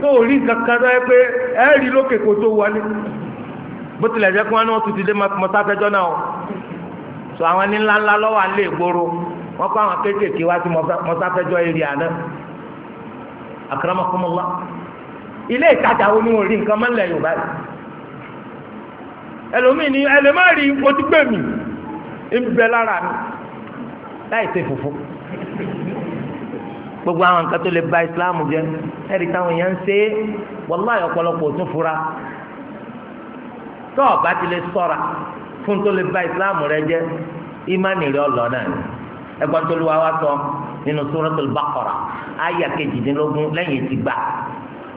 tó rí kankan náà pé ẹ rí lókè kó tó wọlé bó tilẹ̀ jẹ́ kí wọ́n náà tún ti dé mọ́sáfẹ́jọ́ náà o sọ àwọn ní ńláńlá lọ́wọ́ alẹ́ ìgboro wọ́n kọ́ àwọn kéékèèké wá sí mọ́sáfẹ́jọ́ eré àná àkàràmọ́kọ́mọ́lá ilé ìtajà wo ni wọ́n rí nǹkan mọ́lẹ̀ Yorùbá yìí ẹlòmíì ní ẹlẹ́mọ́rì ojú gbé mi ń bẹ lára mi láì ṣe fùfú gbogbo àwọn nǹkan tó lè ba islam jẹ ẹ̀rí táwọn èèyàn ń ṣe é wàláyé ọ̀pọ̀lọpọ̀ tún fura tó ọba ti lè sọ̀ra fún tó lè ba islam rẹ jẹ ìmánì rẹ ọlọ náà ẹgbọn tó lu wa wá sọ nínú suratul baqara àyà kejìdínlógún lẹ́yìn ti gbà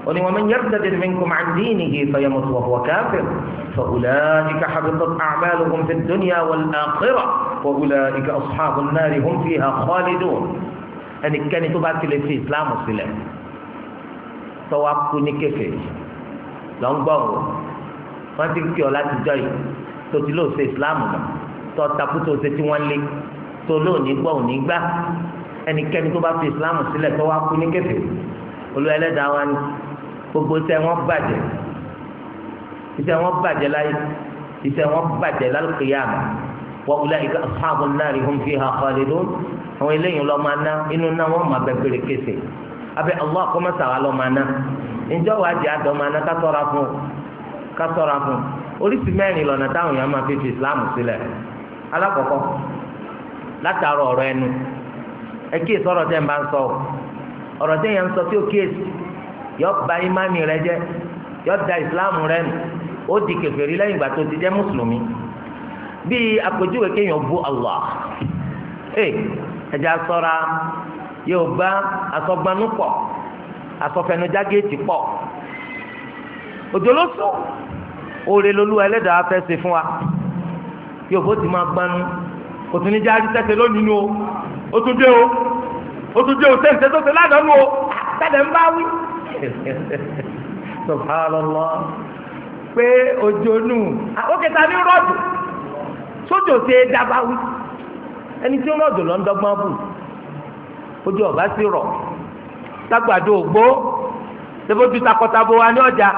قل ومن يرتد منكم عن دينه فيمت وهو كافر فأولئك حبطت أعمالهم في الدنيا والآخرة وأولئك أصحاب النار هم فيها خالدون أن يعني كان تبعت في إسلام وسلام فوقتني كفر لنبغوا wọ́n ti kí ọ láti jọ yìí tó ti lóò ṣe ìsìláàmù mọ́ tó takú tó ṣe tí wọ́n lé tó lóò ní gbọ́ òní gbà ẹnikẹ́ni tó bá fi ìsìláàmù sílẹ̀ tó wá kú ní kẹfẹ́ olú ẹlẹ́dàá wa ni gbogbo iṣẹ́ wọn bàjẹ́ iṣẹ́ wọn bàjẹ́ láyé iṣẹ́ wọn bàjẹ́ lálùkìyàmù wa ulaika ashabun nari hum fiha khalidun àwọn eléyìí lọ máa ná inú náà wọn máa bẹ gbèrè kése abẹ allah wa lọ máa ná ìjọ wa jẹ àdọ máa ná kátọra fún kátọra fún oríṣi mẹ́rin lọ́nà táwọn èèyàn máa fi fi islam sílẹ̀ alákọ̀ọ́kọ́ látàrọ ẹnu ẹ bá ń sọ yẹn ń sọ tí ó kíyèsí yọ bà ìmánì rẹ jẹ́ yọ da ìsìláàmù rẹ nù ó di kèfèrí lẹ́yìn ìgbà tó ti jẹ́ mùsùlùmí bíi àpèjúwe kéèyàn bú Allah ee ẹja ṣọ́ra yóò bá asọgbanú pọ̀ asọfẹnujá géètì pọ̀ òjòlóso òòrè lolú ẹlẹ́dàá fẹ́ ṣe fún wa yóò bó ti máa gbanú kò tún ní já rí sẹ́sẹ́ lónìí o ó tún dé o ó tún dé o sẹ́sẹ́ tó ṣe ládàánú o sẹ́dẹ̀ ń bá wí. subhanallah pé ojú onú àkókèta ah, ní rọ́ọ̀dù sójò ṣe dábàáwí ẹni tí rọ́ọ̀dù lọ ń dọ́gbọ́n bù ojú ọ̀bá sí rọ̀ tágbàdo ògbó tẹ́fọ́jú takọtabo wa ní ọjà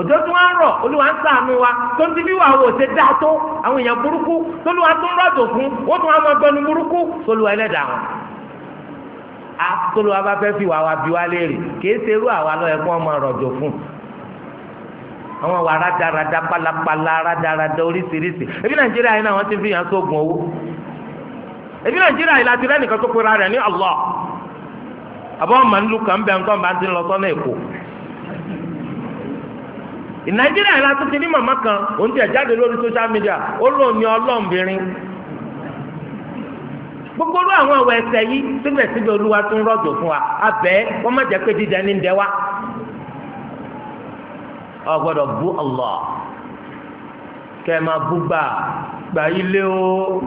òjò tí wọ́n ń rọ̀ olúwa ń ṣàánú wa tó ń di bí wàá wò ṣe dáa tó àwọn èèyàn burúkú tó lùwà tó ń rọ̀dù fún ó tún wà mọ́ gbẹnu burúkú tó lùwà ẹlẹ́dàá wọn. akóló wa bá fẹ́ fi wà bí wá léèrè kìí ṣe irú àwa lọ ẹ̀kọ́ ọmọ rọ̀jò fún àwọn wà rádaràda pálapàla rádaràda oríṣiríṣi ebi nàìjíríà yìí náà wọ́n ti fi hàn sóògùn owó ebi nàìjíríà yìí láti rẹ́nìkan tó pera rẹ̀ ní Allah àbọ̀ ọmọ kan bẹ́ẹ̀ nǹkan bá ti lọ sọ́nà èkó nàìjíríà yìí láti ti ní màmá kan òun ti ẹ̀ jáde lórí social media ó lóun gbogbo olú àwọn ọ̀wọ̀ ẹsẹ̀ yìí síbẹ̀síbẹ̀ olúwa ń rọ́jò fún wa abẹ́ wọ́n má jẹ́ pé dídá ní dẹ́ wa. bú Allah kẹ́ máa bú gbà gbà ilé o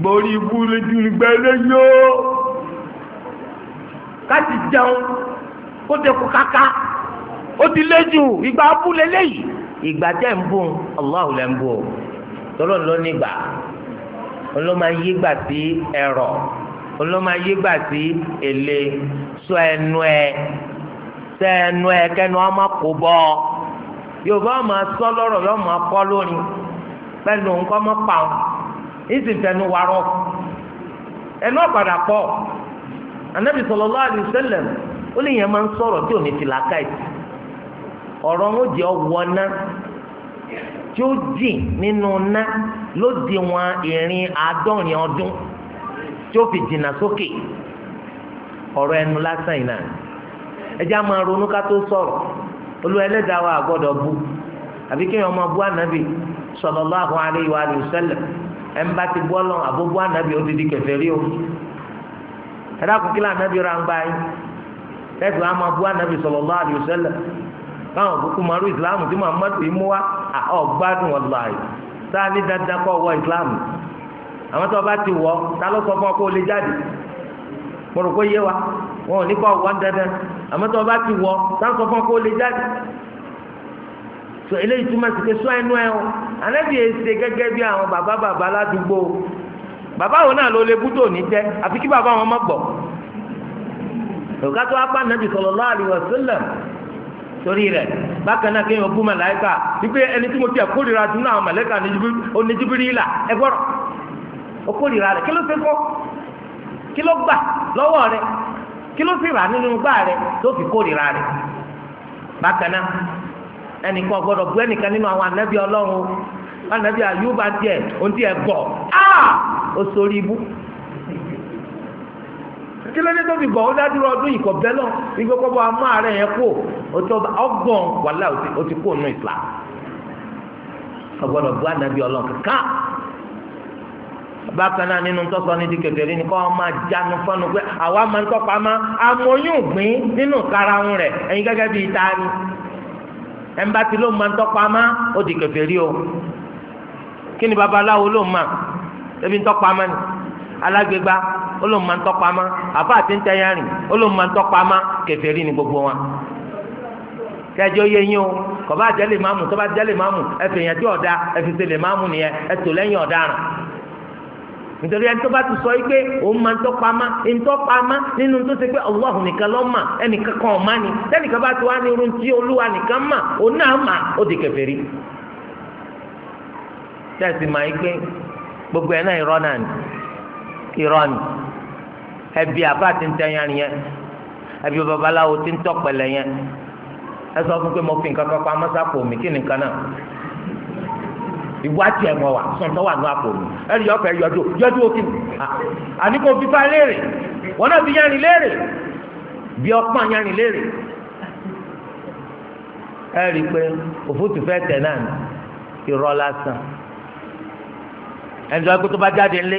gborí ibú kaka ó ti léjù ìgbà abúlé léyìí ìgbà ń bù lẹ́ ń bù ló ma yí gbà sí ẹrọ ló ma yí gbà sí èlé sọ ẹnu ẹ sọ ẹnu ẹ kẹnu ọmọ kò bọ yorùbá ọmọ sọ lọrọ lọmọ kọ lónìí pẹ̀lú nǹkan ọmọ pa wàrọ ẹnu ọ̀padà pọ̀ anabi sallallahu ó lè yẹn máa ń tí ò ní ti làákàyè náà. tí ó jìn nínú ná ló di wọn ìrìn àádọ́rin ọdún tí ó fi jìnnà sókè ọ̀rọ̀ ẹnu lásán yìí náà ẹ máa ronú ká tó sọ̀rọ̀ olú ẹlẹ́dàá wa gbọ́dọ̀ bu àbí kí wọn máa bu ànábì sallallahu wa ẹ̀ ń bá ti bu ọlọ́run àbó bu ànábì ó o ẹ kí ń gbá báwọn òkúkú máa rú ìsìláàmù tí muhammadu yìí mú wa ọgbádùn ọ̀la yìí tá a ní dandan kọ́ wọ ìsìláàmù àwọn tó bá ti wọ ta ló sọ fún ọ kó o lè jáde mo rò pé yé wa wọn ò ní kọ́ wọ́n dandan àwọn tó bá ti wọ ta ló sọ fún ọ kó o lè jáde so eléyìí túmọ̀ sí pé sọ ẹnu ẹ o ànábì èsè gẹ́gẹ́ bí àwọn bàbá bàbá ládùúgbò bàbá òun náà ló lè bú tòní jẹ àfi kí bàbá wọn má gbọ́ òkàtọ́ apá nàbì sallallahu alaihi wasallam torí rẹ̀ bákan náà kéèyàn bú màláìka wípé ẹni tí mo ti àkórira dùn náà màláìka oníjìbìrì ìlà ẹ gbọ́rọ̀ okórira kí ló ṣe fọ́ kí ló gbà kí ló rà nínú gbà tó fi kórira rẹ̀ bákan náà ẹnìkan gbọ́dọ̀ bú ẹnìkan nínú àwọn ànábì Ọlọ́run anabi ohun bu. kí ló dé tó fi bọ̀ ó dádúró ọdún yìí kọ̀ bẹ́ẹ̀ lọ ibi kọ́ bọ́ amú ààrẹ yẹn kú ọgbọ̀n wàhálà ó ti kú nù ìfà ọgbọ́dọ̀ bú ànábì ọlọ́run ká bákan náà nínú tọ́sọ ní dikẹ̀tẹ̀rí ni kọ́ máa jánu fọ́nu pé àwa máa ń tọ́pa má amóyún gbìn nínú karahun rẹ̀ ẹ̀yin gẹ́gẹ́ bíi ta ni ẹnba tí ló máa ń tọ́pa má ó dikẹ̀tẹ̀rí o kí ni babaláwo ló máa ẹbí ń tọ́pa má ni alágbègbà olóhùn máa ń tọ́pa ma àfa àti ń tẹ́yà rìn olóhùn máa ń tọ́pa ma kèfèrí ni gbogbo wọn. kẹjọ yẹ yín o kọba àjẹlè máàmù tọba àjẹlè máàmù ẹfẹ yẹn tí ọ̀dà ẹfẹsẹ̀ lè máàmù nìyẹn ẹtò lẹ́yìn ọ̀daràn nítorí ẹni tó bá ti sọ yìí pé òun máa ń tọ́pa ma ń tọ́pa ma nínú tó ṣe pé Ọlọ́hun nìkan ló mà ẹnìkan kan ọ̀ má ni tẹ́nìkan bá ti wá ní irun tí Olúwa nìkan mà òun náà mà ó ẹbí àbá ti ń tẹyàn yẹn ẹbí babaláwo ti ń tọpẹlẹ yẹn ẹ sọ fún pé mo fi nǹkan kan pa amásàpò mi kí nìkan náà ìwádìí ẹ̀ mọ̀ wá sọ̀tọ̀ wà ní àpò mi ẹ̀rí ọ̀fẹ́ yọjú yọjú òkè àní kò fífa léèrè wọn náà fi yánni léèrè bí ọpọ́n yánni léèrè ẹ rí i pé òfútu fẹ́ tẹ̀ náà irọ́ lásán ẹnìjọ́ pé tó bá jáde ńlé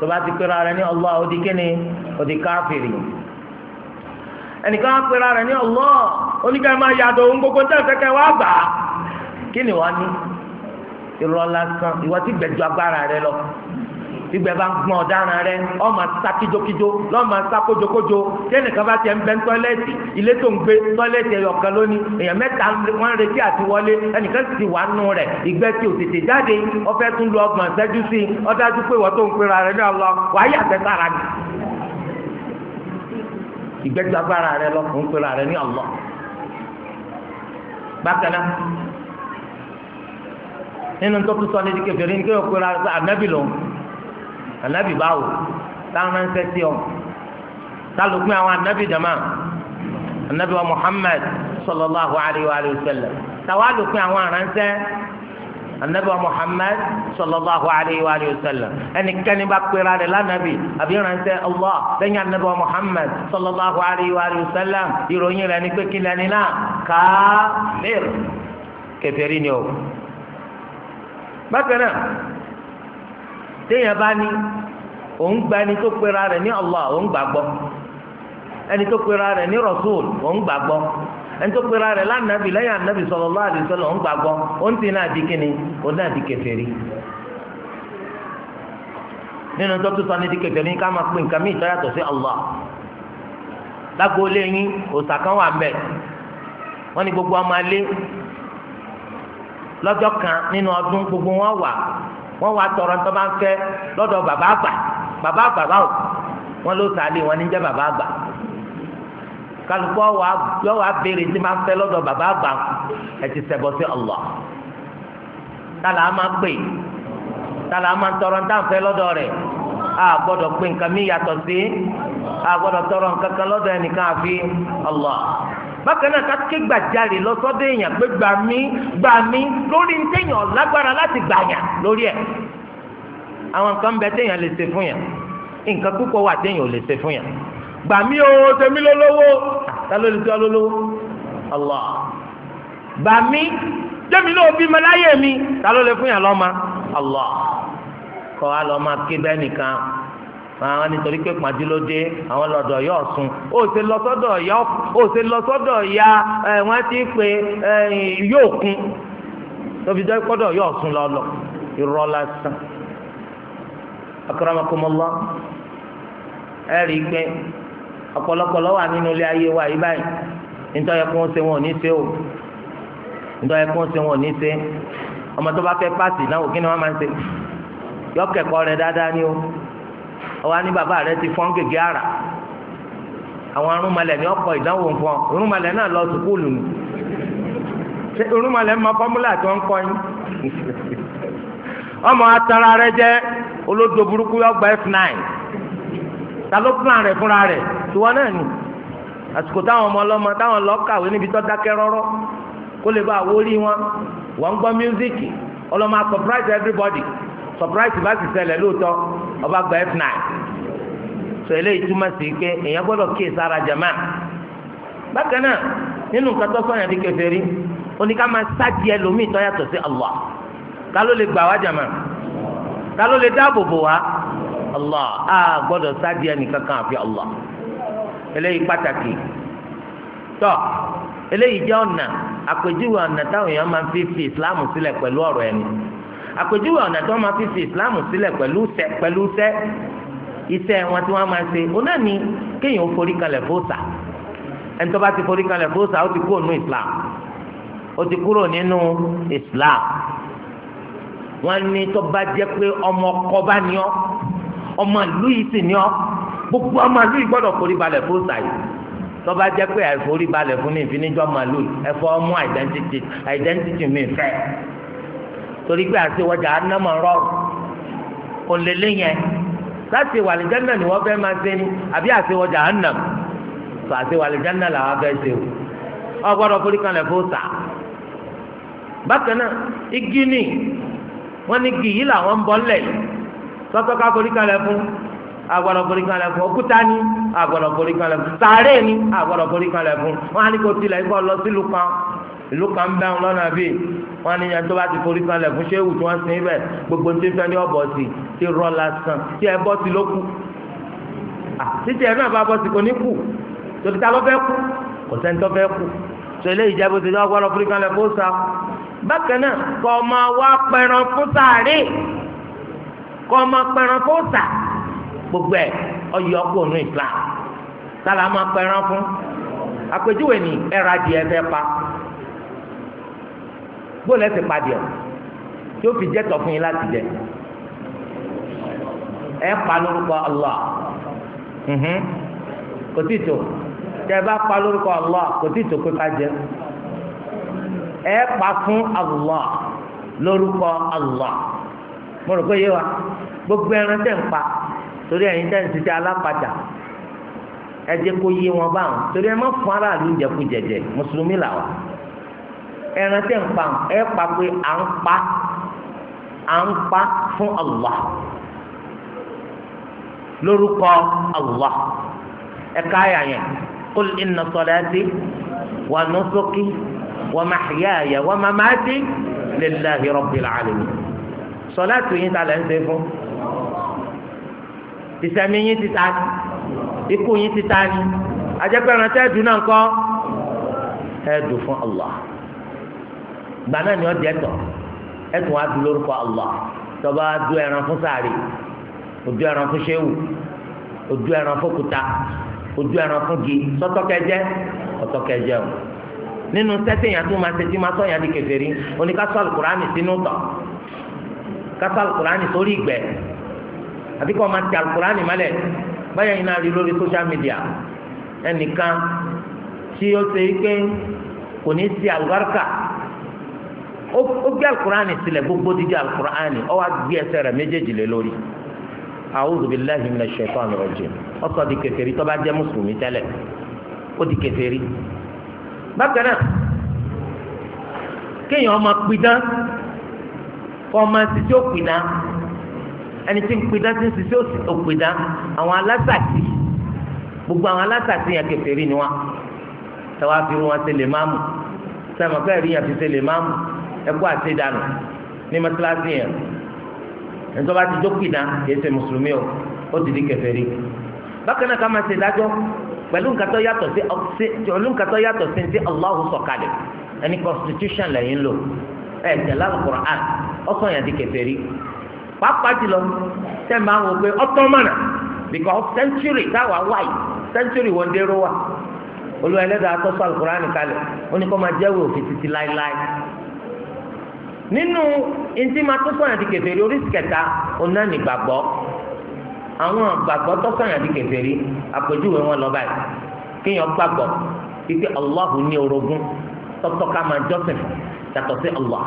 tó bá ti pera rẹ̀ ní Allah ó di kíni ó di káfìrì ẹnìkan á pera rẹ̀ ní Allah oníkà máa yàtọ̀ ohun gbogbo tẹ́ ẹ̀fẹ́kẹ́ wá gbà kí ni wọ́n ní irọ́ lásán ìwọ́n ti gbẹ̀jọ agbára rẹ lọ ìgbẹ́ bá ń gbọ́n ọ̀daràn rẹ ọmọ sá kíjokíjo lọ́mọ sa kójokójo tẹ́lẹ̀ kan bá tiẹ̀ ń bẹ ń ilé tó ń gbé lónìí èèyàn mẹ́ta ń retí àti wọlé ẹnìkan ti wà nù rẹ̀ ìgbẹ́ tí ò tètè jáde ọfẹ́ tún lu ọgbọ̀n ṣẹ́jú sí i ọdájú pé wọ́n tó ń pera rẹ̀ sára ni ìgbẹ́ tí nínú tó tún sọ ní ti kẹfẹ́ ní kí ànábì báwo táwọn máa ń sẹ́ sí ọ tálùkùn àwọn ànábì jama ànábì wa Muhammad sallallahu alayhi wa sallam tàwálùkùn àwọn aránṣẹ́ ànábì wa Muhammad sallallahu alayhi wa sallam ẹnikẹ́ni bá pera rẹ̀ lánàbì àbí aránṣẹ́ Allah lẹ́yìn ànábì wa Muhammad sallallahu alayhi wa sallam ìròyìn rẹ̀ ni pé kí lẹ́ni náà káfíìr kèfèrí ni o bákan náà. téèyàn bá ní òun gba ẹni tó pera rẹ̀ ní Allah òun gbà gbọ́ ẹni tó pera rẹ̀ ní Rasul òun gbà gbọ́ ẹni tó pera rẹ̀ lánàbì lẹ́yìn ànàbì sallallahu alaihi wasallam òun gbà òun ti náà di kíni òun náà di kèfèrí nínú tó tó sani di kèfèrí ká máa pín nǹkan mìíràn yàtọ̀ sí Allah lágbóolé yín òòsà kan wà mbẹ wọn ni gbogbo ọmọ alé lọ́jọ́ kan nínú ọdún wọ́n wá tọrọ ń tọ́ bá ń fẹ́ lọ́dọ̀ bàbá àgbà bàbá àgbà báwò wọ́n ló sàlẹ̀ wọn ní jẹ́ bàbá àgbà kálukú yọ wá béèrè tí máa ń fẹ́ lọ́dọ̀ bàbá àgbà ẹ ti sí Allah tala ama pè tala ama tọrọ ntá fẹ́ lọ́dọ̀ rẹ̀ a gbọ́dọ̀ pé nǹkan mi yàtọ̀ sí a gbọ́dọ̀ tọrọ nǹkan kan lọ́dọ̀ ẹnìkan àfi Allah bákan náà ká ké gbàjarè lọ sọ́dọ̀ èèyàn pé gbà mí gbà mí lórí téèyàn lágbára láti gbà yàn lórí ẹ̀ àwọn nǹkan bẹ téèyàn lè ṣe fún yàn nǹkan púpọ̀ wà téèyàn ò lè ṣe fún yàn gbà mí o tèmi lólówó ah, ta ló lè ṣe lólówó Allah gbà mí tèmi ló bí mọ láyé mi ta lè fún yàn lọ́mọ Allah kọ́ wa lọ́ọ́ máa ké bẹ́ẹ̀ nìkan. àwọn nítorí pé pàdé ló dé àwọn lọ́dọ̀ yọ ọ̀sùn ó ṣe lọ sọ́dọ̀ ya wọ́n ti pè yóò kún tóbi jẹ́ kọ́dọ̀ yọ ọ̀sùn lọ́lọ́ irọ́ lásán akramakumullah ẹ rí nínú ilé ayé wa yìí báyìí nítorí wọn ò ní o nítorí wọn ò ní ṣe ọmọ tó bá náà ni máa ń ọwọ́ ní bàbá rẹ ti fọ́n gègé ara àwọn arúnmalẹ̀ ní ọkọ̀ ìdánwò nǹkan irúnmalẹ̀ náà lọ sùkúlù nù ṣé ma ń mọ fọ́múlà wọ́n ọmọ atara rẹ jẹ olódò burúkú ọgbà f9 ta ló plan rẹ fúnra rẹ tiwọn náà nì àsìkò táwọn ọmọ ọlọmọ táwọn níbi tó dákẹ́ rọ́rọ́ kó lè bá wọn wọn gbọ́ ọlọmọ surprise ọba gba f9 sọ eléyìí túmọ̀ sí pé èèyàn gbọ́dọ̀ kíyè sára jama bákan náà nínú nǹkan tó sọ̀yàn di kèfèrí oníkà máa sáàdì ẹlòmíì tó yàtọ̀ sí Allah ká ló lè gbà wá jama ká lè dáàbò bò wá Allah á gbọ́dọ̀ sáàdì ẹnìkan kan àfi Allah eléyìí pàtàkì tọ́ eléyìí jẹ́ ọ̀nà àpèjúwe ọ̀nà táwọn èèyàn máa fi fi ìsìláàmù sílẹ̀ pẹ̀lú ọ̀rọ̀ ẹni àpèjúwe ọ̀nà tí wọ́n máa fi fi islam sílẹ̀ pẹ̀lú sẹ́ pẹ̀lú sẹ́ iṣẹ́ wọn tí wọ́n máa ṣe ó náà ní kéèyàn ó forí kalẹ̀ fóòsà ẹni tó bá ti forí kalẹ̀ fóòsà ó ti kúrò nínú islam ó ti kúrò nínú islam wọ́n ní tó bá jẹ́ pé ọmọ ọkọ bá ní ọ ọmọ ìlú yìí sì ní ọ gbogbo ọmọ ìlú yìí gbọ́dọ̀ forí balẹ̀ fóòsà yìí tó bá jẹ́ pé àìforí balẹ̀ fún ní ìfinijọ́ màlúù ẹ̀fọ́ ọmọ identity identity mi fẹ́ torí pé àti wọjà anamọ rọrùn òǹlẹ̀lẹ̀ yẹn láti wà lìjánà ni wọ́n fẹ́ máa ṣe ni àbí àti wọjà anam tó àti wà lìjánà làwọn fẹ́ ṣe o ọgbọ́dọ̀ forí kan lẹ̀ fún sà bákan náà igi ni wọ́n ní igi yìí làwọn ń bọ́ lẹ̀ sọ́tọ́ ká forí kan lẹ̀ fún agbọ́dọ̀ forí kan lẹ̀ fún òkúta ni agbọ́dọ̀ forí kan lẹ̀ fún sàárè ni agbọ́dọ̀ forí kan lẹ̀ fún wọ́n á ní kó tilẹ̀ ikọ́ lọ sílùú kan ìlú kan bẹ́ wọn lọ́nà bíi wọn ní ẹni tó bá ti forí kanlẹ̀ fún ṣéwù tí wọ́n sin ibẹ̀ gbogbo tí fẹ́ ní ọ̀bọ̀ sí ti rọ́ lásán tí ẹ bọ́ sí ló kù títí ẹ náà bá bọ́ sí kò ní kù tòkítà ló fẹ́ kù kò sẹ́ni tó fẹ́ kù tó ilé ìjẹ́ bó ti dá ọgbọ́n lọ forí kanlẹ̀ fún sa bákan náà kọ́ máa wá pẹran fún sàárè kọ́ máa pẹran fún sà gbogbo ẹ̀ ọyọ kò nù Islam sálà máa pẹran fún àpèjúwe ni ẹ̀rọ adìẹ fẹ́ pa bóòlù ẹsẹ̀ padì ọ̀ tí ó fi jẹ́ tọ̀ fún yín láti jẹ ẹ pa lórúkọ Allah mhm. kò tí tó tẹ bá pa lórúkọ Allah kò tí tó pé ká jẹ ẹ pa fún Allah lórúkọ Allah mo rò pé yé wa gbogbo ẹran tẹ̀ ń pa torí ẹ̀yin tẹ̀ ń ṣiṣẹ́ alápatà ẹ jẹ́ kó yé wọn báwọn torí ẹ má fún aráàlú jẹkújẹjẹ mùsùlùmí làwọn ẹran tẹ̀ ń pa ẹ pa pé à ń pa à ń pa fún Allah lórúkọ Allah ẹ̀ka ayà yẹn qul inna salati wa nusuki wa mahyaya wa mamati lillahi rabbil alamin sọláàtù yín ta lẹ ń ṣe fún ìsẹ̀mí yín ti ta ikú yín ti ta ni ajẹ́pẹ́ ẹran tẹ́ dùn náà kọ́ ẹ dùn fún Allah gbà náà ni ọ jẹ tọ ẹtùn wa du lórúkọ Allah tọba du ẹran fún sàárì ojú ẹran fún sẹwù ojú ẹran fún kuta ojú ẹran fún gi sọtọkẹjẹ ọtọkẹjẹ o nínú sẹsìn yàtú máa sẹsì máa sọ yàn di kèfèrí oní kásọlù kùránì sínú tọ kásọlù kùránì sórí ìgbẹ àbí kọ́ máa ti àlùkùránì mọ́lẹ̀ báyà yìí náà rí lórí social media ẹnìkan tí ó ṣe é pé kò ní í ṣe ó gbé alukur'ani sílẹ̀ gbogbo dídí alukur'ani ó wá gbé ẹsẹ̀ rẹ̀ méjèèjì lé lórí a'udhu billahi minash shaitani rajim ó sọ di kèfèrí tó bá jẹ́ mùsùlùmí tẹ́lẹ̀ ó di kèfèrí bákan náà kéèyàn ọmọ pidán kọ́ ọmọ sisi òpìdán ẹni tí ń pidán tí ń sisi òpìdán àwọn alásàtì gbogbo àwọn alásàtì yẹn kèfèrí ni wọn tẹwàá fi wọn ṣe lè máàmù sẹmọkẹ́ rí yẹn fi ṣe lè máàmù ẹkú àti ìdánù ní mọ́sálásí yẹn ẹ̀ńtọ́ bá ti jókòó ìdá kìí ṣe mùsùlùmí o ó ti di kèfèrí bákan náà ká máa ṣe ìdájọ́ pẹ̀lú nǹkan tó yàtọ̀ sí pẹ̀lú nǹkan tó yàtọ̀ sí ti Allahu sọ̀kalẹ̀ ẹni constitution lẹ́yìn lò ẹ̀ tẹ̀lé al-Qur'an ọ̀sán yẹn di kèfèrí pàápàá jùlọ tẹ̀ máa wọ pé ọ̀tọ́ mọ̀nà because century táwa wáyé century wọn dérò wa olùwà ẹlẹ́dàá tọ́sọ al-Qur'an kalẹ̀ ó ní kó máa jẹ́wọ́ òfin títí láéláé nínú ntí máa tó sọ̀yàn di kèfèrí oríṣi kẹta ọ̀nà nígbàgbọ́ àwọn àgbàgbọ́ tó sọ̀yàn di kèfèrí àpèjúwe wọn lọ báyìí kéèyàn gbàgbọ́ wípé Allahu ní orogún tọ́tọ́ ká máa jọ́sìn yàtọ̀ sí Allah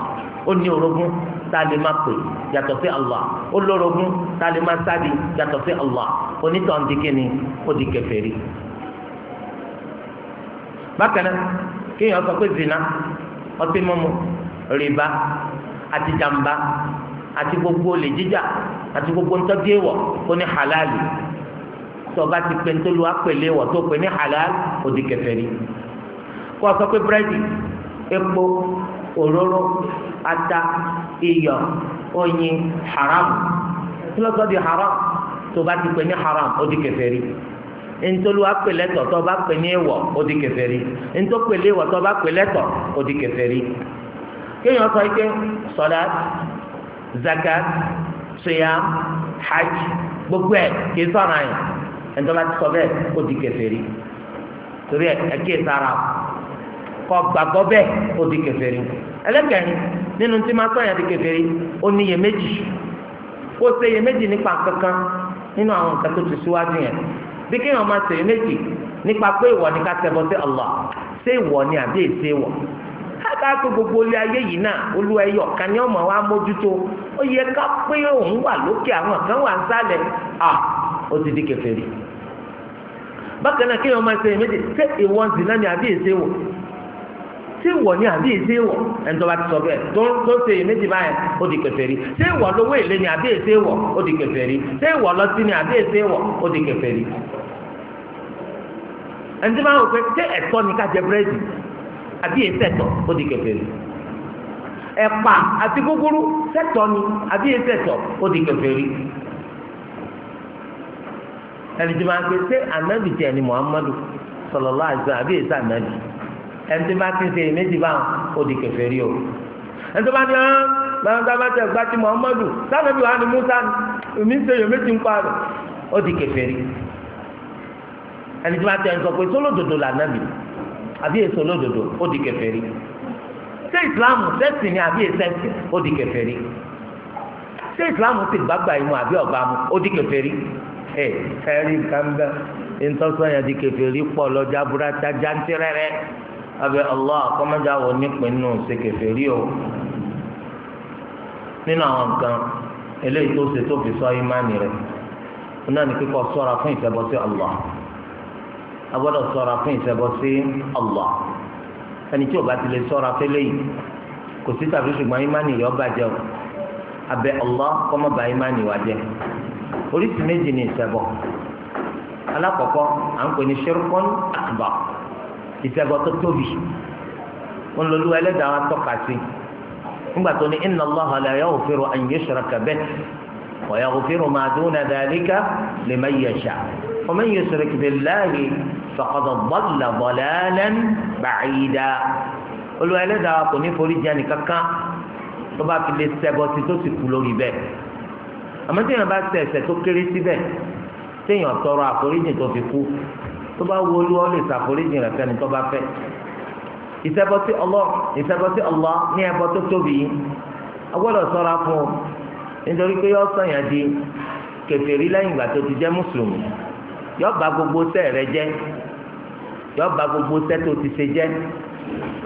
ó ní orogún tá a lè máa pè yàtọ̀ sí Allah ó lórogún tá a lè máa yàtọ̀ sí onítàn di kíni ó di kèfèrí. bákan náà kéèyàn sọ pé zina rìbá àti jàmbá àti gbogbo olè jíjà àti gbogbo ntọ́jú èèwọ̀ kó ní halali tọba ti pè ntolu apèlè wọ̀ tó pè ní halal òdì kèfèrí kó o sọ pé búrẹ́dì epo òróró ata iyọ̀ oyin haram tí wọ́n sọ di haram tọba ti pè ní haram òdì kèfèrí ntolu apèlè tọ̀ tọba pè ní èèwọ̀ òdì kèfèrí ntọ́pèlè wọ̀ tọba pèlè tọ̀ òdì kèfèrí kéèyàn sọ pé sọlá zakat siyam hajj gbogbo ẹ kì í sọ̀rọ̀ àyàn ẹ̀ńtọ́lá ti sọ bẹ́ẹ̀ ó di kèfèrí torí ẹ̀ ẹ̀ kí ìsara kọ gbàgbọ́ bẹ́ẹ̀ ó di kèfèrí ẹlẹ́kẹ̀rin nínú tí máa sọ̀yàn di kèfèrí ó ní iyèméjì kó ṣe iyèméjì nípa kankan nínú àwọn nǹkan tó ti síwájú yẹn bí kéèyàn máa ṣe iyèméjì nípa pé ìwọ ni ká ṣẹbọ sí Allah ṣé ìwọ ni àbí èsè wọ̀ káàkà pé gbogbo ilé ayé yìí náà olú ẹyọ kan ní ọmọ wa mójútó ó yẹ ká pé òun wà lókè àwọn kan wà ń sálẹ̀ à ó ti di kèfèrí bákan náà kéèyàn máa ṣe ṣé ìwọ ni àbí èsè wọ ṣé ìwọ ni àbí èsè wọ ẹni ti sọ bẹ́ẹ̀ tó tó di keferi. ṣé ìwọ lówó èlé ni àbí èsè wọ ó di ṣé ìwọ lọtí ni àbí èsè ó di wò pé ṣé àbí èyí sẹ̀tọ̀ ó di kèfèrí ẹ̀pà àti gúgúrú sẹ̀tọ̀ ni àbí èyí sẹ̀tọ̀ ó di kèfèrí ẹni tí máa ń pè ṣé ànábì tiẹ̀ ni Muhammadu sallallahu alaihi wasallam àbí èyí sẹ̀ ànábì ẹni tí máa ti ṣe méjì báwọn ó di kèfèrí o ẹni tó bá ní ọ́n lọ́wọ́n tá a bá tẹ̀ gbá ti Muhammadu sábẹ́bí wàá ni Musa mi ń ṣe yòó méjì ń pa rẹ̀ ó di kèfèrí ẹni tí máa tẹ̀ ń sọ pé sólódodo là nábì àbí èso olódodo ó di kèfèrí ṣé ìsìláàmù sẹ́sìn ni àbí ẹ̀sẹ̀sìn ó di kèfèrí ṣé ìsìláàmù ti gbàgbà ìmú àbí ọ̀gbà mu ó di kèfèrí ẹ ẹ̀rí nǹkan bẹ́ẹ̀ ntọ́sọ́ yẹn di kèfèrí pọ̀ lọ́jà burata jantirẹrẹ abẹ́ Allah kọ́mọ́jà wọ nípinnu ṣe kèfèrí o nínú àwọn nǹkan eléyìí tó ṣe tó fi sọ ìmánì rẹ̀ náà ní kíkọ́ sọ́ra fún ìfẹ́bọ́sí Allah a gbọ́dọ̀ ṣọ́ra fún ìṣẹbọ sí Allah ẹni tí ó bá ti lè ṣọ́ra fẹ́lẹ́ yìí kò sí tàbí ṣùgbọ́n ìmánì yọ bàjẹ́ o abẹ Allah kọmọ bá ìmánì wa jẹ́ oríṣi méjì ni ìṣẹbọ alákọ̀ọ́kọ́ à ń pè ní shirkun akbar ìṣẹbọ tó tóbi ń lọ lúwa ẹlẹ́dàá wa tọ́ka sí nígbà tó ní inna Allaha la yaghfiru an yushraka bihi wa yaghfiru ma duna dhalika liman yasha wa man yushrik billahi fàkọ́dọ̀ bọ́ọ̀lù bọ̀lẹ́ lẹ́nu bàyídá olùwà ẹlẹ́dàá kò ní forí jẹ nìkankan tó bá fi lè ṣẹbọ sí tó sì kú lórí bẹ́ẹ̀ àmọ́ téèyàn bá ṣe ẹ̀ṣẹ̀ tó kéré síbẹ̀ téèyàn tọrọ àforíjì tó fi kú tó bá wo olúwa lè ṣàforíjì rẹ̀ fẹ́ni tó bá fẹ́ ìṣẹbọ sí Allah ìṣẹbọ sí Allah ní ẹbọ tó tóbi yìí a gbọ́dọ̀ ṣọ́ra fún o nítorí pé yọ sọyàn di kèfèrí lẹ́yìn ìgbà tó ti jẹ́ mùsùlùmí yọ bà gbogbo sẹẹrẹ jẹ́ yọ ba gbogbo sẹ́tò ti ṣe jẹ́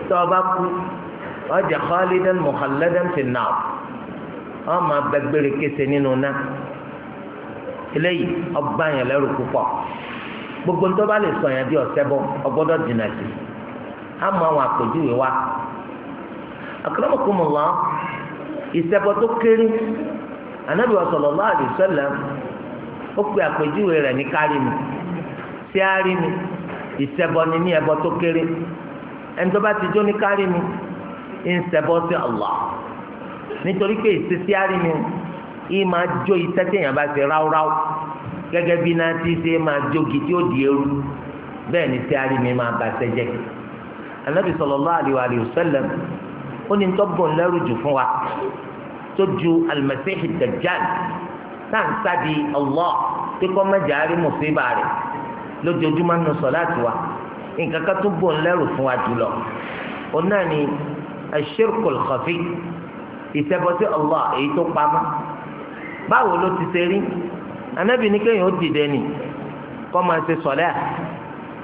tọ́ ọ bá kú ọjà khalidan mukhalladan fi nà ọ máa bẹ gbére kése nínú ná eléyìí ọba yẹn lẹ́rù púpọ̀ gbogbo ntọ́ bá lè sọ yẹn bí ọ̀sẹ́ bọ́ ọgbọ́dọ̀ dìnnà sí á mọ àwọn àpèjúwe wa akramakumullah ìṣẹ́bọ tó kéré anabi sallallahu alaihi wasallam ó pe àpèjúwe rẹ̀ ní kárí mi sí á mi ìṣẹbọ ni ní ẹbọ tó kéré ẹni tó bá ti jó ní kárí mi ìṣẹbọ sí Allah nítorí pé ìṣesí àrí mi ìyí máa jó iṣẹ́ téèyàn bá ṣe ráúráú gẹ́gẹ́ bí náà ti ṣe máa jogi tí ó di eru bẹ́ẹ̀ ni tí àrí mi máa bá ṣe jẹ́ anabi sallallahu alaihi wa alihi wasallam ó ní tọ́gbọ̀n lẹ́rù jù fún wa tó ju al-Masih ad-Dajjal táǹsá di Allah tí kò má rẹ̀ lójoojúmọ́ nínú sọ̀láàtì wa nǹkan kan tó bò ń lẹ́rù fún wa jùlọ òun náà ni ashirkul khafi ìṣẹ́bọ sí Allah èyí tó pamọ́ báwo ló ti ṣe rí anábì ní kéèyàn ó dìde nì kó máa ṣe sọ̀lá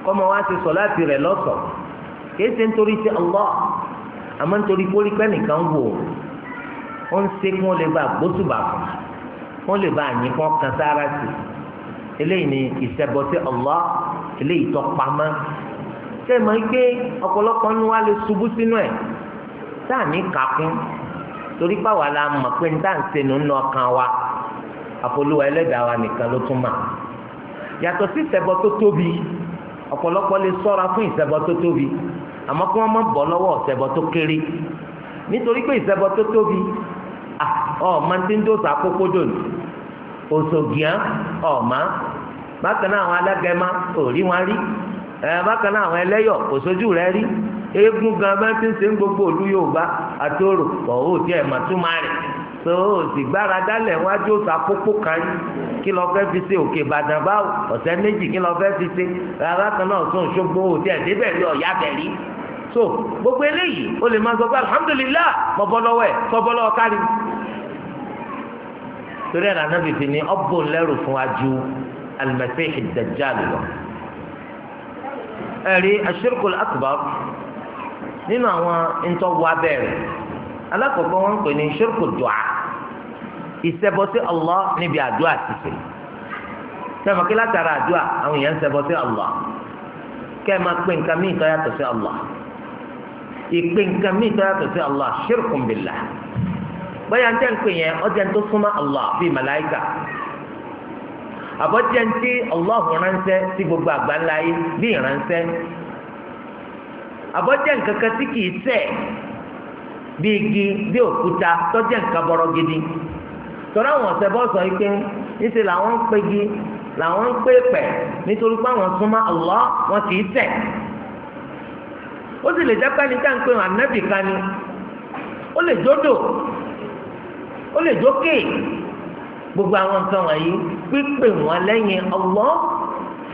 kó máa wá ṣe sọ̀láàtì rẹ̀ lọ́sọ̀ọ́ kìí ṣe nítorí ti Allah àmọ́ nítorí pé orí pẹ́nìkan wò ó ń ṣe kí wọ́n lè bá gbósùbà fún wọ́n lè bá àyìnbọn kan sára sí i eléyìí ni ìṣẹbọ sí Allah eléyìí tó pamọ́ ṣé mọ̀ pé ọ̀pọ̀lọpọ̀ ní wàá lè ṣubú sínú ẹ̀ sáà ní kàkún torí báwa la mọ̀ pé ní táǹsì nù ń lọ kan wa àfolúwa ẹlẹ́dàá wa nìkan ló tún mà yàtọ̀ sí ìṣẹbọ tó tóbi ọ̀pọ̀lọpọ̀ lè sọ́ra fún ìṣẹbọ tó tóbi àmọ́ kí wọ́n má bọ́ lọ́wọ́ ìṣẹbọ tó kéré nítorí pé ìṣẹbọ tó tóbi ọ̀ máa ti ń dòsà kókó dòní òṣògìyàn ọ̀mà bákan náà àwọn alágẹ̀má ò rí wọn rí bákan náà àwọn ẹlẹ́yọ̀ kò sójú rẹ rí eégún gan bá ti ń ṣe ń gbogbo òlu yorùbá àtòrò kò ó tiẹ̀ mà tún máa rẹ̀ tó o sì gbára dálẹ̀ wájú òsà kókó kan yìí kí lọ fẹ́ fi ṣe òkè ìbàdàn báwò ọ̀sẹ̀ méjì kí lọ fẹ́ fi ṣe bákan náà sún ṣogbo òtí ẹ̀ débẹ̀ lé ọ̀yá bẹ̀ rí so gbogbo eléyìí o lè máa sọ pé alhamdulilayi mọ bọ́ lọ́wọ́ ẹ̀ sọ bọ́ lọ́wọ́ kárí torí ẹ̀ nànà bìbí ni ọ̀bù lẹ́rù fún wa ju alimẹ́sẹ̀hì dajjal lọ. ẹ̀rí ashirkul akbar nínú àwọn ntọ́wọ́ abẹ́rẹ́ alákọ̀ọ́kọ́ wọn ń pè ní shirkul du'a ìṣẹbọ sí Allah níbi àdúrà ti fè sẹ́mi kí látara àdúrà àwọn èèyàn ń ṣẹbọ kẹ́ ẹ máa pè nǹkan míì tó yàtọ̀ sí Allah ìpè nǹkan míì tó yàtọ̀ sí Allah shirkun billah bóyá ń tẹ́ ń pè yẹn ọjà tó súnmọ́ Allah bíi màláìkà àbọ̀jẹ̀ ń tí Allah ránṣẹ́ sí gbogbo àgbáńlá yìí bíi ránṣẹ́ àbọ̀jẹ̀ nǹkan kan tí kìí ṣẹ̀ bíi igi bíi òkúta tọ́jẹ̀ nǹkan bọ̀rọ̀ gidi tọ́lá wọn ọ̀sẹ̀ bọ́ sọ ike níṣẹ́ làwọn ń pegi làwọn ń pé pẹ̀ nítorí pé àwọn súnmọ́ Allah wọn kì í ṣẹ̀ ó sì lè jẹ́ pẹ́ni tá à ń pè wọn ànábì kan ni ó lè jódò ó lè jókè gbogbo àwọn nǹkan wọ̀nyí pípè wọn lẹ́yìn Allah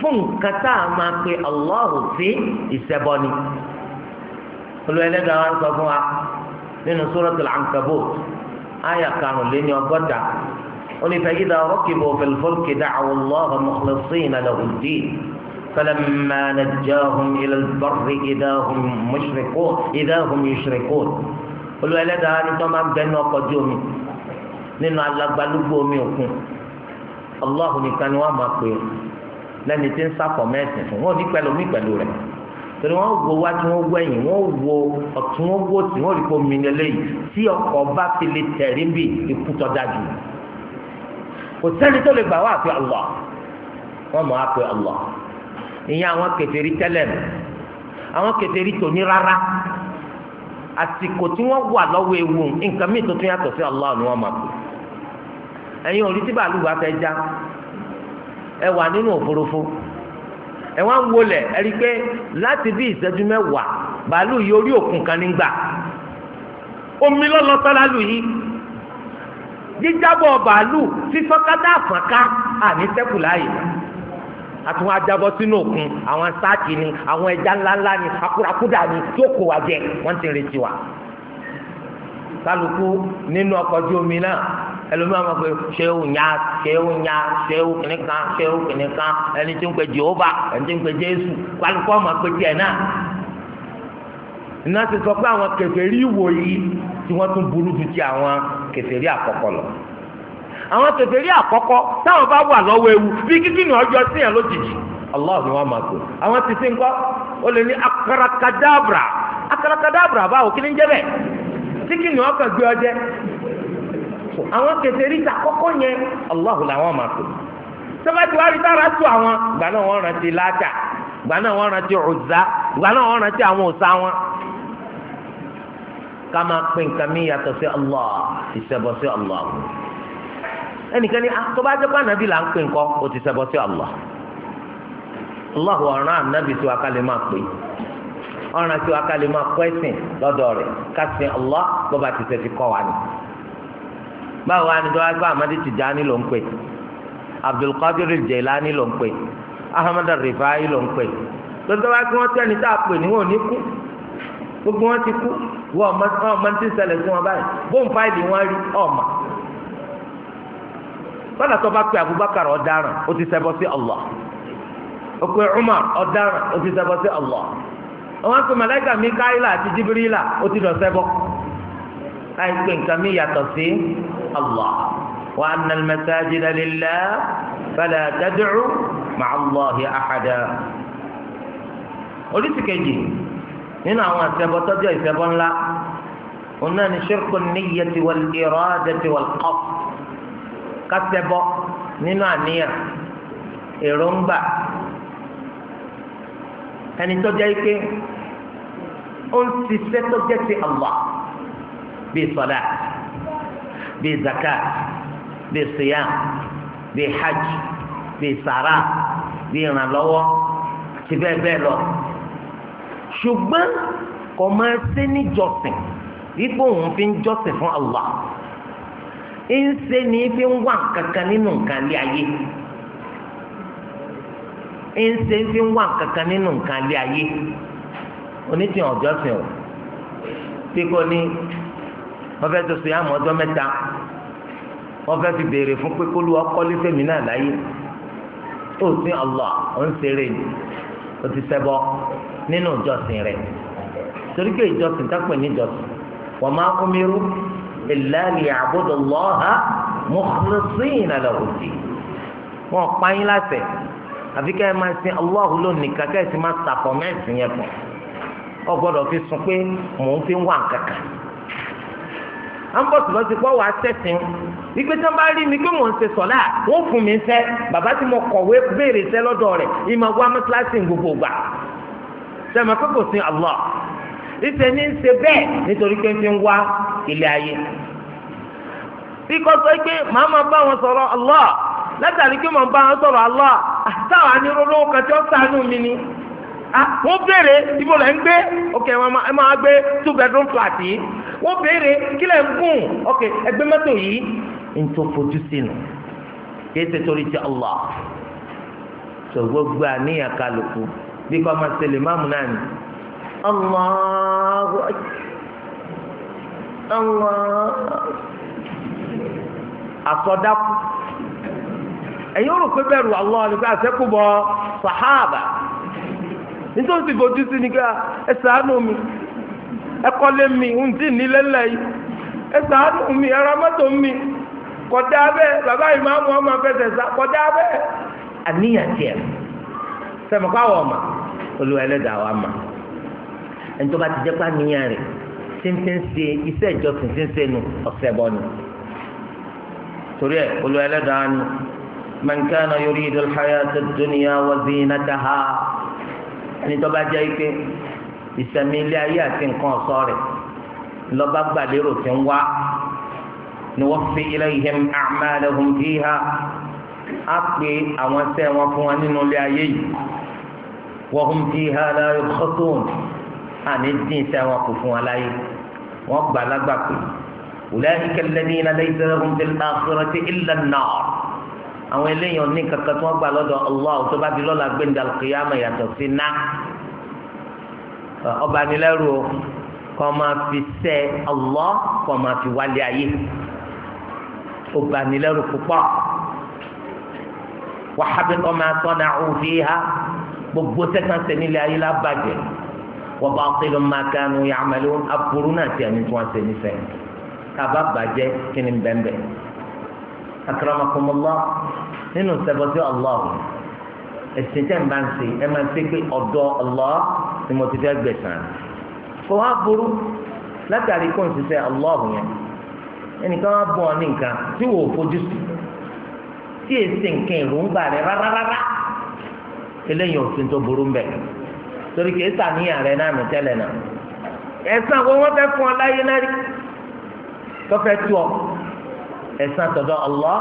fún nǹkan tá a máa pe Allah ò sí ìṣẹbọ ni olú ẹlẹ́dàá wa ń sọ fún wa nínú Suratul Ankabut àyà karùnléní ọgọ́ta ó ní fa idha rakibu fil fulki da'u Allah mukhlisina lahu ad-din فلما نجاهم إلى البر إذا هم مشركون إذا هم يشركون قلوا إلى ذلك ما بين وقدومي nínú alágbálúgbó omi òkun ọlọ́hùn nìkan ni wọ́n máa pè é lẹ́ni tí ń sàkọ̀ mẹ́sìn fún wọn ò ní pẹ̀lú omi pẹ̀lú rẹ̀ torí wọn wo wájú wọn wo ẹ̀yìn wọn wo ọ̀tún wọn wo tí wọn rí kó mi lélẹ́yìn tí ọkọ̀ bá fi lè tẹ̀rí bí ikú tọ́ dájú kò sẹ́ni tó lè gbà wá àfi Allah wọ́n mọ̀ á pe ìyẹn àwọn kèfèrí tẹ́lẹ̀ nù àwọn kèfèrí tó rárá àsìkò tí wọ́n wà lọ́wọ́ ewu nǹkan mìíràn tó tún yàtọ̀ sí Allah ni wọ́n máa pè é ẹ̀yin ò rí tí bàálù bá fẹ́ já ẹ wà nínú òfurufú ẹ wá ń wọlẹ̀ ẹ rí i pé láti bí ìṣẹ́jú mẹ́wàá bàálù yìí orí òkun kan ní gbà omi lọ́lọ́ sọ́lálù yìí jíjábọ̀ bàálù fífọ́kátà àfọ̀ká àní láàyè àtúnwá jábọ́ sínú òkun àwọn sáàkì ni àwọn ẹja ńláńlá ni akúrakúdà ni tí ó kó wa jẹ wọ́n ti retí wa kálukú nínú ọkọ̀ ojú omi náà ẹlòmíràn máa pe ṣéwù nya ṣéwù nya ṣéwù kìnìkan ṣéwù kìnìkan ẹni tí ń pe jehova ẹni tí ń pe jésù kálukú ọmọ pé tiẹ̀ náà iná ti sọ pé àwọn kèfèrí wò yìí tí wọ́n tún burú ju ti àwọn kèfèrí àkọ́kọ́ lọ àwọn kèfèrí àkọ́kọ́ táwọn bá wà lọ́wọ́ ewu bí kíkìnì ọjọ́ sí yẹn lójijì allah ni wọn máa tó àwọn ti sí ńkọ́ ó lè ní akarakadabra akarakadabra báwo kí ni ń jẹ́ bẹ́ẹ̀ tí kìnìún ọkàn gbé ọjẹ́ àwọn kẹsẹ̀ ríta kọ́kọ́ yẹn Allahu làwọn máa pè sọ́fàtì wàá rí tára tó àwọn gbà náà wọ́n rántí láàtà gbà náà wọ́n rántí Uzza gbà náà wọ́n rántí àwọn òòṣà wọn ká máa pè nǹkan mi yàtọ̀ sí Allah ìṣẹ̀bọ̀ sí Allah ẹnìkan ní ah, tó bá jẹ́ là ń pè nǹkan ó ti ṣẹ̀bọ̀ sí Allah Allah ọ̀ràn ànábì tí wàá ká máa pè é ọ̀ràn tí wàá ká lè máa kọ́ ẹ̀sìn lọ́dọ̀ rẹ̀ ká sin Allah bọ́ba ti sẹ́fi kọ́ wa ni. báwo wá ni dọ́wọ́ gbọ́ Ahmad Tijani ló ń pè Abdul Qadir Jilani ló ń pè Ahmad Rifai ló ń pè lọ́dọ̀ wá kí wọ́n tẹ́ni tá a pè ní wọn ò ní kú gbogbo wọn ti kú wọ́n ọmọ tí ń ṣẹlẹ̀ sí wọn báyìí bóun fáìlì wọn rí ọmọ bọ́dà tó bá pe Abubakar ọ̀daràn ó ti ṣẹbọ sí Allah ó pe Umar ọ̀daràn ó ti ṣẹbọ sí Allah wọ́n pe màláìkà mikaela àti jibirila ó ti dọ̀sẹ́ bọ́ láì pé nǹkan mi yàtọ̀ sí allah wa anna al-masajida lillah fala tad'u ma'a allahi ahada oríṣi kejì nínú àwọn ìṣẹ́bọ tọ́jú ìṣẹ́bọ ńlá òun náà ni ṣírkù níyẹtì wal iradati wal qasd kásẹ̀bọ nínú àníyàn èròǹgbà ẹni tó jẹ́ ike ó ń ṣiṣẹ́ tó jẹ́ ti Allah bíi sọ̀dá bíi zakat bíi siyam bíi hajj bíi sàrà bíi ìrànlọ́wọ́ àti bẹ́ẹ̀ bẹ́ẹ̀ lọ ṣùgbọ́n kò máa ṣe ní jọsìn wípé òun fi ń jọsìn fún Allah ń ṣe ní fi ń wà kankan nínú nǹkan lé ayé ń ṣe ń fi ń wà kankan nínú nǹkan lé ayé onítìyàn ọjọ́ sìn o bí kò ní wọ́n fẹ́ tuntun yá mọ́ ọjọ́ mẹ́ta wọ́n fẹ́ fi béèrè fún pé kó lu ọkọ lífẹ̀mí náà láyé ó sin Allah ó ń ni ó ti ṣẹbọ nínú ìjọsìn rẹ̀ torí pé ìjọsìn tápẹ̀ níjọsìn wa ma umiru illa liya'budu Allaha mukhlisina lahu ddin wọn pa yín láṣẹ àfi ká ẹ máa sin Allah lónìí kàkà sì máa sàkọ yẹn fún ọ gbọ́dọ̀ fi sun pé mò ń fi wà à ń bọ̀ wàá sẹ́sìn ìgbé tí wọ́n bá rí mi pé mò ń ṣe sọ̀lá wọ́n fún mi bàbá tí mo kọ̀wé béèrè lọ́dọ̀ rẹ̀ ìmọ̀ wá gbogbo gbà sin Allah ìṣe ní ń ṣe bẹ́ẹ̀ nítorí pé ń fi wá ilé ayé. bí pé màá máa bá wọn sọ̀rọ̀ látàrí pé mò ń bá wọn Allah àtàwọn ah, anirolówó kan tí wọ́n sànú mi ni ah, wọ́n béèrè ibo lẹ́ ń gbé ok máa gbé two bedroom flat yìí wọ́n béèrè kí lẹ́ ń gùn ok ẹgbẹ́ mọ́tò yìí ń tó fojú sínú kí torí ti Allah sọ gbogbo àníyàn kálukú bí kò máa máàmù náà ni Allah àsọdákù. ẹ̀yin rò pé bẹ̀rù Allah ni àṣẹ́kùbọ̀ sàhábà nítorí ti fojú sí ni pé ẹ mi ẹ mi ń tì omi, lẹ́yìn ẹ mi ẹ mọ́tò mi kọjá bẹ́ẹ̀ bàbá ìmáàmù ọmọ fẹsẹ̀ sá kọjá bẹ́ẹ̀ àníyàn tiẹ̀ olùwà ẹlẹ́dàá wa ma ẹni tó bá ti jẹ́ rẹ̀ iṣẹ́ nu ọ̀sẹ̀ torí olùwà ẹlẹ́dàá ni. من كان يريد الحياة الدنيا وزينتها ẹni tó bá jẹ́ pé ìsẹ̀mí ilé ayé àti nǹkan ọ̀ṣọ́ rẹ̀ lọ́ba gbàlérò tí ń wá ni wọ́n fi ilayhim a'malahum fiha á pé àwọn ṣẹ́ wọn fún wọn nínú ilé ayé yìí wa hum fiha la yukhzun àní dín ṣẹ́ wọn kò fún wọn láyé wọ́n gbà lágbà pé ulaika alladhina laysa lahum fil akhirati illa an-nar àwọn eléyìí ọ̀ní kankan tí wọ́n gbà lọ́dọ̀ Allah tó bá di lọ́la gbẹ̀ndàlù kìyàmà yàtọ̀ sí ná ọba nílẹ́rù kọ́ máa fi sẹ́ Allah kọ́ máa fi wálé ayé ọba nílẹ́rù púpọ̀ wàhábí kọ́ máa tọ́nà òfin ha gbogbo sẹ́kànsẹ́ nílé ayé lábàjẹ́ wọ́n bá kíló máa kánú yàmẹ́lú aburú náà tiẹ̀ ní tí wọ́n ṣe nífẹ̀ẹ́ tábà kí ni bẹ́ẹ̀ bẹ́ẹ̀ akramakumullah nínú sẹbọtí Allah ẹsìn tẹ n bá ń ṣe ẹ máa ń ṣe pé ọ̀dọ̀ Allah ni mo ti fẹ́ gbẹ̀san kò wá burú látàrí kó n ṣiṣẹ́ Allah yẹn ẹnìkan wá bọ̀ ní nǹkan tí wò ó fojú sí tí èsì nǹkan èròǹgbà rẹ rárárárá eléyìí òfin tó burú ń bẹ torí kìí sàníyàn rẹ náà nù tẹ́lẹ̀ náà ẹ̀sán wo wọ́n fẹ́ fún ọ láyé náà rí tó fẹ́ tú ọ ẹ̀san tọ̀dọ̀ Allah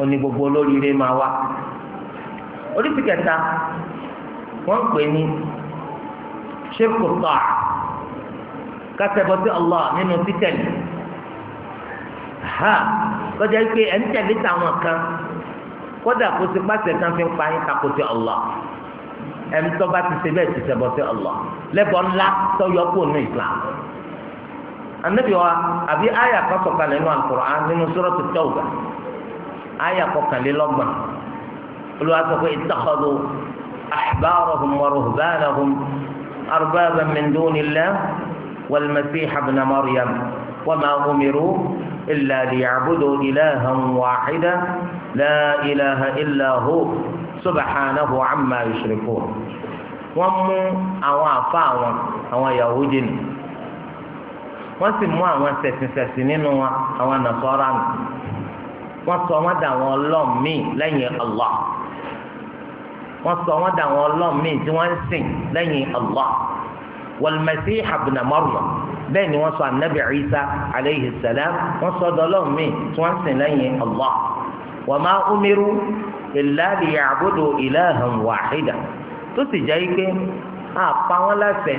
òní gbogbo olóríire máa wà oríṣi kẹta wọ́n pè ní ṣírkù tọ́à kásẹ̀bọ̀ sí Allah nínú títẹ̀lé ha kọjá pé ẹ̀ ń tẹ̀lé táwọn kan kódà kó ti pàṣẹ kan fi ń pa yín kakó sí Allah ẹ̀ ń tọ́ bá ti ṣe bẹ́ẹ̀ ti ṣẹbọ sí Allah lẹ́bọ̀ ńlá tọ́ yọ kó nù Islam anabi wa àbí àyà kan sọ̀kalẹ̀ nínú Al-Qur'an nínú Suratu Tawba àyà kọkànlélọ́gbọ̀n Olúwa sọ pé ittakhadhu ahbarahum wa ruhbanahum arbaban min dunillah wal masiha ibna Maryam wama umiru illa liya'budu ilahan wahida la ilaha illa hu subhanahu amma yushrikun wọ́n mú àwọn àfa àwọn àwọn Yahudi nù wọ́n sì mú àwọn sẹ̀sìnsẹ̀sìn nínú wọn àwọn nàṣọ́ra nù wọ́n sọ wọ́n dà wọn ọlọ́ọ̀ míì lẹ́yìn Allah wọ́n sọ wọ́n dà wọn ọlọ́ọ̀ míì tí wọ́n ń sìn lẹ́yìn Allah wal-Masih ibn Maryam bẹ́ẹ̀ ni wọ́n sọ anabi Isa alayhi salam wọ́n sọ dọ́lọ́ọ̀ míì tí wọ́n ń sìn lẹ́yìn Allah wa ma umiru illa liya'budu ilahan wahida tó sì jẹ́ ike àpá wọn láṣẹ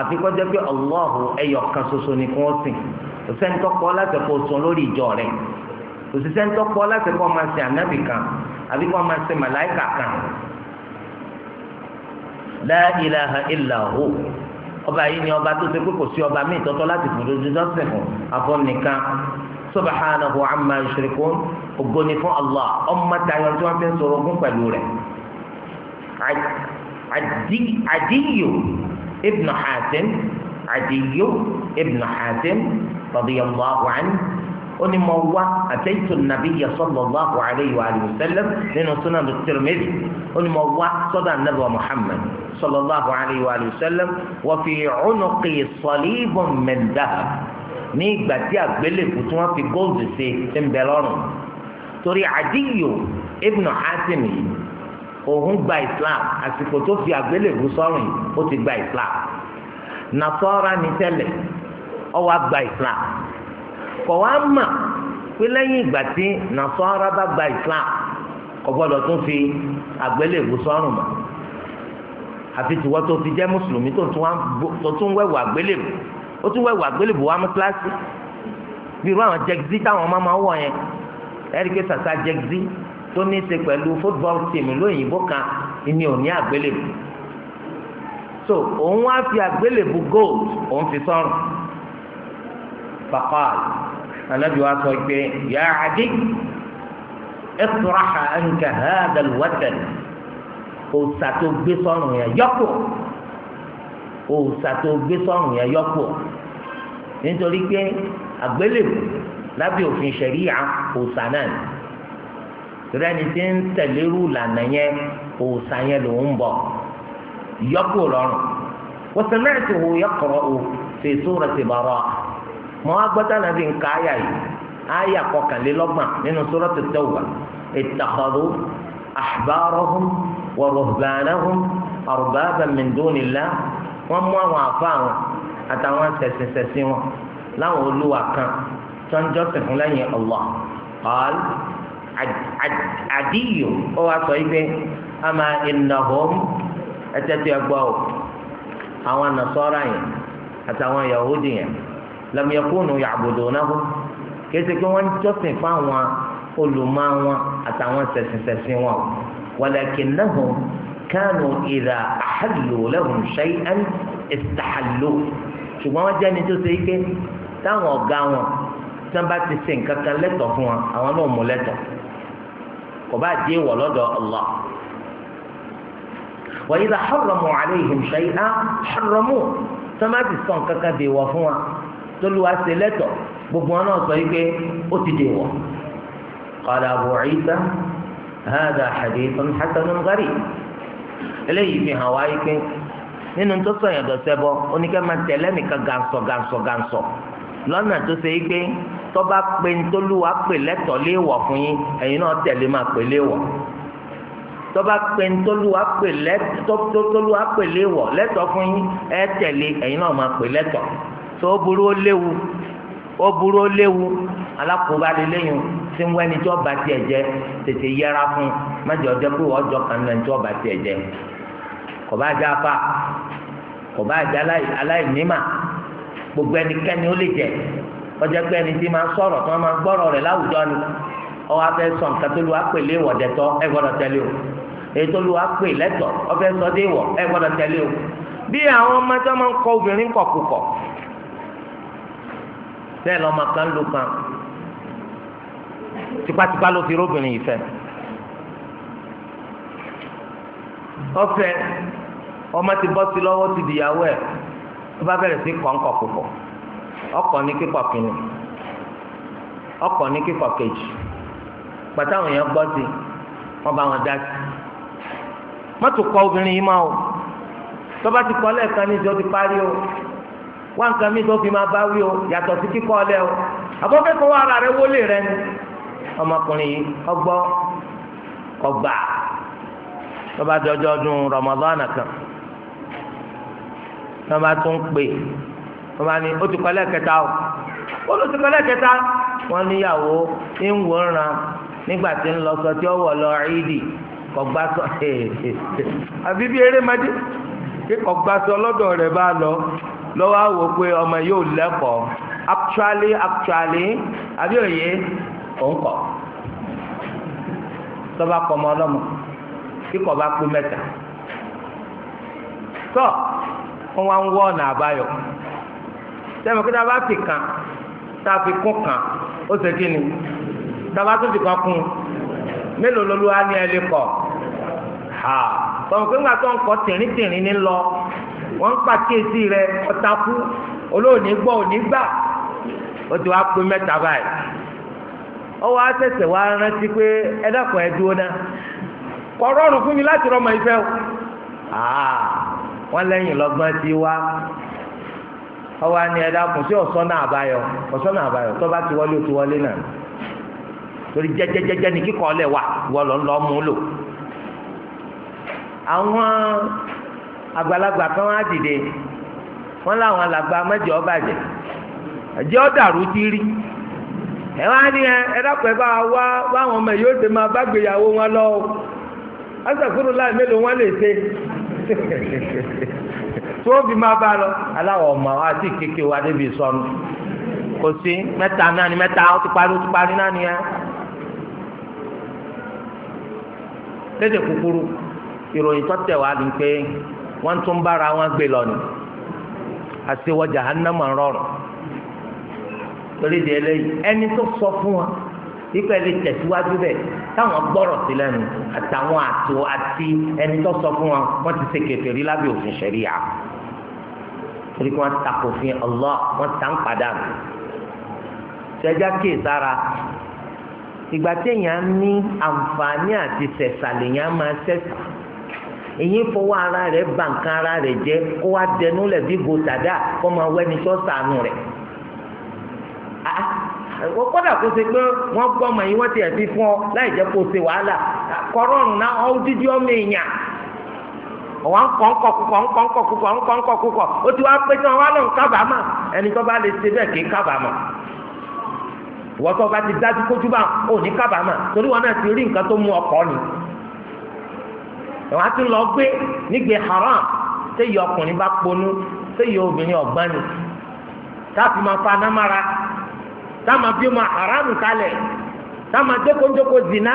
àfi kó jẹ́ pé Allahu ẹyọ kan ṣoṣo ni kò sìn kò sẹ́ni tó kọ́ láti kó sùn lórí ìjọ rẹ̀ kò sì sẹ́ni tó kọ́ láti kó máa sin ànábì kan àbí kó máa sin màláìkà kan la ilaha illa hu ọba yìí ni ọba tó ṣe pé kò sí ọba míì tọ́tọ́ láti fòdò dídọ́sìn fún abọ́ nìkan subhanahu amma yushrikun ògo ni fún Allah ọmọ tayọ tí wọ́n fi ń sọ̀rọ̀ fún pẹ̀lú rẹ̀ àdíyò ابن حاتم عدي ابن حاتم رضي الله عنه أني موا أتيت النبي صلى الله عليه وآله وسلم لأنه سنن الترمذي أني موا صدى النبي محمد صلى الله عليه وآله وسلم وفي عنقي صليب من ذهب ní ìgbà tí àgbélébù tí wọ́n fi góòlù ṣe ń bẹ lọ́rùn òun gba islam àsìkò tó fi àgbélébù sọ́rùn yìí ó ti gba islam nàtọ́ra ni tẹ́lẹ̀ ó wá gba islam kò wá mà pé lẹ́yìn ìgbà tí nàtọ́ra bá gba islam kò gbọ́dọ̀ tún fi àgbélébù sọ́rùn mọ́ àfi tìwọ́ tó fi jẹ́ mùsùlùmí tó tún wẹ̀wò àgbélébù ó tún wẹ̀wò àgbélébù wá mú kíláàsì bí irú àwọn jẹgzí táwọn máa máa wọ̀ yẹn ẹ̀ríkẹ́ sàṣà jẹgzí tó ní í ṣe pẹ̀lú football team lóyìnbó kan ìní ò ní so òun wá fi àgbélébù gold òun fi sọrùn fàkọ́àl anabi wa sọ pé yà á dé ẹtùrọ̀hà ẹnkà hàdàlùwàtàn òòsà tó gbé sọrùn yẹn yọkù òòsà tó gbé sọrùn yẹn yọkù nítorí pé àgbélébù lábẹ́ òfin ṣẹ̀ríyà òòsà náà torí ẹni tí ń tẹ̀lé irú ìlànà yẹn òòsà yẹn ló ń bọ̀ yọkù lọ́rùn wọ́n sọ náà ti wò yọkọ̀rọ̀ o fèsò rẹ̀ ti bọ̀rọ̀ mọ́ agbọ́tà náà fi ń ka àyà yìí àyà kọkànlélọ́gbọ̀n nínú sọ́rọ́ ti tẹ̀ wà ìtàkọ̀rọ̀ àbárọ̀hún wọ̀rọ̀bàánàhún ọ̀rọ̀bàbà mìndónìlá wọ́n mú àwọn àfa àtàwọn sẹ̀sẹ̀sẹ̀sẹ̀ wọn láwọn olúwa kan tó ń jọ́sìn fún lẹ́yìn Allah àdíyò ó wá sọ yìí pé ama ìnáhùn ẹtẹ́tí ẹgbọ́ o àwọn nasọ́ra yẹn àtàwọn yahudi yẹn lamiyakunu yàgòdò náà kéésì pé wọ́n jọ́sìn fáwọn olùmọ̀ wọn àtàwọn sẹ̀sìnsẹ̀sìn wọn walakinnahum kánú ìdá àhàlù lahum shay'an ìtàhàlù ṣùgbọ́n wọ́n jẹ́ni tó ṣe é táwọn ọ̀gá wọn tí wọ́n bá ti ṣe nǹkan kan lẹ́tọ̀ fún wọn àwọn náà mú lẹ́tọ̀ kò bá dé wọ̀ lọ́dọ̀ Allah. wa idha harramu alayhim shay'an harramu tọ́mátì sàn kankan dè wọ̀ fún wa tolúwa ṣe lẹ́tọ̀ gbogbo wọn náà sọ yìí pé ó ti dè wọ̀. qala Abu Isa hadha hadithun hasanun eléyìí fi hàn wáyé pé nínú tó sọ̀yàn dọ̀sẹ̀ bọ́ oníkẹ́ máa tẹ̀lé nìkan gànsọ̀ gànsọ̀ gànsọ̀ lọ́nà tó ṣe é gbé tọ́ba pé ntọ́lúwa pè lẹ́tọ̀ léèwọ̀ fún yín ẹ̀yin náà tẹ̀lé máa pè léèwọ̀ tọ́ba pé ntọ́lúwa pè lẹ́tọ́lúwa pè léèwọ̀ lẹ́tọ̀ fún yín ẹ̀ tẹ̀lé ẹ̀yin náà máa pè lẹ́tọ̀ tó o burú ó léwu ó burú ó léwu alákòóbá lélẹ́yìn tí wọ́n ẹni tí wọ́n bá tiẹ̀ jẹ tètè yẹra fún májè ọjọ́ pé wọ́n jọ kàn náà tí wọ́n bá tiẹ̀ jẹ kò bá jẹ́ apá kò bá jẹ́ aláìníma gbogbo ẹnikẹ́ni ó lè jẹ ọjọ́ pé ẹni tí máa sọ̀rọ̀ tí wọ́n máa gbọ́rọ̀ rẹ̀ láwùjọ ni ọwọ́ afẹ́ sọ nǹkan tó lu apèlé ìwọ̀dẹ̀tọ́ ẹ gbọ́dọ̀ tẹ̀lé o èyí tó lu apè lẹ́tọ̀ ọfẹ́ sọ dé ìwọ̀ ẹ gbọ́dọ̀ tẹ̀lé o bí àwọn ọmọ tó máa ń kọ obìnrin kọ̀kùkọ̀ bẹ́ẹ̀ lọ́mọ kan ló kan tipátipá ló fi róbìnrin yìí fẹ́ ọfẹ́ ọmọ ti bọ́ sí lọ́wọ́ ti dìyàwó ẹ̀ tó bá bẹ̀rẹ̀ sí kọ̀ǹkọ̀ púpọ̀ ọkọ̀ ní kíkọ̀ kìíní ọkọ̀ ní kíkọ̀ kejì pàtó àwọn èèyàn gbọ́ sí wọ́n bá wọn dá sí mọ́tò kọ obìnrin yìí máa o tó bá ti kọ́ lẹ́ẹ̀kan ní ìjọ ti parí o wá nǹkan mi tó o yàtọ̀ sí kíkọ́ ọ lẹ́ o wa ara rẹ rẹ ni ọmọkùnrin yìí ọgbọ́ ọgbà tó tí wọ́n bá tún pè wọ́n bá ní ó ti kọ́lẹ́ kẹta o ó ló ti kọ́lẹ́ kẹta wọ́n níyàwó ń wò ń ran nígbà tí ń lọ sọ tí ó wọ̀ lọ ìdì kọ̀gbá sọ àbí bí eré madé kí kọ̀gbá sọ lọ́dọ̀ rẹ̀ bá lọ lọ́wọ́ àwò pé ọmọ yóò lẹ́kọ̀ọ́ actually actually àbí òye òun kọ̀ tọ́ba kọ́ ọmọ ọlọ́mọ kíkọ̀ bá pé mẹ́ta tọ́. So, wọ́n wá ń wọ́ ọ̀nà àbáyọ sẹ́mi kí tá a bá fi kàn tá fi kún kàn ó ṣe kí ni a bá tún fi kàn kún mélòó lolúwa ni ẹ lè ní lọ wọ́n ń pàkíyèsí rẹ olóòní gbọ́ òní gbà ti wá pé wa rántí pé náà kọ́ rọrùn fún mi láti wọ́n lẹ́yìn lọ́gbọ́n ti wá ni ẹ ọkùnrin sí ọ̀sọ́nà àbáyọ ọ̀sọ́nà àbáyọ tó bá ti wọlé ti torí ni kíkọ́ ọ̀lẹ̀ wà wọ́n lọ́ mú àwọn àgbàlagbà kan wá dìde wọ́n làgbà ti rí ẹ wá ní bá wá ọmọ yóò tí wọ́n fi máa bá lọ aláwọ̀ ọmọ wa àti kékeré wa débi sọnù kò sí mẹ́ta náà ni mẹ́ta ó ti parí ó ti parí náà nìyẹn. lédè kúkúrú ìròyìn tó tẹ̀ wá ni pé wọ́n tún bára wọn gbé lọ ni àti wọ́n jahannama rọrùn torí di eléyìí ẹni tó sọ fún wa ikú ẹbí tẹ̀síwájú bẹ̀ táwọn gbọ́rọ̀ sí lẹ́nu àtàwọn àtò àti ẹni tó sọ fún wọn wọ́n ti ṣe kèfèrí lábẹ́ òfin ṣẹ̀ríà torí kí wọ́n takò fún Allah wọ́n ta ń padànù ṣẹjá kíì sára ìgbà téèyàn ní àǹfààní àti ṣẹ̀ṣà lèèyàn máa ṣẹ̀ṣà èyí fọwọ́ ara rẹ̀ bà nǹkan ara rẹ̀ jẹ́ kó wá dẹnu lẹ̀ bí gòtàdá kó máa wẹ́ni tó ẹ̀kọ́ kọ́dà kó ṣe pé wọ́n gbọ́ ọmọ yìí wọ́n ti ẹ̀fí fún ọ láì jẹ́ kó ṣe wàhálà kọ́rọ́ọ̀nù náà ọ́ dídí ọmọ èèyàn ọ̀wá ń kọ́ ńkọ̀ kúkọ̀ ńkọ̀ ńkọ̀ kúkọ̀ ńkọ̀ ńkọ̀ kúkọ̀ ó ti wá pé tí wọ́n wá lọ ń kábàámà ẹni tó bá lè ṣe bẹ́ẹ̀ kì í kábàámà wọ́n tó bá ti dájú kójú bá ò ní kábàámà torí wọn náà ti rí nǹkan tó mú ọkọ ni ẹ̀wọ̀n á ti lọ gbé nígbè haram séyìí ọkùnrin bá ponú séyìí obìnrin ọ̀gbọ́n ni táàfin máa fa anámára táwọn máa fi haram haramu kalẹ̀ táwọn máa zina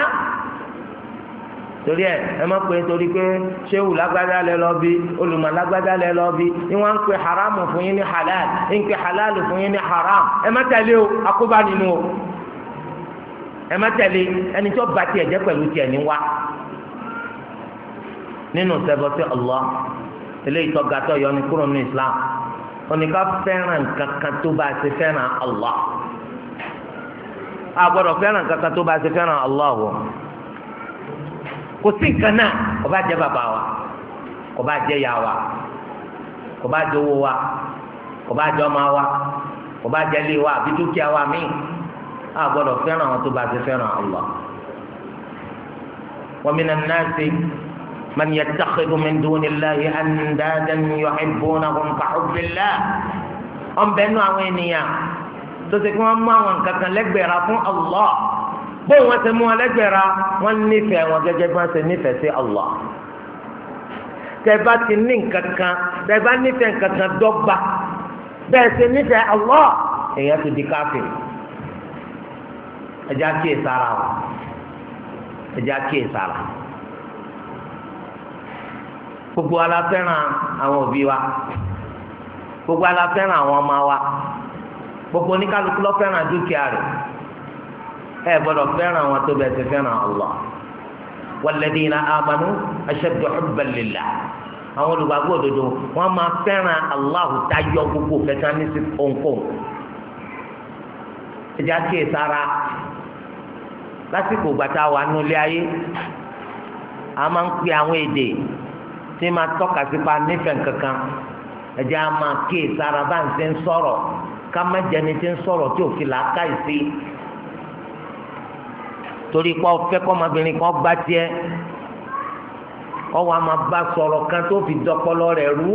torí ẹ ẹ má pe torí pé sehu oluma lẹ lọ bí olùmọ̀ lágbádá lẹ lọ ni halal ń pe halal fún yín ní haram ẹ má tẹ̀lé o akóbá nínú o ẹ ba tiẹ̀ jẹ́ pẹ̀lú tiẹ̀ wa nínú sẹ́fọ́ sí Allah eléyìí tó ga tó yọ ní Islam kankan tó bá Allah. a gbọ́dọ̀ fẹ́ràn kankan tó bá ṣe fẹ́ràn Allah kò sí nǹkan náà kò bá jẹ́ bàbá wa kò bá jẹ́ ìyá wa kò bá jẹ́ owó wa kò bá jẹ́ ọmọ wa kò bá jẹ́ ilé wa àbí dúkìá wa míì a gbọ́dọ̀ àwọn tó bá ṣe fẹ́ràn Allah wa minan nasi man yattakhidhu min dunillahi andadan yuhibbunahum ka hubbillah ọ̀nbẹ́nu àwọn ènìyàn tó ṣe kí wọ́n mú àwọn nǹkan kan lẹ́gbẹ̀ẹ́ra fún Allah bó wọ́n ṣe mú wọn lẹ́gbẹ̀ẹ́ra wọ́n nífẹ̀ẹ́ wọn gẹ́gẹ́ bí wọ́n ṣe nífẹ̀ẹ́ sí Allah tẹ́ẹ̀bá ti ní nǹkan kan tẹ́ẹ̀bá nífẹ̀ẹ́ nǹkan kan dọ́gba bẹ́ẹ̀ ṣe nífẹ̀ẹ́ Allah èèyàn ti di káfíìn ẹja kíyè sára o ẹja kíyè sára gbogbo aláfẹ́ràn àwọn òbí wa gbogbo aláfẹ́ràn àwọn ọmọ wa gbogbo oníkálukú lọ fẹ́ràn dúkìá rẹ̀ ẹ gbọ́dọ̀ fẹ́ràn wọn tó bẹ́ẹ̀ ti fẹ́ràn Allah walladhina amanu ashaddu hubban lillah àwọn olùgbàgbọ́ òdodo wọn máa fẹ́ràn Allah tayọ gbogbo fẹ́tà ní sí kónkón ẹja kí sára lásìkò gbàtà wà nulẹ ayé a máa ń pè àwọn èdè tí máa tọ́ka sípa nífẹ̀ẹ́ kankan ẹja máa kí sára bá ń sẹ́ ń sọ̀rọ̀ ká má jẹni tí ń sọ̀rọ̀ tí òfin là á ká ìsí torí pé ọfẹ kọmọbìnrin kan gbá tiẹ̀ ọwọ́ a máa bá sọ̀rọ̀ kan tó fi dọpọlọ rẹ̀ rú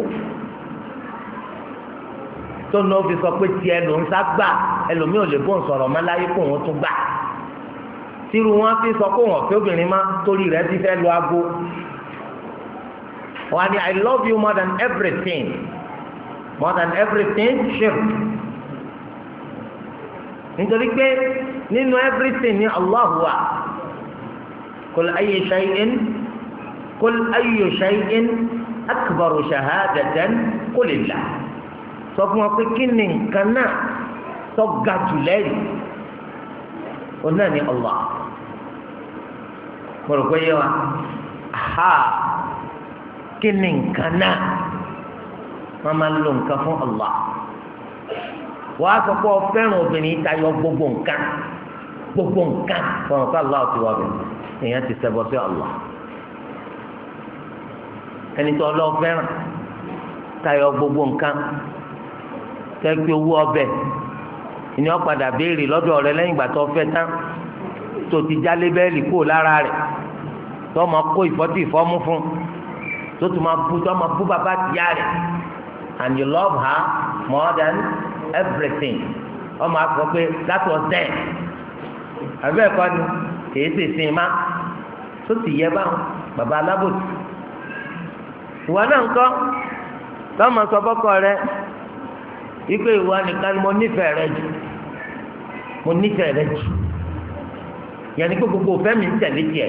tó ní o fi sọ pé tiẹ̀ ló ń sá gbà ẹlòmíì lè bó ń sọ̀rọ̀ mọ́ láyé kó wọn tún gbà tírú wọn fi sọ pé wọn fẹ́ obìnrin má torí rẹ̀ ti fẹ́ lọ aago wọn ni i love you more than everything more than everything ṣe nítorí pé nínú everything ni Allah wà kul ayyu shay'in kul ayyu shay'in akbaru shahadatan qul lillah sọ fún wa pé kí ni nǹkan náà tó ga jù lẹ́yìn òun náà ni Allah mo rò wa ha kí ni nǹkan náà máa ń lo nǹkan fún Allah wàá sọ pé ọfẹ́ràn obìnrin tayọ gbogbo nǹkan gbogbo nǹkan fọ̀rọ̀ ká Allah ti wà bẹ̀ èèyàn ti ṣẹbọ sí Allah ẹni tó ọlọ́fẹ́ràn tayọ gbogbo nǹkan kẹ́kẹ́ owó ọbẹ̀ ìní ọ̀padà béèrè lọ́dọ̀ rẹ lẹ́yìn ìgbà tó fẹ́ tán tó ti jálé bẹ́ẹ̀lì kó lára rẹ̀ tó máa kó ìfọ́tí ìfọ́mú fún tó tún máa bú tó máa bú bàbá tìyá rẹ̀ and you love her more than everything ọmọ akọ pé that was then àbẹ́ ẹ̀kọ́ ni kìí sì sin má tó sì yẹ báwọn bàbá alábòsí ìwọ náà ń kọ́ lọ́mọ sọ bọ́kọ rẹ ikú ìwọ nìkan ni mo nífẹ̀ẹ́ rẹ jù mo nífẹ̀ẹ́ rẹ jù yẹn ni pé gbogbo òfẹ́ mi ń tẹ̀lé tiẹ̀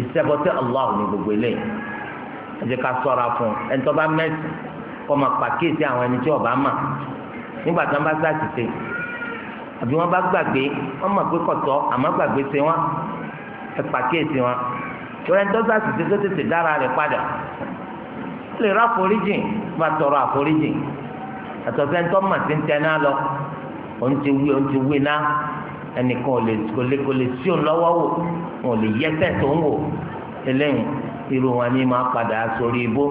ìṣẹ́bọ̀tẹ́ Allah ní gbogbo eléyìí ẹ jẹ́ ká sọ́ra fún ẹ̀ ń tọ́ bá mẹ́sì kọ́ máa pàkíyèsí àwọn ẹni tí ọba mà nígbà tí wọ́n bá sá àtìsẹ àbí wọ́n bá gbàgbé wọ́n mọ̀ pé kọtọ àmọ́ gbàgbé ṣe wọn ẹ pàkíyèsí wọn torí ẹni tó sá àtìsẹ tó tètè dára rẹ̀ padà ó lè rà àforíjìn bá tọrọ àforíjìn àtọ̀sẹ́ ńtọ́ mà ti ń tẹná lọ òun ti wí òun ti wí ná ẹnìkan ò lè kò lè kò lè sí òun lọ́wọ́ wò wọn ò lè yẹsẹ̀ tó ń wò eléyìí irú wọn ni máa padà sórí ibú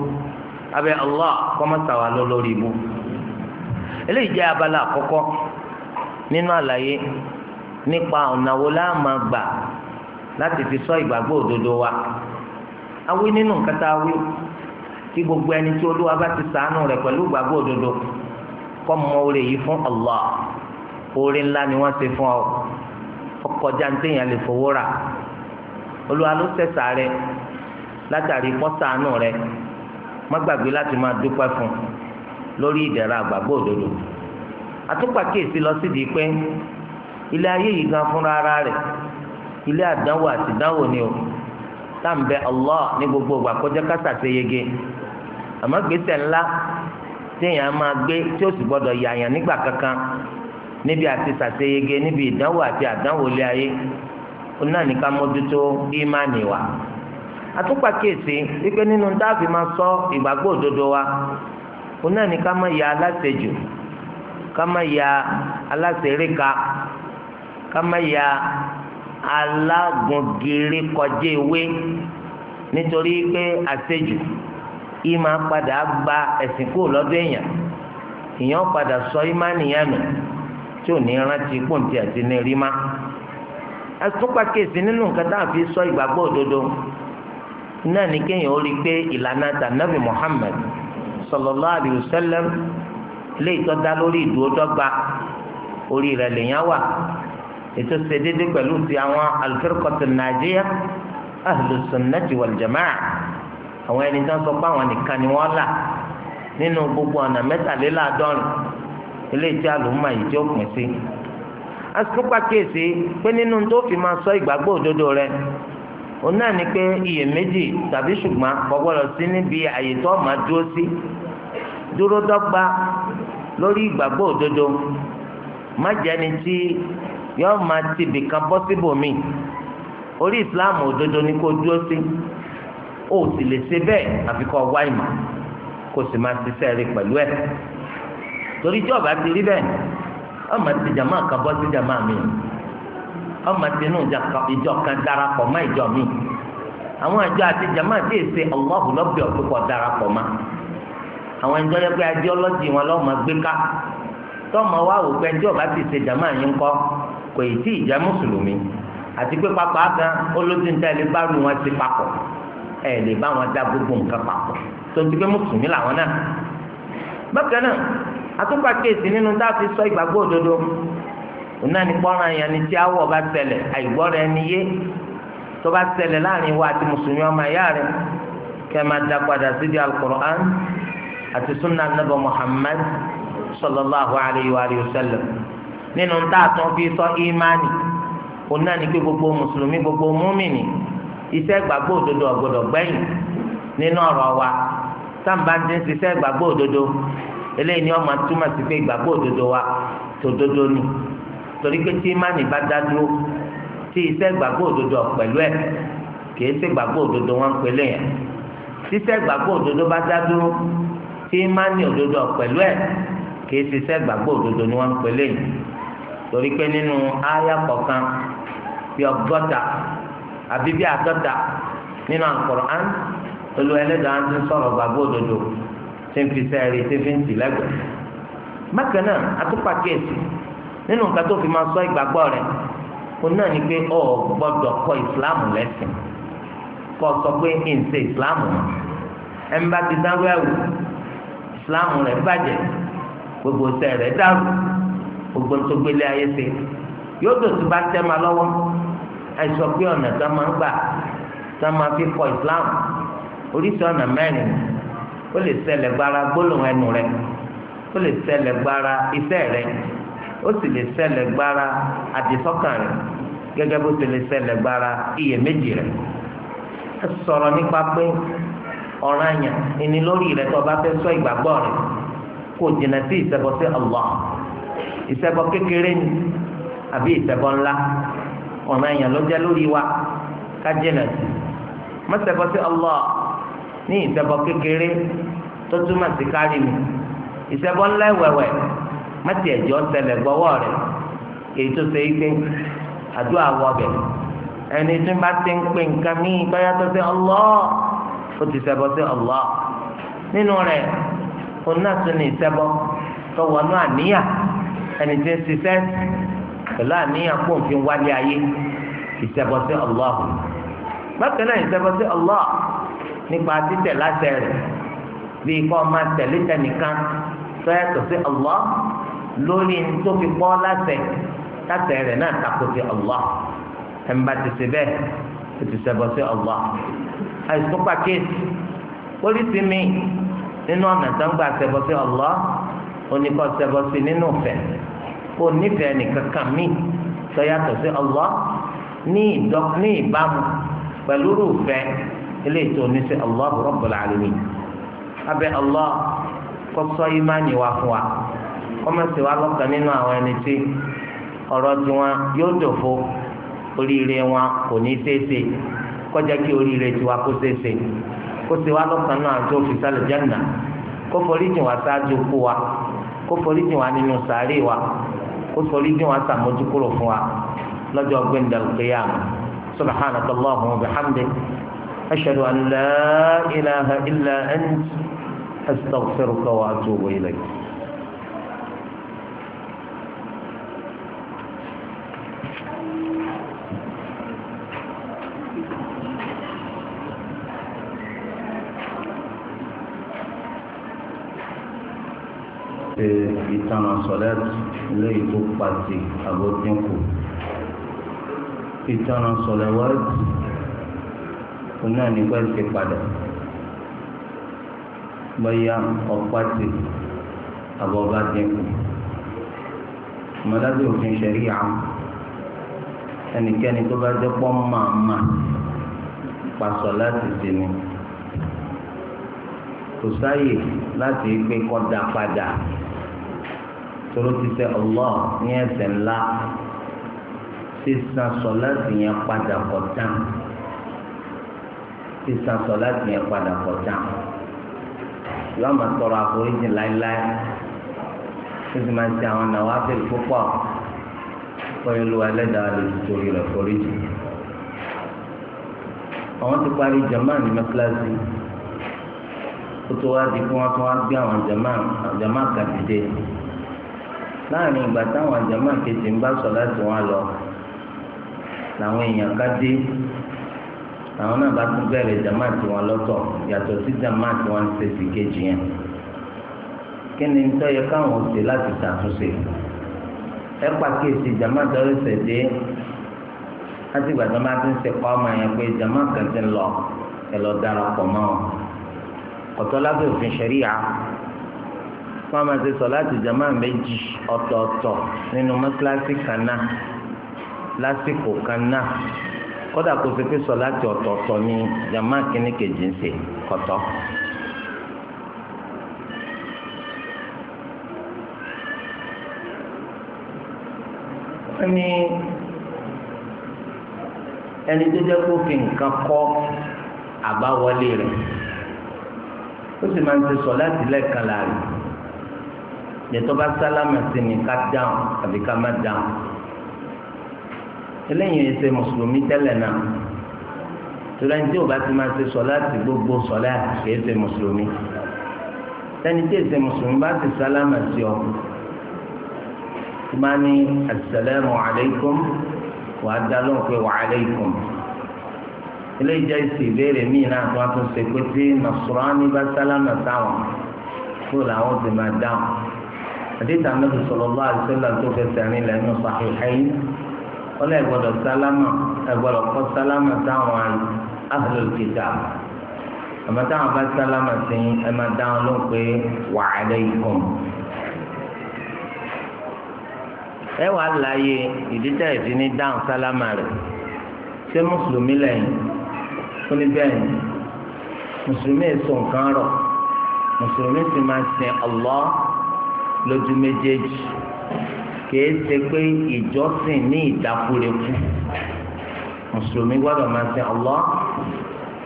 abẹ́ Allah kọ́mọ́sà wà lọ lórí ibú eléyìí jẹ́ abala àkọ́kọ́ nínú àlàyé nípa ọ̀nà wo la máa gbà láti fi sọ ìgbàgbọ́ òdodo wa awí nínú nǹkan tá a wí kí gbogbo ẹni tí olúwa bá ti ṣàánú rẹ̀ pẹ̀lú ìgbàgbọ́ òdodo kọ́ mọ oore yìí fún Allah oore ńlá ni wọ́n ṣe fún ọ ọkọjá ntẹ̀yìn lè fowó rà olúwa ló sẹ̀sà rẹ látàrí kọ́ ṣàánú rẹ má gbàgbé láti máa dúpẹ́ fún un. lórí ìdẹ̀ra àgbàgbọ́ òdodo àtúpàkíyèsí lọ sídìí pé ilé ayé yìí gan fúnra ara rẹ̀ ilé àdánwò àti ìdánwò ni o táǹbẹ Allah ní gbogbo ìgbà kọjá kásà ṣe yege àmọ́ gbèsè ńlá téèyàn máa gbé tí ó sì gbọ́dọ̀ yàyàn nígbà kankan níbi àti ṣàṣeyege níbi ìdánwò àti àdánwò ilé ayé oná ní ká mójútó ìmánì wa àtúpàkíyèsí wípé nínú táàfin máa sọ ìgbàgbọ́ òdodo wa òun náà ní ká má ya aláṣejù ká má ya aláṣeréka ká má ya alágùngèrè kọjá ewé nítorí pé padà gba ẹ̀sìn kúrò lọ́dọ̀ èèyàn èèyàn padà sọ ìmánìyàn nù tí ò ní rántí pòǹtì àti ní rí má ẹtún nínú nǹkan fi sọ ìgbàgbọ́ òdodo náà ní kéèyàn ó rí i pé ìlànà tànàbì sallallahu alayhi wa sallam lé ìtọ́da lórí ìdúró dọ́gba orí rẹ̀ lèèyàn wà ètò ṣèdédé pẹ̀lú ti àwọn al-firqatu an-najiyya ahlu sunnati wal jama'a àwọn ẹni tó ń sọ pé àwọn nìkan ni wọ́n là nínú gbogbo ọ̀nà mẹ́tàléláàádọ́rin eléyìí tí àlùmọ́ yìí tí ó pín sí. asopakesi pé nínú tó fi máa sọ ìgbàgbọ́ òdodo rẹ̀ òun náà ni pé iyèméjì tàbí ṣùgbọ́n gbọ́gbọ́dọ̀ sí níbi àyè tó ọ̀ma dúró sí dúró dọ́gba lórí ìgbàgbọ́ òdodo má jẹ́ni tí yọ́ọ́ máa ti bìkan bọ́ síbòmíì orí ìsìláàmù òdodo ni kò dúró sí ó sì lè ṣe bẹ́ẹ̀ àfi kọ́ wá ìmọ̀ kó sì máa ṣiṣẹ́ rí pẹ̀lú ẹ̀ torí Jọba ọba ti rí bẹ́ẹ̀ ọmọ ti jàmáà kan bọ́ sí jàmáà mi ọmọ tinú ìjọ kan darapọ̀ mọ́ ìjọ mi àwọn ìjọ àti jama ti ṣe ọlọ́hùn lọ́bẹ̀ ọ̀pẹ̀pọ̀ darapọ̀ mọ́ àwọn ìjọ yẹ pé ideology wọn lọ́mọ gbé ká tọ́mọ wa wò pé ẹjọ́ bá ti ṣe jama yín kọ́ kò ì tí ì jẹ́ mùsùlùmí àti pé pápá kan olójú níta ẹ̀lẹ́ bá lu wọn ti papọ̀ ẹ̀ lè bá wọn dá gbogbo nǹkan papọ̀ tó ti pé mùsùlùmí làwọn náà bákan náà àtúpàkì èsì nínú tá a fi sọ ìgbàgbọ́ òdodo ònà ní kpọ́nrán yẹn ni tí awọ bá ṣẹlẹ̀ àìgbọ́ra ẹni yé tó bá ṣẹlẹ̀ láàrin wa àti mùsùlùmí ọmọ ẹ̀yà rẹ̀ kẹ́ máa da padà sí di alukur'an àti sunna nabọ muhammad sallallahu alayhi wa sallam nínú táàtàn fi sọ ìmánì ònà ní pé gbogbo mùsùlùmí gbogbo múmìnì iṣẹ́ gbàgbọ́ òdodo ọ̀gbọ́dọ̀ gbẹ́yìn nínú ọ̀rọ̀ wa sáǹbà ti ń ṣiṣẹ́ gbàgbọ́ òdodo eléyìí ni ọmọ túmọ̀ sí pé gbàgbọ́ òdodo wa tòdodo ni. torí pé tí imáni bá dá dúró tí iṣẹ́ ìgbàgbọ́ òdodo pẹ̀lú ẹ̀ kìí ṣe ìgbàgbọ́ òdodo wọn pẹ̀lú yẹn ṣíṣẹ́ ìgbàgbọ́ òdodo bá dá dúró tí imáni òdodo pẹ̀lú ẹ̀ kìí ṣe iṣẹ́ ìgbàgbọ́ òdodo ni wọn pẹ̀lú yẹn torí pé nínú àyà kọ̀ọ̀kan bí ọgọ́ta àbí bí àádọ́ta nínú Al-Qur'an olú ẹlẹ́dàá ti ń sọ̀rọ̀ gbàgbọ́ òdodo tí ń fi sẹ́ẹ̀rì tí ń fi ń tì lẹ́gbẹ̀ẹ́ bákan náà nínú nǹkan tó fi máa sọ ìgbàgbọ́ rẹ̀ òun náà ni pé ọ gbọ́dọ̀ kọ ìsìláàmù lẹ́sìn kọ sọ pé ń ṣe ìsìláàmù ẹ̀ ń bá ti dárú ẹ̀wù ìsìláàmù rẹ̀ bàjẹ́ gbogbo sẹ́ rẹ̀ dárú gbogbo tó gbélé ayé ṣe yóò tó bá tẹ́ ma lọ́wọ́ àìsọ pé ọ̀nà tó máa ń gbà tó máa fi kọ ìsìláàmù oríṣi ọ̀nà mẹ́rin ó lè ṣẹlẹ̀ gbára gbólóhùn ẹnu rẹ̀ ó lè ṣẹlẹ̀ gbára iṣẹ́ rẹ̀ ó sì lè ṣẹlẹ̀ gbára àdìsọ́kàn rẹ̀ gẹ́gẹ́ bó ti lè ṣẹlẹ̀ gbára iyèméjì rẹ̀ ẹ sọ̀rọ̀ nípa pé ọ̀ranyàn ẹni lórí rẹ̀ tó o bá fẹ́ sọ ìgbàgbọ́ rẹ̀ kò jìnnà sí ìṣẹbọ sí Allah ìṣẹbọ kékeré ni àbí ìṣẹbọ ńlá ọ̀ranyàn ló jẹ́ lórí wa ká jìnnà sí má sí Allah ní ìṣẹbọ kékeré tó túmọ̀ sí kárí mi ìṣẹbọ ńlá ìwẹ̀wẹ̀ Mati ẹ̀jọ́ tẹlẹ̀ gbọ́wọ́ rẹ̀ èyí tó ṣe é pé àdúrà wọ bẹ̀ ẹni tí bá ti ń pè nǹkan míì báyà tó ṣe Allah ó ti ṣẹbọ sí Allah nínú rẹ̀ òun náà tún ní ìṣẹbọ tó wọnú àníyàn ẹni tí ń ṣiṣẹ́ pẹ̀lú àníyàn kó òfin wálé ayé ìṣẹbọ sí Allah bákan náà ìṣẹbọ sí Allah nípa títẹ̀ láṣẹ rẹ̀ bí kò máa tẹ̀lé tẹnìkan tó yàtọ̀ sí Allah lórí tó fi gbọ́ lásẹ̀ lásẹ̀ rẹ̀ náà tako sí Allah ẹ̀mbà ti ṣe bẹ́ẹ̀ o ti ṣẹbọ sí Allah àìsàn pàkíyèsí pólísì mi nínú ọ̀nà tó ń gbà ṣẹbọ sí Allah oníkọ́ ṣẹbọ sí nínú ìfẹ́ kò nífẹ̀ẹ́ nìkan kan mí tó sí Allah ní ìbámu pẹ̀lú rúfẹ́ ilé ètò oníṣẹ́ Allah Rabbul Alamin abẹ́ Allah kó sọ ìmánìí fún wa ọmọ sì wá lọ́kàn nínú àwọn ẹni tí ọ̀rọ̀ tiwọn yóò dòfo oríire wọn kò ní ṣeéṣe kọjá kí oríire tiwa kó ṣeéṣe kó sì wá lọ́kàn náà tó fi sálẹ̀ jẹ́nà kó forí jìn wá sáájú kú wa kó forí jìn wá nínú sàárè wa kó forí jìn wá sàmójúkúrò fún wa lọ́jọ́ gbẹ̀ndàlùkẹ́yàmù subhanaka allahumma wa bihamdik ashhadu an la ilaha illa ant astaghfiruka wa atubu ilayk. ṣe ìtàn sọ̀lẹ́t léyìí tó pàtì àbójúkù ìtàn sọ̀lẹ́wọ́t náà nígbà tí padà bóyá ọ̀pàtì àbọ̀bá dínkù mọ̀lábí òfin ṣẹ̀ríà ẹnikẹ́ni tó bá jẹ́ pọ́ màmá pasọ̀ láti sinmi kò sáyè láti gbé kọ́dà padà toro ti sẹ Allah ní ẹ̀ṣẹ̀ ńlá sísan sọláàtì yẹn padà kọjá sísan sọláàtì yẹn padà kọjá yọọ máa tọrọ àforíjì láéláé ó sì máa ń ṣe àwọn náà wáá fèrè púpọ̀ fún ìlú ẹlẹ́dàá lè torí rẹ̀ foríjì àwọn ti parí jamaa ní mẹ́kíláàsì kó tó wá di kí wọ́n tún wá gbé àwọn jamaa jamaa kàdídé. láàrin ìgbà táwọn àjàmọ́ àkejì ń bá sọ láti wọn lọ làwọn èèyàn ká dé àwọn náà bá tún bẹ̀rẹ̀ jàmọ́ àti wọn lọ́tọ̀ yàtọ̀ sí wọn ṣe kejì yẹn kí ni ń tọ́ yẹ káwọn ṣe láti ṣàtúnṣe ẹ pàkíyèsí jàmọ́ àtọ́rọ̀ ṣẹ̀ dé láti ìgbà tó bá ti ń ṣe kọ́ ọmọ yẹn pé kan lọ ẹ lọ darapọ̀ mọ́ wọ́n máa ṣe sọ̀láàtì jàmá méjì ọ̀tọ̀ọ̀tọ̀ nínú mọ́sálásí kan náà lásìkò kan náà kódà kó ṣe pé sọ̀láàtì ọ̀tọ̀ọ̀tọ̀ ni jàmá kínní kejì ń ṣe kọ̀tọ́. wọ́n ní ẹni tó jẹ́ kó fi nǹkan kọ́ àbáwọlé rẹ̀ ó sì máa ń ṣe sọ̀láàtì lẹ́ẹ̀kan láàrin yẹtọ bá sálámà sí ni ká dáhùn àbí ká má dáhùn eléyìí ẹsẹ mùsùlùmí tẹ́lẹ̀ náà tura ní tí o bá ti máa ṣe sọláàtì gbogbo sọláàtì kì í ṣe mùsùlùmí sẹni tí èsè mùsùlùmí bá ti sálámà sí ọ máa ní asàlámù alaykum wà á dá lóhùn pé wà alaykum eléyìí jẹ́ ìsì ìbéèrè míì náà tó wá tó ṣe pé tí nasrani bá sálámà sáwọn fún làwọn ti máa dáhùn àdéhùn anábì sallallahu alaihi wasallam tó fẹsẹ̀ rìn lẹ́nu Sahihayn wọ́n lè gbọ́dọ̀ sálámà ẹ̀gbọ́dọ̀ kọ́ sálámà táwọn ahlul kitab àmọ́ táwọn bá sálámà sí ẹ máa dáhùn ló pé wa alaykum. ẹ wà á láàyè ìdíjà ìdí ní dáhùn sálámà rẹ̀ ṣé mùsùlùmí lẹ́yìn ó ní bẹ́ẹ̀ mùsùlùmí èso nǹkan rọ̀ mùsùlùmí sì máa sin Allah lójú méjèèjì kìí ṣe pé ìjọsìn ní ìdákúrekú mùsùlùmí gbọ́dọ̀ máa ṣe Allah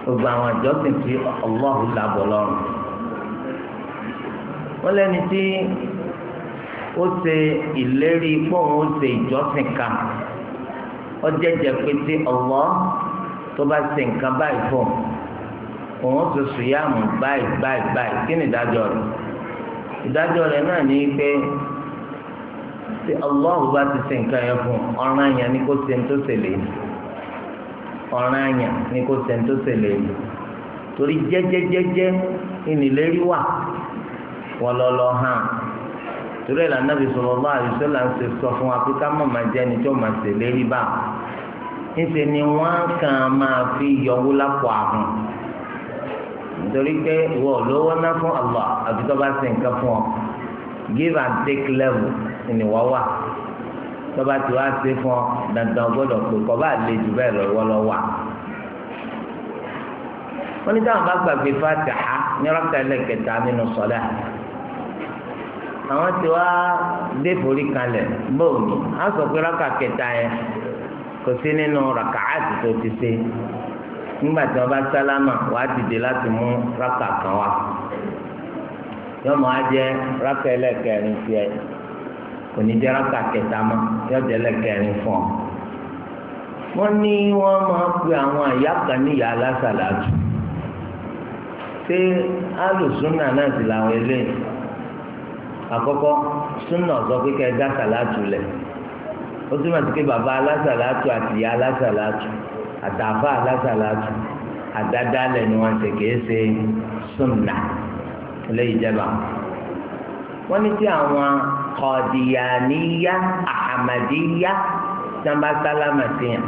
gbogbo àwọn ìjọsìn tí Allah làbọ̀ lọ́rùn wọ́n lẹ́ni tí ó ṣe ìlérí pọ́ùn ó ṣe ìjọsìn kan ó jẹ́jẹ́ pé tí Allah tó bá ṣe nǹkan báyìí fún òun ó ṣe sùyàmù báyìí báyìí báyìí kí ni ìdájọ́ rẹ̀. ìdájọ́ rẹ̀ náà ní pé tí Allahu bá ti ṣe nǹkan yẹn fún ọ̀ràn àyàn ṣe ń tó ṣe lè ọ̀ràn àyàn ṣe ń tó ṣe lè torí jẹ́jẹ́jẹ́jẹ́ ìnìlérí wà wọlọlọ hàn torí ẹ̀la nàbì sallallahu alaihi wasallam ṣe sọ fún wa pé ká máa jẹ́ ẹni tí nítorí pé ìwọ lówó ná fún Allah àbí tó bá ṣe nǹkan fún ọ give and take level ni wọ́n wà tó bá ti wá ṣe fún ọ dandan gbọ́dọ̀ pé kọ́ bá lè jù bẹ́ẹ̀ lọ ìwọ lọ wà. wọ́n ní táwọn bá gbàgbé Fatiha ní rákà ẹlẹ́kẹta nínú sọ́lá àwọn ti wá dé forí kalẹ̀ bóòlù á sọ pé rákà kẹta yẹn kò sí nínú ràkà áàtì tó ti ṣe nígbà tí wọn bá sálámà wàá dìde láti mú rákà kan wá yọmọ ajẹ rákà ẹlẹ́kẹrin tiẹ̀ kò ní jẹ rákà kẹta mọ́ yọjẹ ẹlẹ́kẹrin fún ọ. wọn ní wọn máa pe àwọn àyà kan níyà alásàlátù ṣé alùsùnà náà sì làwọn eléyìí àkọ́kọ́ súnà sọ pé kẹ ẹ dá sàlátù lẹ ó túmọ̀ sí pé bàbá alásàlátù àti ìyá alásàlátù àtàfà alásàlátù àdádálẹ̀ ni wọ́n ṣe kìí ṣe súnà eléyìí jẹba wọ́n ní tí àwọn kọ̀dìyàníyá àhàmàdíyá sábà sálámà sí yàn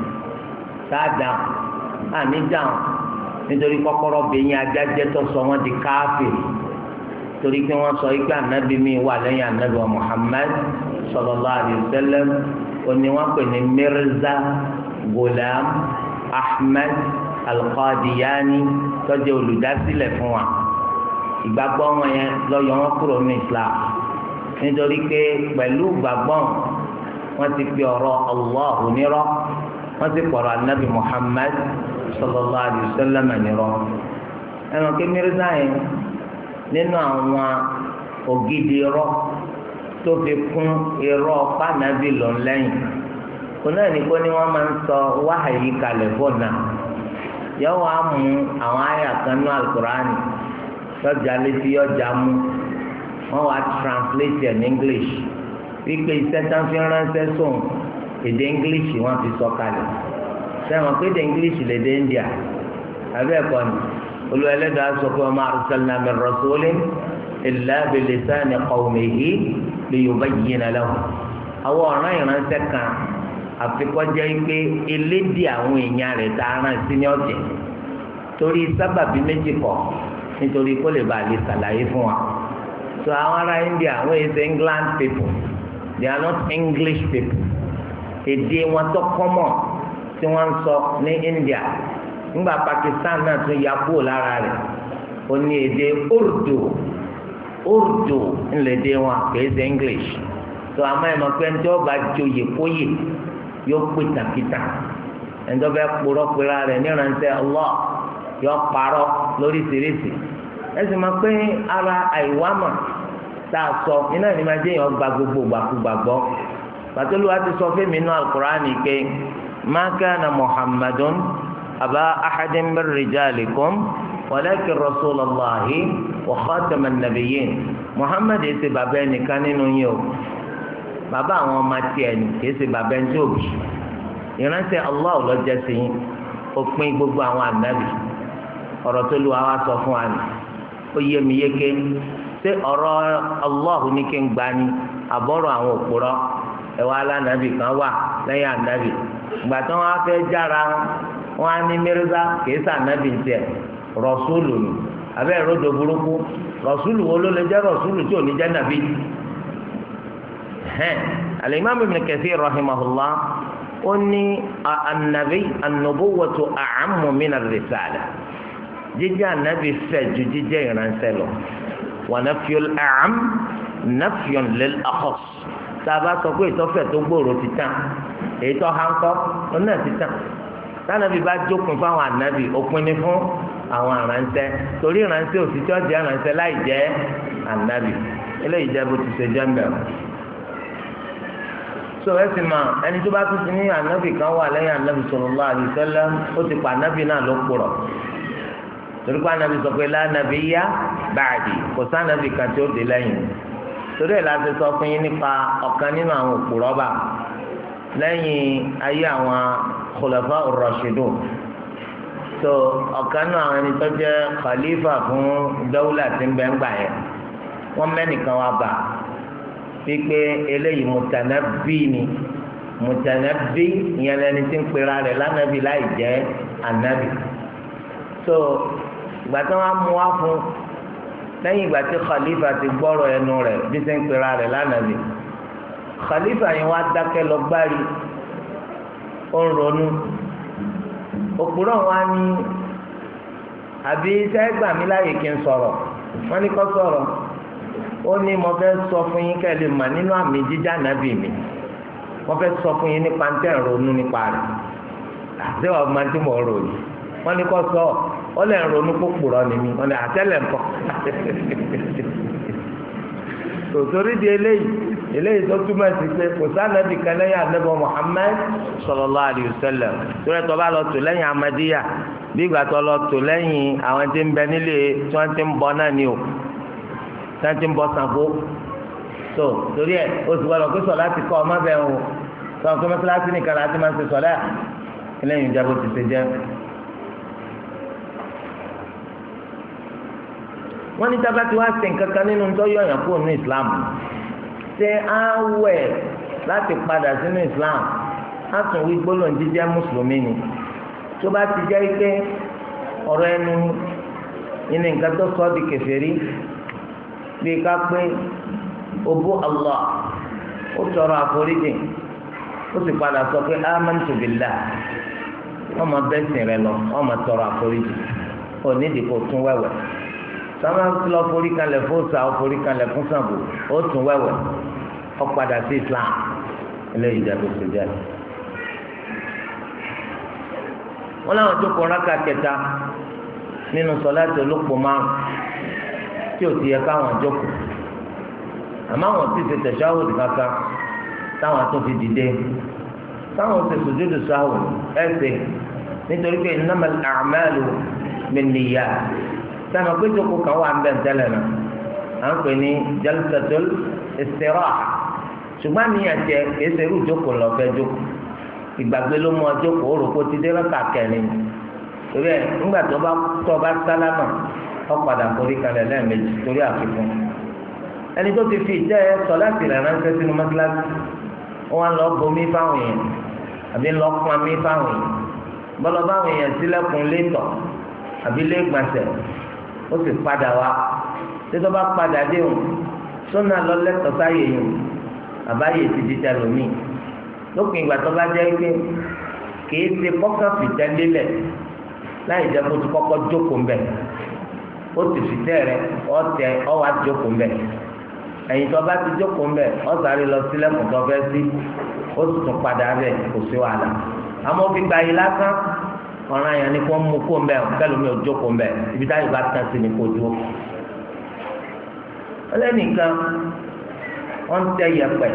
sáàdà àmì dáhùn nítorí kọ́kọ́rọ́ bẹ̀yìn ajájẹ́ tó sọ wọ́n di káfíìn torí pé wọ́n sọ igba anabi mi wà lẹ́yìn anabi wa muhammad sallallahu alayhi wa pè ní mirza gulam Ahmed Al-Qadiyani tó jẹ́ olùdásílẹ̀ fún wa ìgbàgbọ́ wọn yẹn lọ́yọ̀ wọn kúrò ní Islam nítorí pé pẹ̀lú ìgbàgbọ́ wọn ti fi ọ̀rọ̀ Allah nírọ́ wọn ti pọ̀rọ̀ anabi Muhammad sallallahu alaihi wasallam nírọ́ ẹnu kí mírísà yẹn nínú àwọn ògidì irọ́ tó fi kún irọ́ pànàbí lọ́nlẹ́yìn òun náà nìkan ni wọ́n máa ń sọ wáhàyí kalẹ̀ bọ̀ náà yóò wá mú àwọn àyà kan ní alukurani yọjà létí yọjà mú wọ́n wá translate in English wípé iṣẹ́ tán fi ránṣẹ́ sóun èdè English wọ́n fi sọ kalẹ̀ sẹ́wọ̀n pé èdè English lèdè India abẹ́ ẹ̀kọ́ ni olú sọ pé ọmọ arsalna min rasulin illa bi lisani qawmihi liyubayyina lahum àwọn ọ̀ràn ìránṣẹ́ kan àfikọ́jẹ́ pé elédè àwọn èèyàn rẹ̀ tá a rán sí ní ọ̀jẹ̀ torí sábàbí méjì kọ̀ nítorí kó lè bàa lè ṣàlàyé fún wa so àwọn ará India àwọn èsè England people they are not English people èdè wọn tó kọ́mọ̀ tí wọ́n ń sọ ní India nígbà Pakistan náà tún ya kúrò lára rẹ̀ ó ní èdè Urdu Urdu ńlẹ̀dẹ̀ wọn kò èsè English so àmọ́ ẹ̀ mọ̀ pé ní tí wọ́n bá joyè kóyè yóò pè tàkìtà ẹnjọ́ bẹ́ẹ̀ kpọ̀rọ̀ pera rẹ̀ níránṣẹ́ Allah yóò parọ́ lóríṣiríṣi ẹsìn máa pé ara àìwámà tá a sọ iná ní ma jẹ́ yẹn gba gbogbo gbàgbọ́ pàtólù wa ti sọ fẹ́mi inú alukur'an ike ma kana muhammadun aba ahadin min rijalikum walakin rasulallahi wa khataman nabiyyin muhammad ẹsẹ bàbá ẹnìkan nínú yìí o. bàbá àwọn ọmọ tiẹ̀ ni kì ṣe bàbá ẹni tí ò Allah ló jẹ́ sí yín gbogbo àwọn ànábì ọ̀rọ̀ tó sọ fún ni ó yé mi yéké ṣé ọ̀rọ̀ Allah ní kí n ni àbọ̀rọ̀ àwọn òpùrọ̀ alánàbì kan wà lẹ́yìn ànábì ìgbà tí wọ́n á fẹ́ jára wọn á ní mírísà kì í sànábì tiẹ̀ rọ̀ṣúlù ni abẹ́ ìrọ́dọ̀ burúkú rọ̀ṣúlù wo ló lè jẹ́ rọ̀ṣúlù tí al-Imam Ibn Kathir rahimahullah ó ní anabi an-nubuwwatu a'ammu min ar-risala jíjẹ́ anabi fẹ̀ ju jíjẹ́ ìránṣẹ́ lọ wa nafyul a'am nafyun lil-akhas tàbá sọ pé ìtọ́fẹ̀ tó gbòòrò ti tán èyí tó hankọ́ ó náà ti tán tánàbí bá jókun fáwọn ànábì òpin ni fún àwọn àránṣẹ́ torí ìránṣẹ́ òsì tí ó jẹ́ àránṣẹ́ láì jẹ́ ànábì eléyìí jẹ́ bó ti ṣe jẹ́ mbẹ́rù so ẹ sì mà ẹni tó bá tún ti ní ànábì kan wà lẹ́yìn ànábì sallallahu alaihi wasallam ó ti pa ànábì náà ló kúrọ̀ torí pé ànábì sọ pé lánàbì yá báàdì kò sànàbì kan tí ó dé lẹ́yìn torí ẹ̀ la ti sọ fún yín nípa ọ̀kan nínú àwọn òpùrọ́ bá lẹ́yìn ayé àwọn khulafa ar so ọ̀kan náà àwọn ẹni tó jẹ́ khalifa fún dawla tí ń bẹ ń gbà yẹn wọ́n mẹ́nìkan wá bá wípé eléyìí mùtànábì ni mùtànábì ìyẹn lẹni tí ń pera rẹ̀ lánàbì láì jẹ́ ànábì so ìgbà tí wọ́n á mú wá fún lẹ́yìn ìgbà tí khalifa ti gbọ́rọ̀ ẹnu rẹ̀ bí ṣe ń pera rẹ̀ lánàbì khalifa yẹn wá dákẹ́ lọ gbárí ó ń ronú òpùrọ̀ wa ní àbí sẹ́gbàmí láyè kí n sọ̀rọ̀ wọ́n ní kó sọ̀rọ̀. ó ní mo fẹ́ sọ fún yín kẹ́ lè mà nínú àmì jíjà nàbì mi mo fẹ́ sọ fún yín nípa ń tẹ̀ ronú nípa rẹ̀ àti ọmọ tí mo rò yìí wọ́n ní kọ́ sọ ọ lẹ̀ ni mi wọ́n ní di eléyìí eléyìí tó túmọ̀ sí pé kò kan lẹ́yìn anábọ̀ torí ẹ̀tọ́ bá lọ lẹ́yìn bí ìgbà tó o tẹ́tí ń bọ́ Ṣàngó tó torí ẹ̀ oṣù gbọ́dọ̀ pé sọ̀lá ti kọ́ ọmọ bẹ́ẹ̀ o sọ pé mọ́sálásí nìkan láti máa ń ṣe sọ̀lá eléyìí ń jábọ̀ ti ṣe jẹ́. wọ́n ní tábà tí wọ́n á ṣe nǹkan kan nínú tó yọ ọ̀yàn kúrò ní Islam ṣé á wẹ̀ láti padà sínú Islam á tún wí gbólóhùn jíjẹ́ mùsùlùmí ni tó bá ti jẹ́ pé ọ̀rọ̀ ẹnu ní nǹkan tó sọ ọ́ di kèfèrí bíi ká pé obó allah ó tọrọ àforíjì ó sì padà sọ pé amantu billah wọ́n máa bẹ́sìn rẹ lọ wọ́n máa tọrọ àforíjì ó ní ìdìbò tún wẹ̀wẹ̀ sọ́mà lọ forí kalẹ̀ fún sa ó forí kalẹ̀ fún sàbò ó tún wẹ̀wẹ̀ ó padà sí islam eléyìí ìjàdó sójà rẹ̀ wọ́n tó kọ́ rákà kẹta nínú sọ́láàtì olóko márùn-ún tí ò ti yẹ káwọn jókòó àmọ́ àwọn tí ṣe tẹ̀síáwò kankan táwọn tó fi dìde táwọn ṣe sùjúdù sáwò ẹsẹ̀ nítorí pé innamal a'malu binniyat sẹ́mi pé jókòó kan wà ń bẹ̀ tẹ́lẹ̀ náà à ń pè ní jalsatul istiraha ṣùgbọ́n mi yàn jẹ èsè rú jókòó lọ fẹ́ jókòó ìgbàgbé ló mú jókòó ó ti dé lọ́kà kẹrin rẹ̀ ńgbà tó bá tó bá sálámà ó padà forí kalẹ̀ lẹ́ẹ̀mejì torí àfikún ẹni tó ti fi ìjẹ́ sọ̀láàtì rẹ̀ ránṣẹ́ sínú mọ́sálásí wọ́n lọ bomi fáwọn èèyàn àbí lọ pọn mi fáwọn èèyàn bọ́lá báwọn èèyàn sílẹ̀kùn létọ̀ àbí lẹ́gbàṣẹ̀ ó sì padà wá títọ́ bá padà dé òun sọ́nà lọ lẹ́tọ̀ sáyé yìí àbáyé ti di tẹlómi lópin ìgbà tó bá jẹ́ pé kìí ṣe kọ́kọ́ fìtẹ́lélẹ̀ láì jẹ́ kó ti kọ́kọ́ jókòó mbẹ́ ó ti fi tẹ́ rẹ ọ̀tẹ ọ̀wá jókòó mbẹ ẹ̀yìn tó bá ti jókòó mbẹ ọ̀sàrí lọ sílẹ̀kùn tó fẹ́ sí ó sì tún padà bẹ̀ kò sí wàhálà àmọ́ fi gba yìí lásán ọ̀ràn yẹn ni kò mú kó mbẹ kẹlòmí ò jókòó mbẹ ibi táyì bá tán sí ni kò dúró ọlẹ́nìkan wọ́n ń tẹ yẹpẹ̀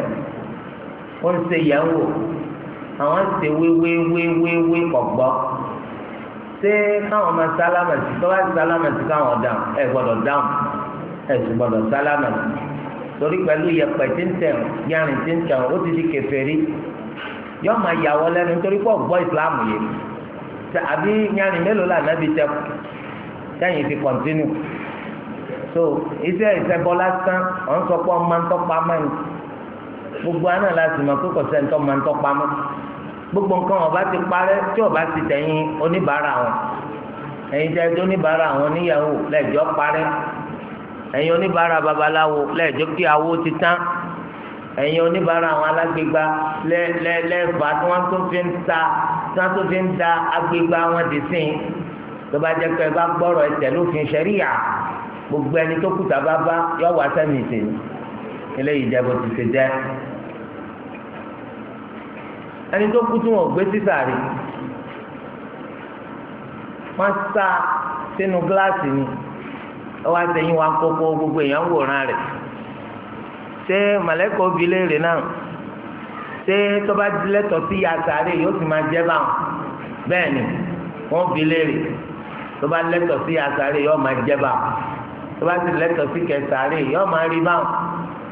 wọ́n ń ṣe yẹn wò àwọn ń ṣe wéwéwéwéwé kọ̀gbọ́ ṣé káwọn máa sálámà sí tó bá sálámà sí káwọn dáhùn ẹ gbọ́dọ̀ dáhùn ẹ sì gbọ́dọ̀ sálámà sí torí pẹ̀lú yẹ̀pẹ̀ tí ń tẹ̀ yánrin tí ń tẹ̀ ó ti di kèfèrí yọ máa yà wọ lẹ́nu nítorí pọ̀ gbọ́ ìsìláàmù yìí tẹ àbí yánrin mélòó lànà bí tẹ sẹ́yìn fi kọ̀ntínú so iṣẹ́ ìṣẹ́bọ lásán ọ̀n sọ pé ọmọ máa ń tọ́pa gbogbo àná láti mọ̀ pé kò sẹ́ńtọ́ máa ń tọ́pa gbogbo nǹkan ọba ti parẹ́ tí ọba ti tẹ̀yìn oníbàárà wọn ẹ̀yin tẹ́ tó oníbàárà wọn níyàwó lẹ́jọ́ parẹ́ ẹ̀yin oníbàárà babaláwo lẹ́jọ́ kí awó ti tán ẹ̀yin oníbàárà àwọn alágbègbà lẹ́ẹ̀fà tí wọ́n tún fi ń ta tí wọ́n tún fi ń da agbègbà wọn dì sí i tó bá jẹ́ pé ẹ bá gbọ́rọ̀ ẹsẹ̀ lófin ṣẹ́ríyà gbogbo ẹni tó kùtà bá bá yọ wá sẹ́mi eléyìí jẹ́ bó ti ṣe jẹ́ ẹni tó kú tí wọ́n gbé sísà rí wọ́n sá sínú gíláàsì ni ọwọ́ àtẹ̀yìn wa kókó gbogbo èèyàn wòran rẹ̀ ṣé mọ̀lẹ́kọ̀ òbí léèrè náà ṣé tọ́ba dilẹ́tọ̀ sí ya sàárè yóò sì máa jẹ́ báwọn bẹ́ẹ̀ ni wọ́n bi léèrè tọ́ba lẹ́tọ̀ sí ya sàárè yóò máa jẹ́ báwọn tọ́ba sì lẹ́tọ̀ sí kẹsàárè yóò máa rí báwọn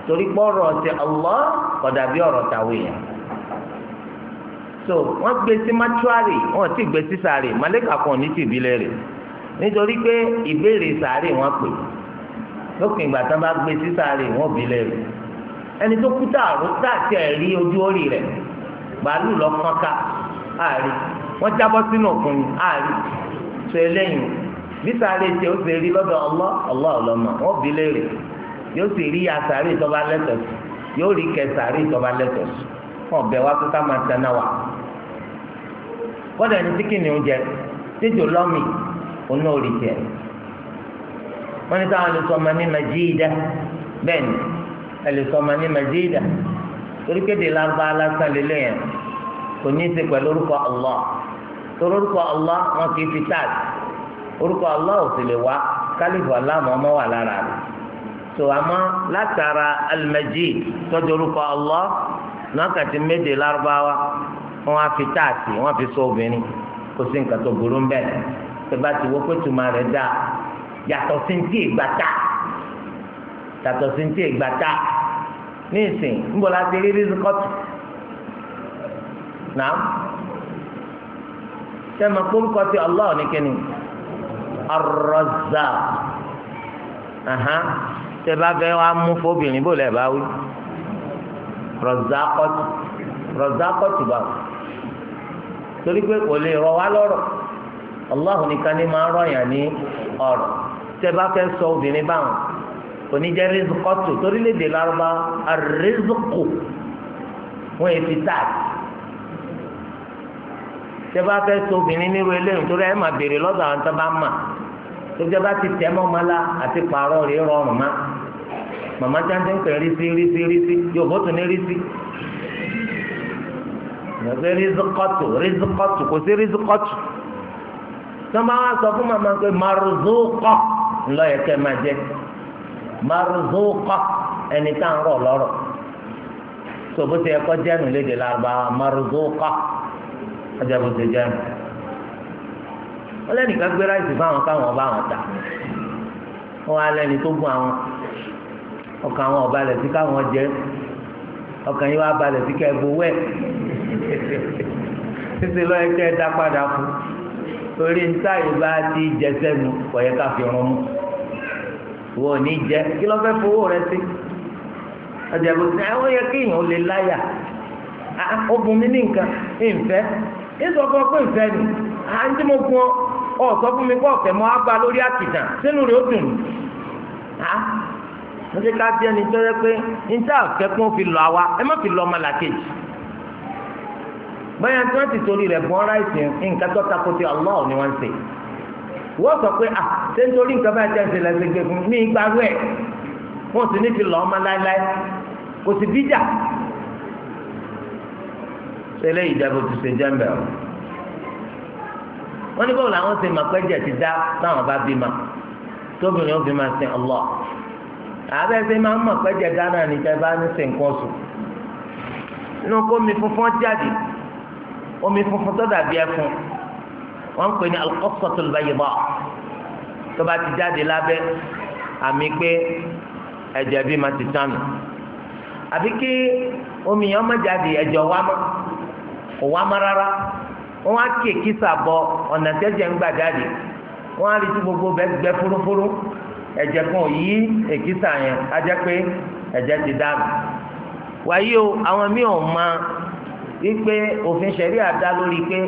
torí pọ́ ọ̀rọ̀ ọ̀sẹ̀ ọ̀lọ́ kọ̀dàbí ọ̀rọ̀ tàwé yẹn so wọ́n gbé sí mọ́túárì wọ́n ti gbé sí sàárè màlẹ́kà kan ní tìbílẹ̀ rẹ̀ nítorí pé ìbéèrè sàárè wọ́n pè lókè ìgbà tán bá gbé sí sàárè wọ́n bílẹ̀ rẹ̀ ẹni tó kú tààrú tààtì ẹ̀rí ojú orí rẹ̀ bàálù lọ kọ́ka àárí wọ́n jábọ́ sínú òkun àárí so eléyìí bí sàárè tí ó ṣe rí lọ́dọ̀ Allah Allah ọlọ́mọ wọ́n bílẹ̀ rẹ̀ yóò sì rí àsàárè tó bá lẹ́tọ̀ọ̀sì yóò rí kẹsàárè tó bá lẹ́tọ̀ọ̀sì ọ̀bẹ wa kó ká máa tẹná wa kọ́dà ní síkìnì oúnjẹ tẹ́jọ lọ́mì oná orí tiẹ̀ wọ́n ní táwọn ẹlẹ́sọ̀ọ́mọ ní màjíìdá bẹ́ẹ̀ ni ẹlẹ́sọ̀ọ́mọ ní màjíìdá torí kéde lágbá lásán lélẹ̀ yẹn kò ní í ṣe pẹ̀lú orúkọ Allah torí orúkọ Allah wọn kì í fi táàt orúkọ Allah ò sì lè wá kálífù aláàmú ọmọ wà lára rẹ̀ tó àmọ́ látara al tọ́jú orúkọ Allah wákàtí méje lárúbáwá wọn á fi táàtì wọn á fi sọ obìnrin kò sí nǹkan tó burú mbẹ ẹ bá ti wọ pé tuma rẹ dáa yàtọ̀ sí ti ìgbà tá yàtọ̀ sí ti ìgbà tá ní ìsìn ńbọ̀ láti rí rísíkọ́tù náà sẹ́mi kórúkọ ti Allah nìkẹ́ni Ar-Razzaq tẹ bá fẹ́ wá mú fóbìnrin bó lẹ̀ bá wí rọ̀zákọ́tì rọ̀zákọ́tì báwò torí pé kò lè rọ wá lọ́rọ̀ Allah nìkan ni máa ń rọ̀yàn ní ọ̀rọ̀ tẹ́ bá fẹ́ sọ obìnrin báwọn oníjẹ́ rizikọ́tù torílẹ̀-èdè lárúbá arizikù wọ́n èyí ti táàtì tẹ́ bá fẹ́ sọ obìnrin nírú eléyìí torí ẹ̀ máa béèrè lọ́dọ̀ àwọn tó bá mà tó jẹ́ bá ti tẹ́ mọ́ ọmọ la àti pààrọ̀ rẹ̀ rọrùn máa màmá jáde ń pè rí sí rí sí rí sí yòówó tún ní rí sí. ìyàgbé rizikọ́tù rizikọ́tù kò sí rizikọ́tù. sọ́mọ́ wa sọ fún màmá pé marzukọ́ ńlọ yẹ kẹ́ máa jẹ marzukọ́ ẹni tá à ń rọ̀ lọ́rọ̀ tó bó ti yẹ kọ́ jẹ́nu léde lárúbáwá marzukọ́ ọjà bó ti jẹ́nu wọ́n gbé ráìsì fáwọn káwọn bá wọn ta wọ́n á lẹ́ni tó gún àwọn ọkàn àwọn ọba lẹ̀ sí káwọn jẹ ọkàn yìí wá balẹ̀ sí ká ẹgbó wẹ̀ títí lọ́yẹ kẹ́ ẹ dá padà fún torí níta ìbá ti jẹ sẹ́nu ọ̀yẹ́ ká fi wọ́n ò ní jẹ kí lọ́ fẹ́ fowó rẹ sí ọjà ìbò sí yẹ kí lè láyà mi ní nǹkan ìfẹ́ pé ìfẹ́ ni à ń tí ọ sọ fún mi pé gba lórí àkìtàn ẹ ká jẹ́ ni tó yẹ pé ní tá a fẹ́ kún fi lọ àwa ẹ má fi lọ ọmọ làkejì báyà tí wọ́n ti torí rẹ̀ bọ́n ráìsì nǹkan tó takò sí Allah ni wọ́n ń ṣe wọ́n sọ pé à ṣé nítorí nǹkan báyìí tẹ́ ń ṣe lẹ́sẹ̀ gbé fún mi ìgbà rẹ̀ wọ́n sì ní ti lọ ọmọ láéláé kò sì bíjà ṣẹlẹ̀ ìjàgbọ́ ti ṣe jẹ́mbẹ̀ o wọ́n ní báwo làwọn ṣe màpẹ́jẹ̀ ti dá táwọn bá bímọ tóbìnrin ó fi máa sin Allah àbẹ́sẹ̀ máa ń mọ̀ pẹ́jẹ gánà níjẹ́ bá ní sèǹkọ́ sùn inú kó omi funfun jáde omi funfun tó dàbí ẹfun wọ́n ń pè ní al-qassatul bayda tó bá ti jáde lábẹ́ àmì pé ẹ̀jẹ̀ bí ma ti tán nù àbí kí omi yẹn ọmọ ẹ̀jẹ̀ wá mọ́ kò wá mọ́ rárá wọ́n á kí èkìsà bọ ọ̀nà tẹ́jẹ̀ ń gbà jáde wọ́n á rí tí gbogbo bẹ́ẹ̀ gbẹ fúrúfúrú ẹ̀jẹ̀ kan ò yí èkìsà yẹn á jẹ́ pé ẹ̀jẹ̀ ti dànù wàyí o àwọn míì ò mọ wípé òfin ṣẹ̀rí àdá lórí pé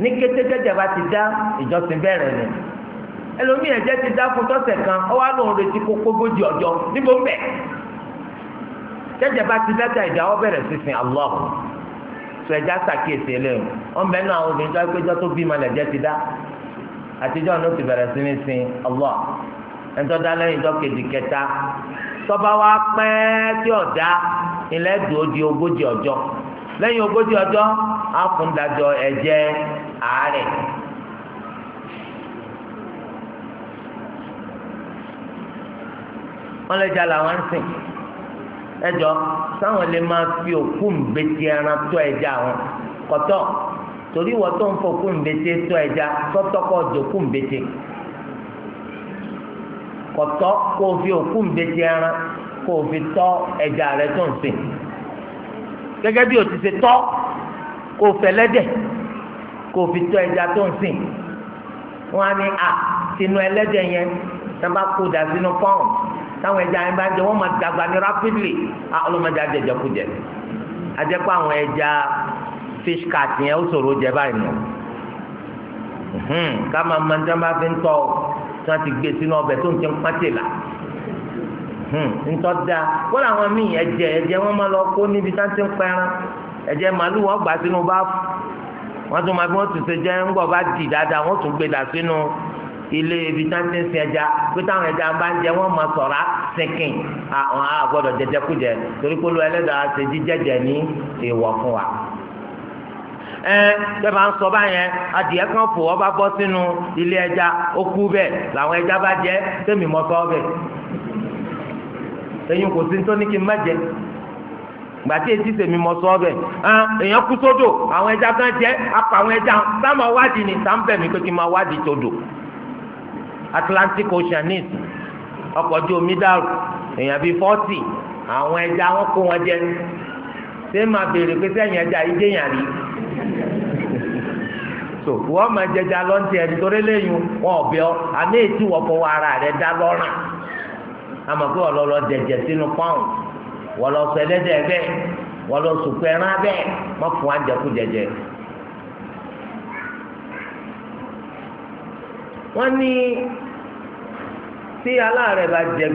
ní kété tẹ́jẹ̀ bá ti dá ìjọsìn bẹ̀rẹ̀ ni ẹlòmíì ẹ̀jẹ̀ ti dá fún tọ́sẹ̀ kan ó wá lóun retí kó kógójì ọjọ́ níbo ń bẹ̀ tẹ́jẹ̀ bá ti dá ìdáwọ́ bẹ̀rẹ̀ sísìn Allah sọ ẹja sàkíyèsí eléyìí wọn bẹ nínú àwọn obìnrin tó ẹgbẹjọ tó bímọ lẹjẹ ti dá àtijọ́ ní o ti bẹ̀rẹ̀ sí ní sin Allah ẹnitọ́dá lẹ́yìn tó kejì kẹta tọ́ba wa pẹ́ tí ọ̀dá ilẹ̀ dùn ó di ogójì ọjọ́ lẹ́yìn ogójì ọjọ́ àfúndàjọ ẹ̀jẹ̀ àárẹ̀. wọ́n lè jà làwọn ń sìn ẹjọ́ sáwọn lè máa fi òkú ńbẹ́tì ẹran tó ẹja àwọn kọ́tọ́ torí wọ́n tó ń fọ òkú ńbẹ́tì tó ẹja ọjọ́ òkú ńbẹ́tì. kọtọ kó o fi òkú ìdẹtì ẹran kó o fi tọ́ ẹja rẹ tó ń sìn gẹ́gẹ́ bí o ti ṣe tọ́ kó o fẹlẹdẹ tó ń sìn a tinú ẹlẹ́dẹ̀ yẹn náà bá kó dà sínú pọ́ùn táwọn ẹja yẹn bá jẹ wọn máa dàgbà ní rapidly ọlọmọdé ajẹjẹkujẹ ajẹpọ àwọn ẹja fish cat yẹn ó ṣòro jẹ báyìí nù ká máa mọ ní tí wọn bá fi ń tọ́ tí wọ́n ti gbé sínú ọbẹ̀ tó ń ti ń pátì là ntọ́ da wọ́n làwọn míì ẹ̀jẹ̀ ẹ̀jẹ̀ wọ́n máa lọ kó níbi tí wọ́n ti ń pẹran ẹ̀jẹ̀ màálù wọ́n gbà sínú báàfù wọ́n tún máa bí wọ́n tún ṣe jẹ́ ńgbọ̀ bá dì dáadáa wọ́n tún gbé dà sínú ilé ibi tí wọ́n ti ń sin ẹja pé táwọn ẹja bá ń jẹ wọ́n máa sọ̀rá sinkin àwọn àgbọ̀dọ̀ jẹjẹkújẹ torí pé olú ẹlẹ́dàá ṣe jíjẹjẹ ẹ bẹ́ẹ̀ máa ń sọ báyẹn adìẹ kan fò ọba bọ́ sínú ilé ẹja ó kú bẹ́ẹ̀ làwọn ẹja bá jẹ sẹ́mi mọ́ sọ bẹ́ẹ̀ ẹ̀yin kò sí ní tó ní kí n má jẹ gbàtí etí sèmi mọ sọ ọbẹ ẹn èèyàn kú sódò àwọn ẹja kan jẹ apá àwọn ẹja sáàmà wádìí ni sáàmbẹ mi pé kí n máa wádìí tòdò Atlantic Ocean is ọkọ̀ ojú omi dàrú èèyàn bíi fọ́tì àwọn ẹja wọn kó wọn jẹ ṣé máa béèrè pé sẹ́yìn ẹja yìí déyàn rí so ma máa jẹjà lọ́ntì ẹni torí lẹ́yìn wọn ọ̀bẹ ọ àmì ètí wọ́n fọwọ́ ara rẹ̀ dá lọ́rùn àmọ́ pé wọ́n jẹjẹ sínú pọ́ùn wọ́n lọ sọ ẹlẹ́dẹ̀ wọ́n lọ sùn pẹ́ẹ́rán bẹ́ẹ̀ wọ́n fún wa jẹjẹ. ní tí bá jẹ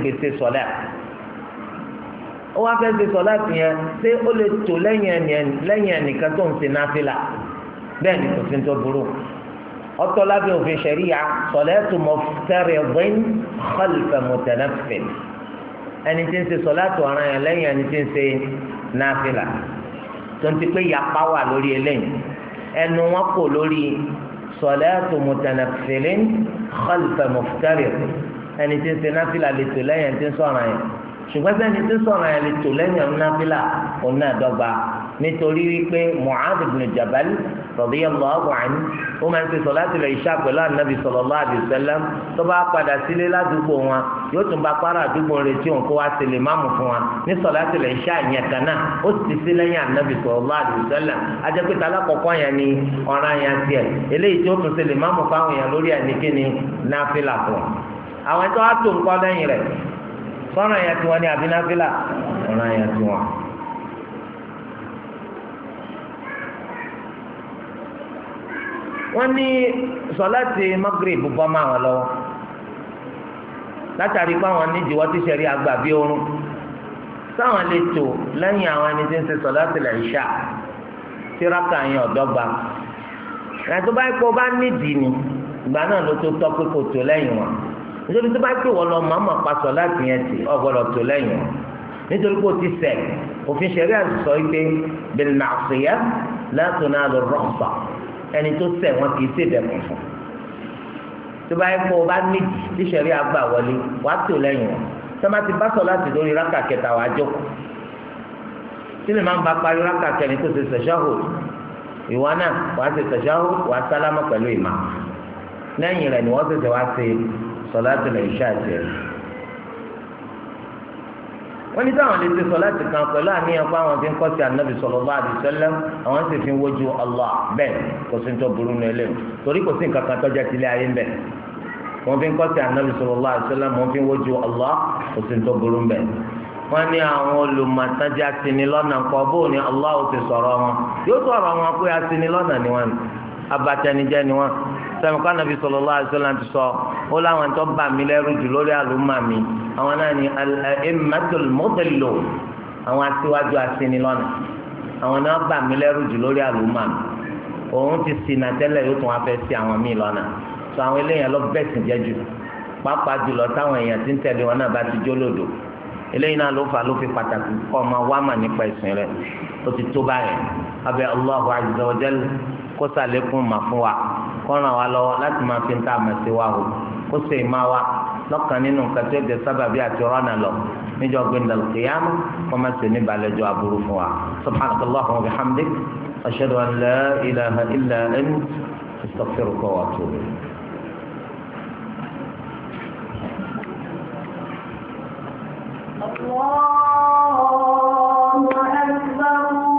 gbèsè bẹ́ẹ̀ ni kò sí tó burú ọ̀tọ̀ lábẹ́ òfin ṣẹríya sọlẹtù mọfẹrẹ wẹn xọlìfẹ mọtẹnẹfẹ ẹni tí ń ṣe sọlẹtù ọ̀ràn yẹn lẹ́yìn ẹni tí ń ṣe náfìlà tó ń ti pé yapa wà lórí eléyìí ẹnu wọn kò lórí sọlẹtù mọtẹnẹfẹlẹ xọlìfẹ mọfẹrẹ ẹni tí ń ṣe náfìlà lè tó lẹ́yìn ẹni tí ń sọ yẹn ṣùgbọ́n sẹ́ni tí sọ̀rọ̀ ẹ̀ lè tò lẹ́yìn ọ̀nà bílà ọ̀nà àdọ́gba nítorí wípé Mu'adh ibn Jabal radiyallahu anhu ó máa ń ṣe sọ̀láàtì lọ ìṣá pẹ̀lú ànábì sallallahu alaihi wasallam tó bá padà sílé ládùúgbò wọn yóò tún bá pàrọ̀ àdúgbò rẹ̀ tí òun kó wá sílé máàmù fún wa ní sọ̀láàtì lọ ìṣá yẹn kan náà ó sì sí lẹ́yìn ànábì sallallahu alaihi wasallam ajẹ́pẹ́ta alákọ̀ọ́kọ́ yẹn ni ọ̀ràn yẹn tiẹ̀ eléyìí tí ó tún sílé máàmù fáwọn yẹn lórí ẹ̀ sọ́nà yẹn tiwọn ní àbínáfílà sọ́nà yẹn tiwọn. wọ́n ní sọ́láàtì magrib bọ́ máa wọn lọ́wọ́ látàrí pé àwọn níjìwọ́ ti ṣẹ̀rí àgbà bí oorun sáwọn lè tò lẹ́yìn àwọn ẹni tí ń ṣe sọ́láàtì ìṣà tíraka yẹn ọ̀dọ́gba ìrìnàjò báyìí pé o bá nídìí ni ìgbà náà ló tó tọ́ pé kò tó lẹ́yìn wọn nítorí tó bá pè wọ́n lọ màmá pasọ̀ láti yẹn ti ọ̀gbọ́dọ̀ tó lẹ́yìn nítorí pé o ti ṣẹ̀ òfin ṣẹ̀rí àtúnṣọ wípé bìnnàṣìyà látò náà lọ rọ̀ṣà ẹni tó ṣẹ̀ wọn kì í ṣèbẹ̀kùn fún tó bá yẹ kó o bá níjì tí ṣẹ̀rí àgbà wọlé wàá tó lẹ́yìn wọn tó bá ti bá sọ láti lórí rákà kẹta wàá jókòó tí lè máa ń ba parí rákà kẹrin tó ṣe ṣẹṣáhù ìwà náà wàá ṣe ṣẹṣáhù wàá sálámà pẹ̀lú ìmà lẹ́yìn rẹ̀ ni wọ́n ṣẹ̀ṣẹ̀ wá ṣe sọláàtì lè ṣe àjẹ wọ́n ní táwọn lè ṣe sọláàtì kan pẹ̀lú àníyàn pé àwọn ti ń kọ́ sí ànábì sallallahu alaihi wasallam àwọn sì fi ń wojú Allah bẹ́ẹ̀ kò sí ń tó burú nù ẹlẹ́nu torí kò sí nǹkan kan tọ́jà sílé ayé ń bẹ̀ wọ́n fi ń kọ́ sí ànábì sallallahu alaihi wasallam wọ́n fi ń wojú Allah kò sí ń tó burú ń bẹ̀ wọ́n ní àwọn olùmọ̀tánjẹ́ asinilọ́nà kọ́ bóun ni Allah abatẹnijẹ ni wọn sọmi kọ́ anabi sallallahu alaihi wasallam ti sọ ó láwọn tó bà mí lẹ́rù jù lórí àlùmọ́ mi àwọn náà ni al-a'immatul mudillun àwọn aṣíwájú aṣinilọ́nà àwọn náà bà mí lẹ́rù jù lórí àlùmọ́ mi òun ti ṣìnà tẹ́lẹ̀ yóò tún wá fẹ́ sí àwọn míì lọ́nà sọ àwọn eléyàn lọ bẹ́sìn jẹ́ jù pàápàá jùlọ táwọn èèyàn ti ń tẹ̀lé wọn náà bá ti jólódò eléyìí náà ló fà ló fi pàtàkì kọ́ ọmọ wa mà nípa ìsìn rẹ̀ kó sàlékún mà fún wa kó ràn wá lọ́wọ́ láti máa fi ń ta àmàṣe wa o kó ṣe ìmá wa lọ́kàn nínú nǹkan tó jẹ sábàbí àti rọ́nà lọ níjọ́ gbẹ̀ndà kìyàmù kó má ṣe ní balẹ̀jọ́ aburú fún wa subhanakallah wa bihamdik ashhadu an la ilaha illa anta astaghfiruka wa atubu الله أكبر